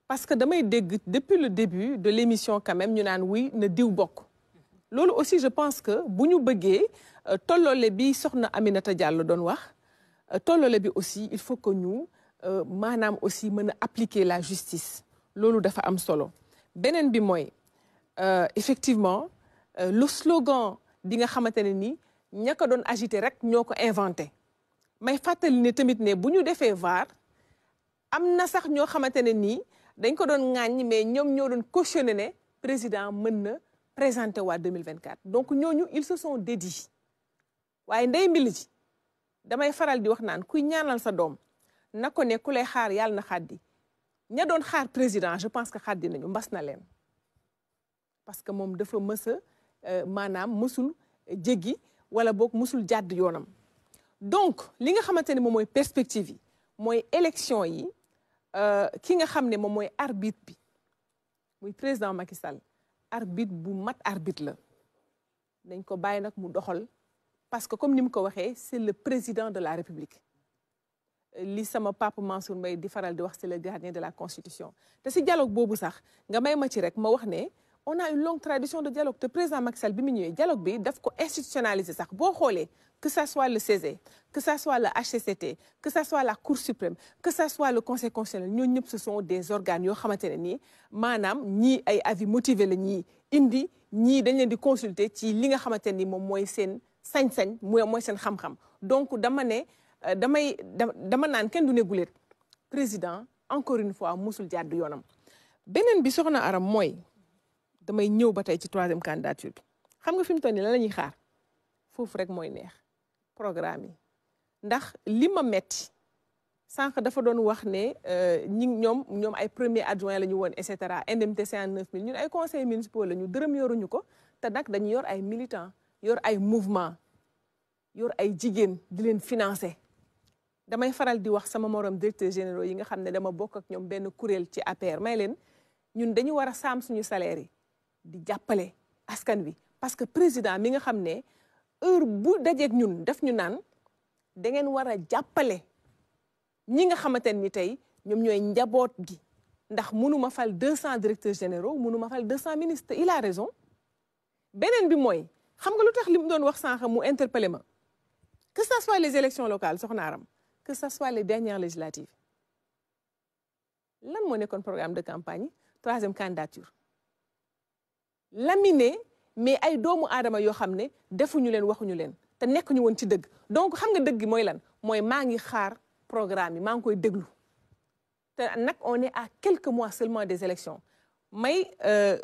parce que damay dégg depuis le début de l'émission quand même ñu naan oui ne diw bokk loolu aussi je pense que bu ñu bëggee euh, tolloole bi soxna Aminata Diallo doon wax euh, tolloole bi aussi il faut que ñu euh, maanaam aussi mën a appliquer la justice loolu dafa am solo beneen bi mooy effectivement le slogan bi nga xamante ne ni ña ko doon agité rek ñoo ko inventé may fàttali ne tamit ne bu ñu defee vaar am na sax ñoo xamante ne nii dañ ko doon ŋàññ mais ñoom ñoo doon cautionné ne président mën na présenté waa 2024 donc ñooñu ils se sont dédits waaye ndey mbil ji damay faral di wax naan kuy ñaanal sa doom na ko nekkulee xaar yàlla na xaddi ña doon xaar président je pense que xaddi nañu mbas na leen parce que moom dafa mës a euh, maanaam mësul jéggi wala boog mësul jàdd yoonam donc li nga xamante ne moom mooy perspective yi mooy élection yi euh, ki nga xam ne moom arbitre bi président Macky Sall arbitre bu mat arbitre la dañ ko bàyyi nag mu doxal parce que comme nous mu ko c'est le président de la République li sama papa Mansour Mbaye di faral di wax c'est le gardien de la Constitution te si dialogue bobu sax nga may ma ci rek ma wax ne on a une longue tradition de dialogue de président Macky Sall bi dialogue bi daf ko institutionnaliser sax boo xoolee que ça soit le CESE que ça soit le HCCT que ça soit la Cour suprême que ça soit le Conseil constitutionnel ñoo ñëpp ce sont des organes yoo xamante ni nii maanaam ay avis motivé la ñii indi ni dañ leen di consulter ci li nga xamante ni moom mooy seen sañ-sañ mooy mooy seen xam-xam donc dama né euh, damay dama naan ken du ne président encore une fois musul jàdd yonam benen bi soxna aram moy damay ñëw ba tey ci troisième candidature bi xam nga fi mu toll nii lan la ñuy xaar foofu rek mooy neex programme yi ndax li ma metti sànq dafa doon wax ne euh, ñi ñoom ñoom ay premier adjoint la ñu woon et cetera indemnité cinquante-neuf mille ñun ay conseils municipaux la ñu dërëm yoruñu ko te nag dañu yor ay militants yor ay mouvement yor ay jigéen di leen financé damay faral di wax sama morom directeur généraux yi nga xam ne dama bokk ak ñoom benn kuréel ci APR may leen ñun dañu war a saam suñu salaire yi di jàppale askan wi parce que président mi nga xamné heure bu ak ñun daf ñu naan da ngeen war a ñi nga xamante ni tay ñom ñoy njabot gi ndax mënu ma fal deux directeurs généraux mënu ma fal deux ministres il a raison benen bi moy xam nga lutax lim doon wax sànq mu interpellé ma que ça soit les élections locales soxna que ça soit les dernières législatives lan moo nekkoon programme de campagne troisième candidature laminé mais ay doomu adama yo xamné defuñu waxuñu ci donc xam nga lan programme yi koy déglu té on est à quelques mois seulement des élections may euh,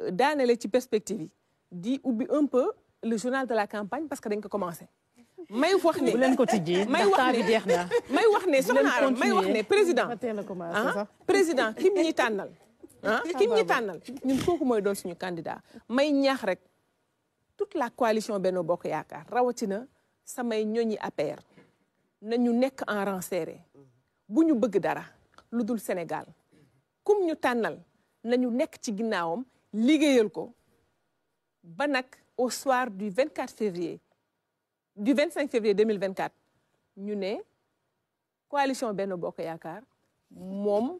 ci perspective di un peu le journal de la campagne parce que dañ commencé may wax bu ko may wax may wax président ah, ah kim ñi tànnal ñun kooku mooy dool suñu candidat may ñaax rek tout la coalition benn Bokk Yaakaar rawatina samay ñoñi APR nañu nekk en rang bu ñu bëgg dara lu dul Sénégal kum ñu tànnal nañu nekk ci ginnaawam liggéeyal ko ba nag au soir du 24 février du 25 février 2024 ñu ne coalition benn Bokk Yaakaar moom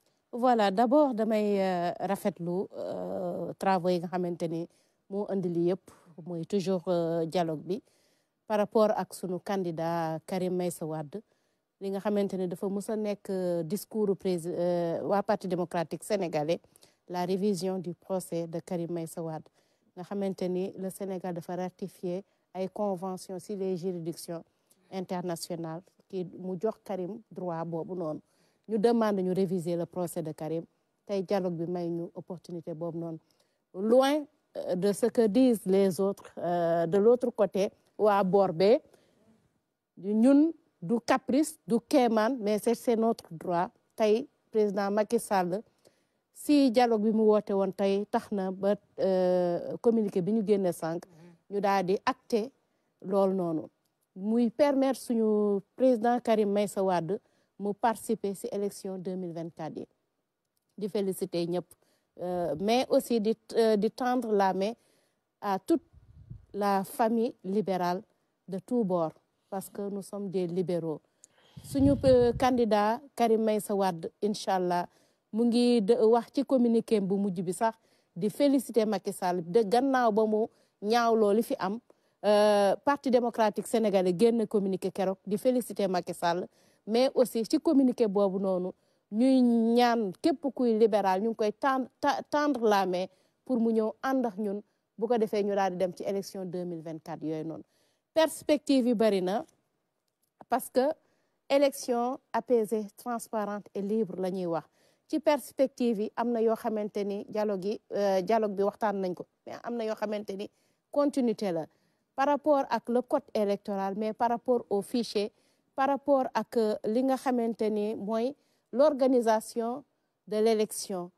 voilà d'abord damay euh, rafetlu euh, travaux yi nga xamanteni mo andi li toujours euh, dialogue par rapport ak sunu candidat Karim Meïssa Wade li nga un discours au parti démocratique sénégalais la révision du procès de Karim Meïssa Wade nga xamanteni le Sénégal dafa ratifier ay convention sur les juridictions internationales qui mu jox Karim droit à l'homme. Nous demandons de réviser le procès de Karim C'est dialogue bi may opportunité pour nous. loin euh, de ce que disent les autres euh, de l'autre côté ou boor nous, ñun du caprice du kéemaan mais c'est notre droit le président Macky Sall si dialogue est mu woote woon tey euh, communiqué bi ñu génne sànq ñu daal permettre président Karim Meïssa mu participer ci élection 2024 yi di féliciter ñëpp euh, mais aussi di euh, di tendre la main à toute la famille libérale de tous bords parce que nous sommes des libéraux suñu euh, candidat Karim Meïssa Wade inshallah mu ngi wax ci communiqué bu mujj bi sax di féliciter Macky Sall de gannaaw ba mu ñaaw loolu fi am parti démocratique sénégalais génn communiqué keroog di féliciter Macky Sall mais aussi ci vous communiquez nous ñuy ñaan képp kuy libéral ñu koy tendre la main pour mu ñëw ànd ak ñun bu ko défé ñu élection 2024 perspective parce que élection apaisée transparente et libre la ñuy wax ci perspective yi am na dialogue euh, dialogue bi waxtaan nañ ko mais amna yo xamanteni continuité par rapport ak le code électoral mais par rapport au fichier par rapport à que que xamante l'organisation de l'élection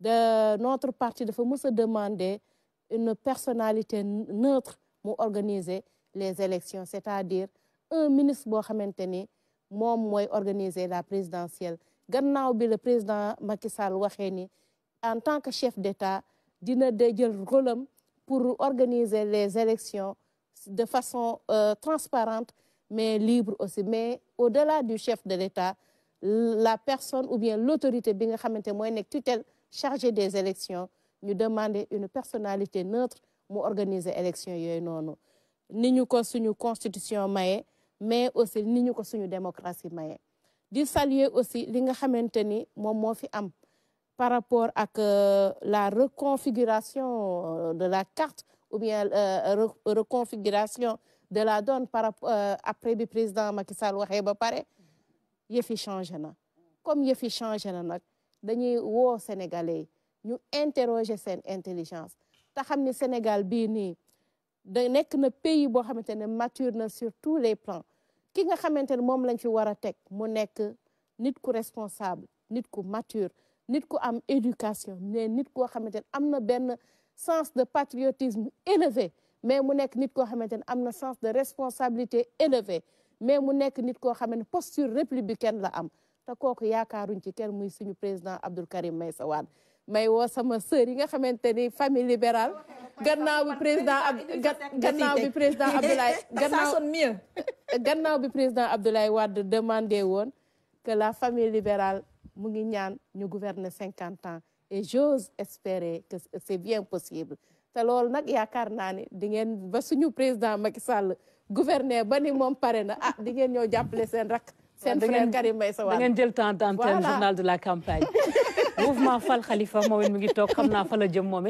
de notre parti de mës se demander une personnalité neutre pour organiser les élections c'est-à-dire un ministre qui a organisé organiser la présidentielle le président Macky Sall en tant que chef d'État dina de jël rôle pour organiser les élections de façon euh, transparente mais libre aussi mais au-delà du chef de l'État la personne ou bien l'autorité bi nga chargée des élections nous demander une personnalité neutre pour organiser l'élection. Nous non ni constitution mais aussi ni ko démocratie Je salue aussi ce que moi moi moom am par rapport à euh, la reconfiguration euh, de la carte ou bien la euh, reconfiguration de la donne par euh, après le président Macky Sall waxé ba pare yëfi changé na comme yëfi changé na nak dañuy wo sénégalais ñu interroger sen intelligence ta xamni Sénégal bi ni da nek na pays bo xamantene mature na sur tous les plans ki nga xamantene mom lañ fi wara a mu nek nit ku responsable nit ku mature nit ku am éducation mais nit ko xamantene ne am na sens de patriotisme élevé mais mu nek nit ko xamante amna sens de responsabilité élevé mais mu nek nit ko xamante posture républicaine la am ta kooku yaakaaruñ ci kenn muy suñu président Abdoul Karim Meïssa Wade may wo sama sœur yi nga xamante famille libérale gannaaw bi président gannaaw bi président Abdoulaye gannaaw gannaaw bi président Abdoulaye Wade demandé won que la famille libérale mu ngi ñaan ñu gouverner 50 ans et j'ose espérer que c'est bien possible te loolu nak yaakaar naa di ngeen ba suñu président Macky Sall gouverneur ba ni moom pare na ah di ngeen ñoo jàppale sen rak seen frère Karim Meïssa Wade da ngeen jël temps d'antenne journal de la campagne mouvement Fal Khalifa moom it mu ngi tok xamna fa la jëm moom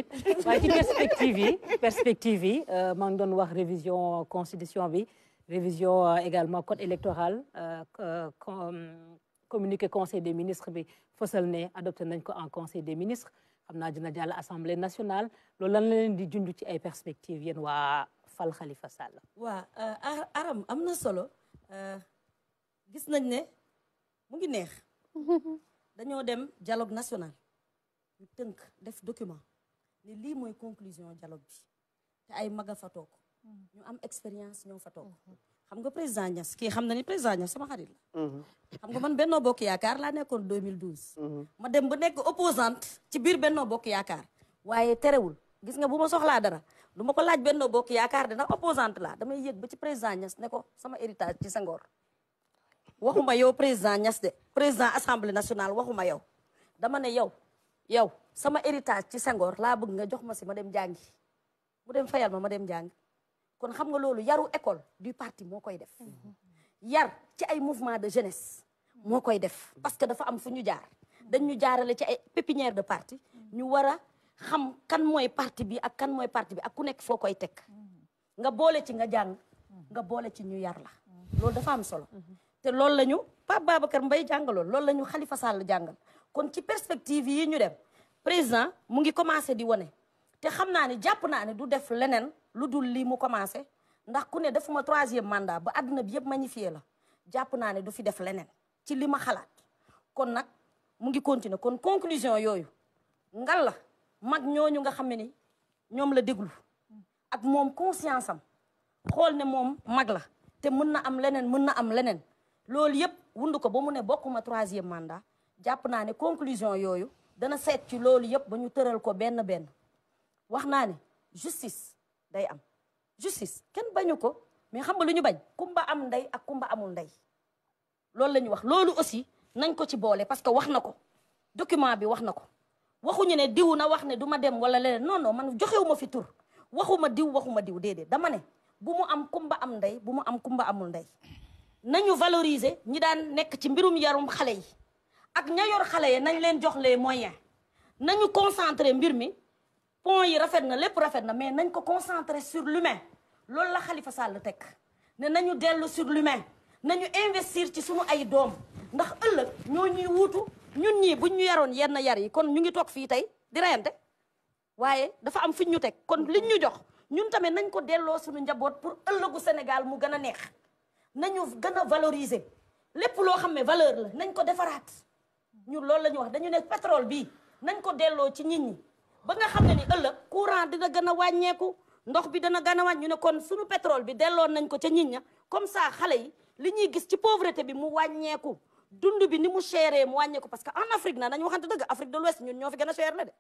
wa ci perspective yi perspective yi euh, maa ngi doon wax révision constitution bi révision euh, également code électoral euh, euh communiqué conseil des ministres bi fësal né adopté nañ ko en conseil des ministres amna naa dina assemblée nationale loolu lan la di junj ci ay perspectives yéen Wa, fal Khalifa Sall. wa euh, aram amna solo solo euh, gis nañ ne mu ngi neex daño dem dialogue national ñu teunk def document ni li moy conclusion dialogue bi te ay maga fa tok mm. ñu am expérience ñoo fa tok xam nga président ñas kii xam na ni président Niass sama xarit la mhm. xam nga man Benno Bokk Yaakaar laa nekkoon 2012 mhm. ma dem ba nekk opposante ci biir Benno Bokk Yaakaar waaye terewul gis nga bu ma soxlaa dara du ma ko laaj Benno Bokk Yaakaar dina opposante la damay yëg ba ci président ñas ne ko sama héritage ci sa ngor waxuma yow président Niass de président assemblée nationale waxuma yow dama ne yow yow sama héritage ci Senghor laa bëgg nga jox ma si ma dem jàngi mu dem fayal ma ma dem jàngi kon xam nga loolu yaru école du parti moo koy def yar ci ay mouvement de jeunesse moo koy def parce que dafa am fu ñu jaar dañ ñu jaarale ci ay pépinière de parti ñu war a xam kan mooy parti bi ak kan mooy parti bi ak ku nekk foo koy teg nga boole ci nga jàng nga boole ci ñu yar la loolu dafa am solo te loolu la ñu Pape Babacar Mbaye jàngaloon loolu la ñu Khalifa Sall jàngal kon ci perspective yi ñu dem président mu ngi commencé di wane te xam naa ne jàpp naa ne du def leneen lu dul lii mu commencé ndax ku ne defuma troisième mandat ba àdduna bi yëpp magnifié la jàpp naa ne du fi def leneen ci li ma xalaat kon nag mu ngi continuer kon conclusion yooyu ngal la mag ñooñu nga xam ne ni ñoom la déglu ak moom conscience am xool ne moom mag la te mën na am leneen mun na am leneen loolu yëpp wund ko ba mu ne bokkuma troisième mandat jàpp naa ne conclusion yooyu dana seet ci loolu yëpp ba ñu tëral ko benn benn wax naa ne justice day am justice kenn bañu ko mais xam nga lu ñu bañ kumba am ndey ak kumba amul ndey loolu la ñu wax loolu aussi nañ ko ci boole parce que wax na ko document bi wax na ko waxuñu ne diw na wax ne du ma dem wala leneen non non man joxewuma fi tur waxuma diw waxuma diw déedéet dama ne bu mu am kumba am ndey bu mu am kumba amul ndey nañu valoriser ñi daan nekk ci mbirum yarum xale yi ak ña yor xale yi nañ leen jox lee moyens nañu concentrer mbir mi pont yi rafet na lépp mais nañ ko concentrer sur l'humain loolu la Khalifa Sall teg né nañu dellu sur l'humain nañu investir ci sunu ay dom ndax ëllëg ñoo ñuy wootu ñun ñi buñ ñu yaroon yenn yar yi kon ñu ngi tok fi tay di reyante waaye dafa am fiñ ñu teg kon liñ ñu jox ñun tamé nañ ko delloo suñu njabot pour ëllëgu Sénégal mu gëna neex nañu gëna valoriser lepp lo xamé valeur la nañ ko defaraat ñun loolu lañu wax dañu ne pétrole bi nañ ko delloo ci nit ñi ba nga xam ne ni ëllëg courant dina gën a wàññeeku ndox bi dana gën a wàññi ñu ne kon suñu pétrole bi delloon nañ ko ca nit ña comme saa xale yi li ñuy gis ci pauvreté bi mu wàññeeku dund bi ni mu chéré mu wàññeeku parce que en Afrique na nañu waxante dëgg Afrique de l'Ouest ñun ñoo fi gën a cher la de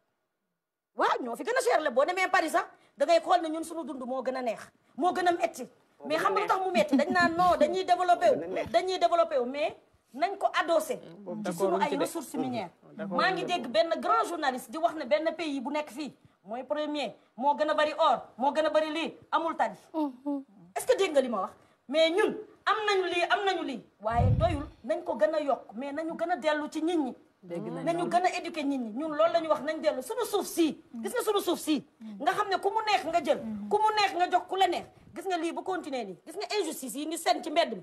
waaw ñoo fi gën a cher la boo demee Paris sax da ngay xool ne ñun suñu dund moo gën a neex moo gën a metti mais xam nga lu tax mu metti dañ naan non dañuy développé wu dañuy développé wu mais nañ ko adossé ci sunu ay ressources minières maa ngi dégg benn grand journaliste di wax ne benn pays bu nekk fii mooy premier moo gën a bari or moo gën a bari lii amul tali mm-hmm. est-ce que dégg nga li ma wax mais ñun am nañu lii am nañu lii waaye doyul nañ ko gën a yokk mais nañu gën a dellu ci nit ñi nañu gën a éduquer nit ñi ñun loolu la ñu wax nañ dellu suñu suuf sii mm-hmm. gis nga suñu suuf sii mm-hmm. nga xam ne ku mu neex nga jël ku mu neex nga jox ku la neex gis nga lii bu continuer nii gis nga injustice yi ngi seen ci mbedd mi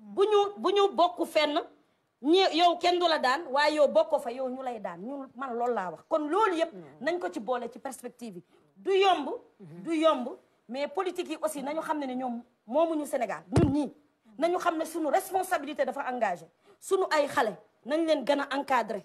bu ñu bu ñu bokk fenn ñi yow kenn du la daan waaye yow bokkoo fa yow ñu lay daan ñun man loolu laa wax kon loolu yëpp hmm. nañ ko ci boole ci perspective yi du yomb hmm. du yomb mais politique yi aussi nañu xam ne ne ñoom moomuñu Sénégal ñun ñii hmm. nañu xam ne suñu responsabilité dafa engagé suñu ay xale nañ leen gën a encadré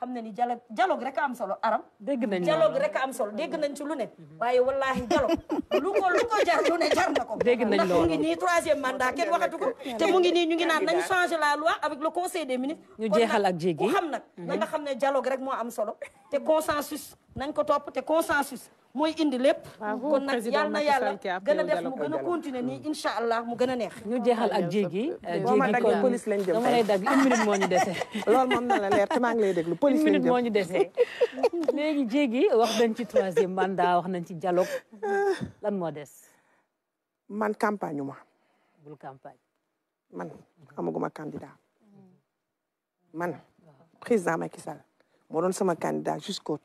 xam na ni dialogue dialogue rek am solo aram dégg nañ dialogue rek a am solo dégg nañ ci lu ne waaye wallaahi dialogue lu ko lu ko jar lu ne jar na ko dégg nañ loolu mu ngi nii troisième mandat kenn waxatu ko te mu ngi nii ñu ngi naan nañ changer la a avec le conseil des ministres ñu jeexal ak jéegi ku xam nag na nga xam ne dialogue rek moo am solo te consensus nañ ko topp te consensus mooy indi lépp kon nag yal na yàlla gën a def mu gën a continuer nii incha allah mu gën neex ñu jeexal ak jéegi boo ma police lañ jëm dama lay dagg une minute moo ñu dese loolu moom maa ngi déglu police lañ ñu dese léegi jéegi wax nañ ci troisième mandat wax nañ ci dialogue lan moo des man campagne ma bul campagne man amaguma candidat man président Macky Sall moo doon sama candidat jusqu'au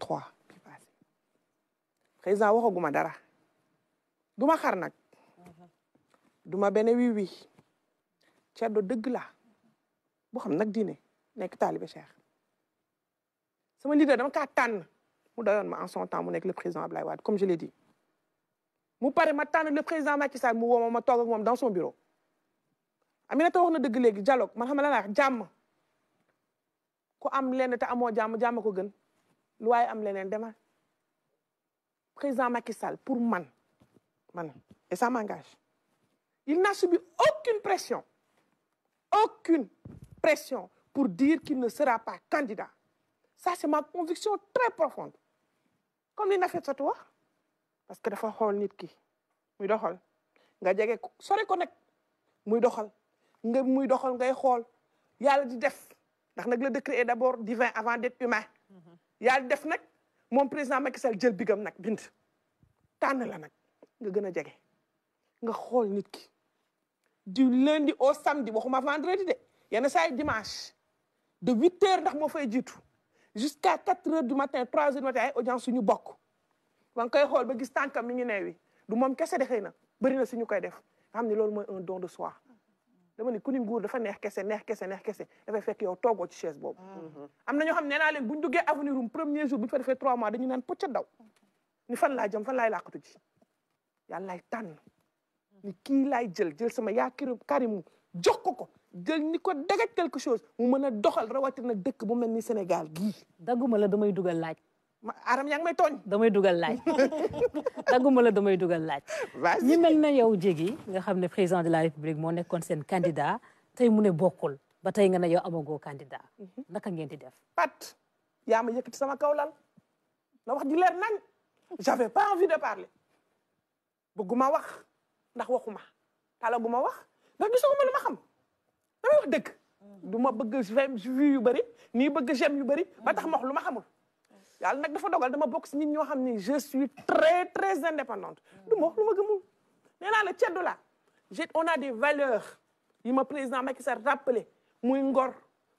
président waxaguma dara du ma xar nag duma ma benn wi wi ceddo dëgg la boo xam nag diine nekk taalibe Cheikh sama leader dama ka tànn mu doyoon ma en temps mu nekk le président Ablaye Wade comme je l'ai dit mu pare ma tànn le président Macky Sall mu woo ma ma toog ak moom dans son bureau Aminata na dëgg léegi dialogue man xam la naax wax jàmm ku am lenn te amoo jàmm jàmm ko gën lu waaye am leneen demal président Macky Sall pour man man et ça m'engage il n'a subi aucune pression aucune pression pour dire qu'il ne sera pas candidat ça c'est ma conviction très profonde comme fait ça toi. parce que dafa qu'il nit ki doxal nga ko doxal nga doxal ngay di def ndax d'abord divin avant d'être humain mm-hmm. y def mon président Macky Sall jël bigam la nak nga a nga du lundi au samedi waxuma vendredi Il y say dimanche de 8h, ndax mo fay tout. jusqu'à 4h du matin 3h du matin ay audience suñu bokk ba gis tankam mi du na suñu koy def un don de soi dama ne ku ni nguur dafa neex kese neex kese neex kese dafay fekk yow toogoo ci chaise boobu. Mm. Mm-hmm. am na ñoo xam ne nee naa leen bu ñu duggee avenir um premier jour bu ñu fa trois mois dañu naan pocca daw ni fan laa jëm fan laay làqatu ji yàlla lay tànn ni kii laay jël jël sama yaa Karim jox ko ko jël ni ko dagaj quelque chose mu mën a doxal rawatina dëkk bu mel ni Sénégal gii. dagguma damay dugal laaj. aram yang meton, may damay dugal laaj taguma la damay dugal laaj. ñi mel na yow jegi nga xamne ne président de la république mo nekkon sen candidat tay mu ne bokul ba tay nga na yow amago candidat mhm. naka ngeen di def. pat ya ma sama kawlal la wax di leer nañ j'avais pas envie de parler bëgguma wax ndax waxuma guma wax ndax gisuma lu ma xam damay wax deug mm. duma bëgg j'aime yu bari ni bëgg jëm yu bari ba tax ma wax luma xamul. dafa dogal je suis très très indépendante Il ma on a des valeurs Il ma président Macky Sall rappelé muy ngor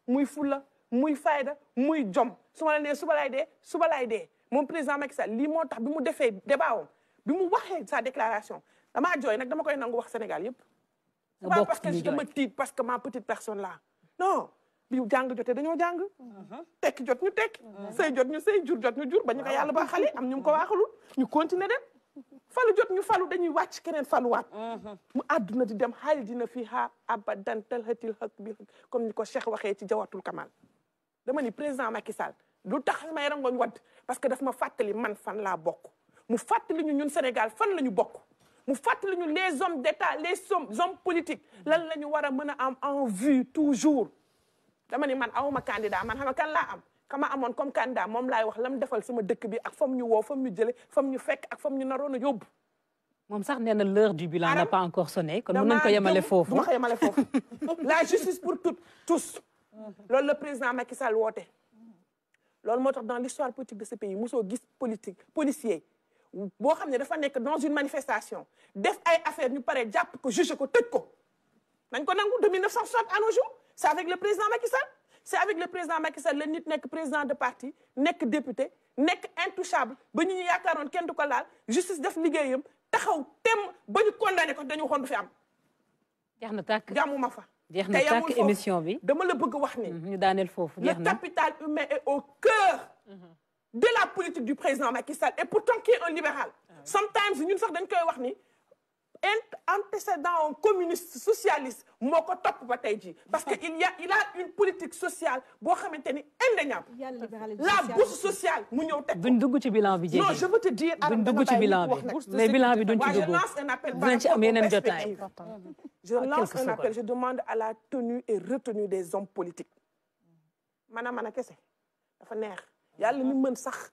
muy fulla muy fayda muy jom su ma la nee suba laay dee président Macky Sall débat sa déclaration La dama koy Sénégal parce que me tire, parce que ma petite personne là non bi jàng jotee dañoo jàng uh-huh. tek jot ñu tek uh-huh. sey jot ñu sey jur jot ñu jur ba ñu yalla yàlla ba xale am ñu ko waaxalul ñu continuer dem falu jot ñu falu dañuy wàcc keneen faluwaat uh-huh. mu aduna di dem xaali dina fii xaar abadan talhatil haq bi comme ni ko Cheikh waxee ci jawatul kamal dama ni président Macky Sall lu tax may rangoñ wadd parce que daf ma fatali man fan la bok mu fatali ñu ñun Sénégal fan lañu bok mu fatali ñu les hommes d'état les hommes hommes politiques lan lañu wara mëna am en vue toujours dama ni man awuma candidat man xam nga kan laa am kama amone comme candidat mom lay wax lam defal suma dëkk bi ak fam ñu wo fam ñu jële fam ñu fekk ak fam ñu naroon yob mom sax nee l'heure du bilan n'a pas encore sonné kon mën nañ ko yemalé fofu du ma ko la justice pour tout, tous mhm. lool le président Macky Sall woté lool motax dans l'histoire politique de ce pays mosoo gis politique policier bo xamné dafa nek dans une manifestation def ay affaire ñu paré japp ko juge ko tëj ko nañ ko nangu de 1960 à nos jours c'est avec le président Macky Sall c'est avec le président Macky Sall le nit que président de parti que député nekk intouchable ba ñu ñu yaakaaroon kenn du ko laal justice def liggéeyam taxaw travail. ba ñu condamné ko dañu waxoon du fi am. Dernier na Dernier jàmmuma fa. jeex émission bi dama veux bëgg wax ne. Mhm, ñu daaneel foofu le capital humain est au cœur. Mhm. de la politique du président Macky Sall et pourtant qui est un libéral. Ah sometimes ñun sax dañ koy wax ni antécédent communiste socialiste moko top topp ba tey parce que il y a il a une politique sociale bo xamante ni indéniable la bourse sociale mu ñëw tek buñ dugg ci bilan bi non je veux te dire buñ dugg ci bilan bi mais bilan bi duñ ci dugg lance un appel ci am je lance un appel ah, je demande à la tenue et retenue des hommes politiques mana mana kese dafa neex yalla ni meun sax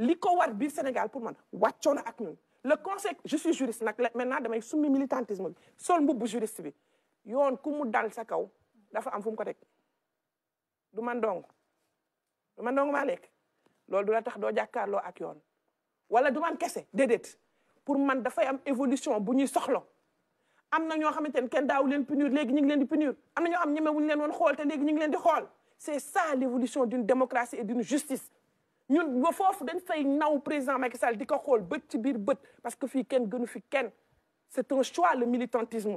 li ko war biir Sénégal pour man wàccoo ak ñun le conseil je suis juriste nak maintenant damay soumi militantisme bi sol mbubbu juriste bi yoon ku mu dal sa kaw dafa am fu mu ko tek du man dong du man dong maa lekk loolu du la tax do jakarlo ak yoon wala du man kese déedéet pour man dafay am évolution bu ñuy soxla am na ñoo xamante ne kenn daaw leen punir léegi ñu ngi leen di punir am na ñoo xam ñemewuñu leen won xol te léegi ñu ngi leen di xol c'est ça l'évolution d'une démocratie et d'une justice ñun ba foofu dañ fay naw président Macky Sall di ko xool bët ci biir bët parce que fii kenn gënu fi kenn c'est un choix le militantisme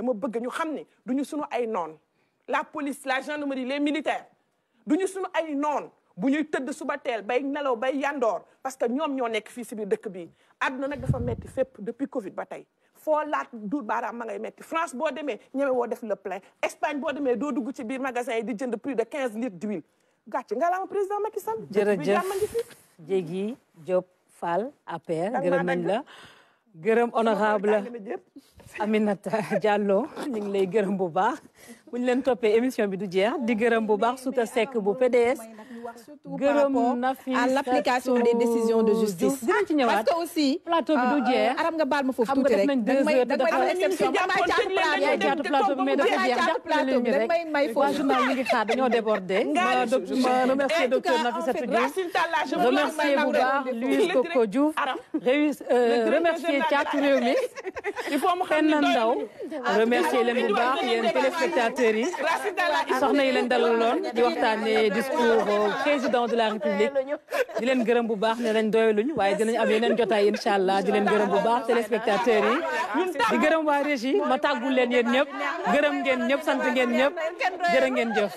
dama bëgg ñu xam ni du ay noon la police la gendarmerie les militaires duñu ñu sunu ay noon bu ñuy tëdd suba teel bay nelaw bay yandoor parce que ñoom ñoo nekk fii si biir dëkk bi àdduna nag dafa metti depuis Covid ba tey foo laat duut ma ngay metti France boo demee ñeme def le plein Espagne boo demee doo dugg ci biir magasin di jënd plus de 15 litres d'huile gàcce nga laama président Macky Sall jërëjëf Diop Fall APR gërëm gërëm honorable Aminata Diallo ñu ngi lay gërëm bu baax bu ñu leen toppee émission bi du jeex di gërëm bu baax Souta Seck bu PDS. gërëm na à l'application des décisions de justice. dinañ ci ñëwaat parce que aussi. plateau bi du euh, jeex euh, aram nga baal ma fofu tuuti rek. xam nga def nañ deux heures te dafa am exception jaatu plateau bi mais dafa jeex jàpp leen ñu rek waa journal ñu ngi xaar dañu débordé. ma remercier docteur Nafissatou Diouf remercier bu baax Louise Coco Diouf. remercier caatu réew mi. il faut mu xam euh, ndaw ah, remercier leen bu baax yéen téléspectateurs téléspectateurs yi soxna yi leen dalaloon di waxtaanee discours président de la république di leen gërëm bu baax ne lañ doyaluñ waaye dinañ am yeneen jotaay incha allah di leen gërëm bu baax téléspectateurs yi di gërëm waa régie ma tàggul leen yéen ñëpp gërëm ngeen ñëpp sant ngeen ñëpp jërë ngeen jëf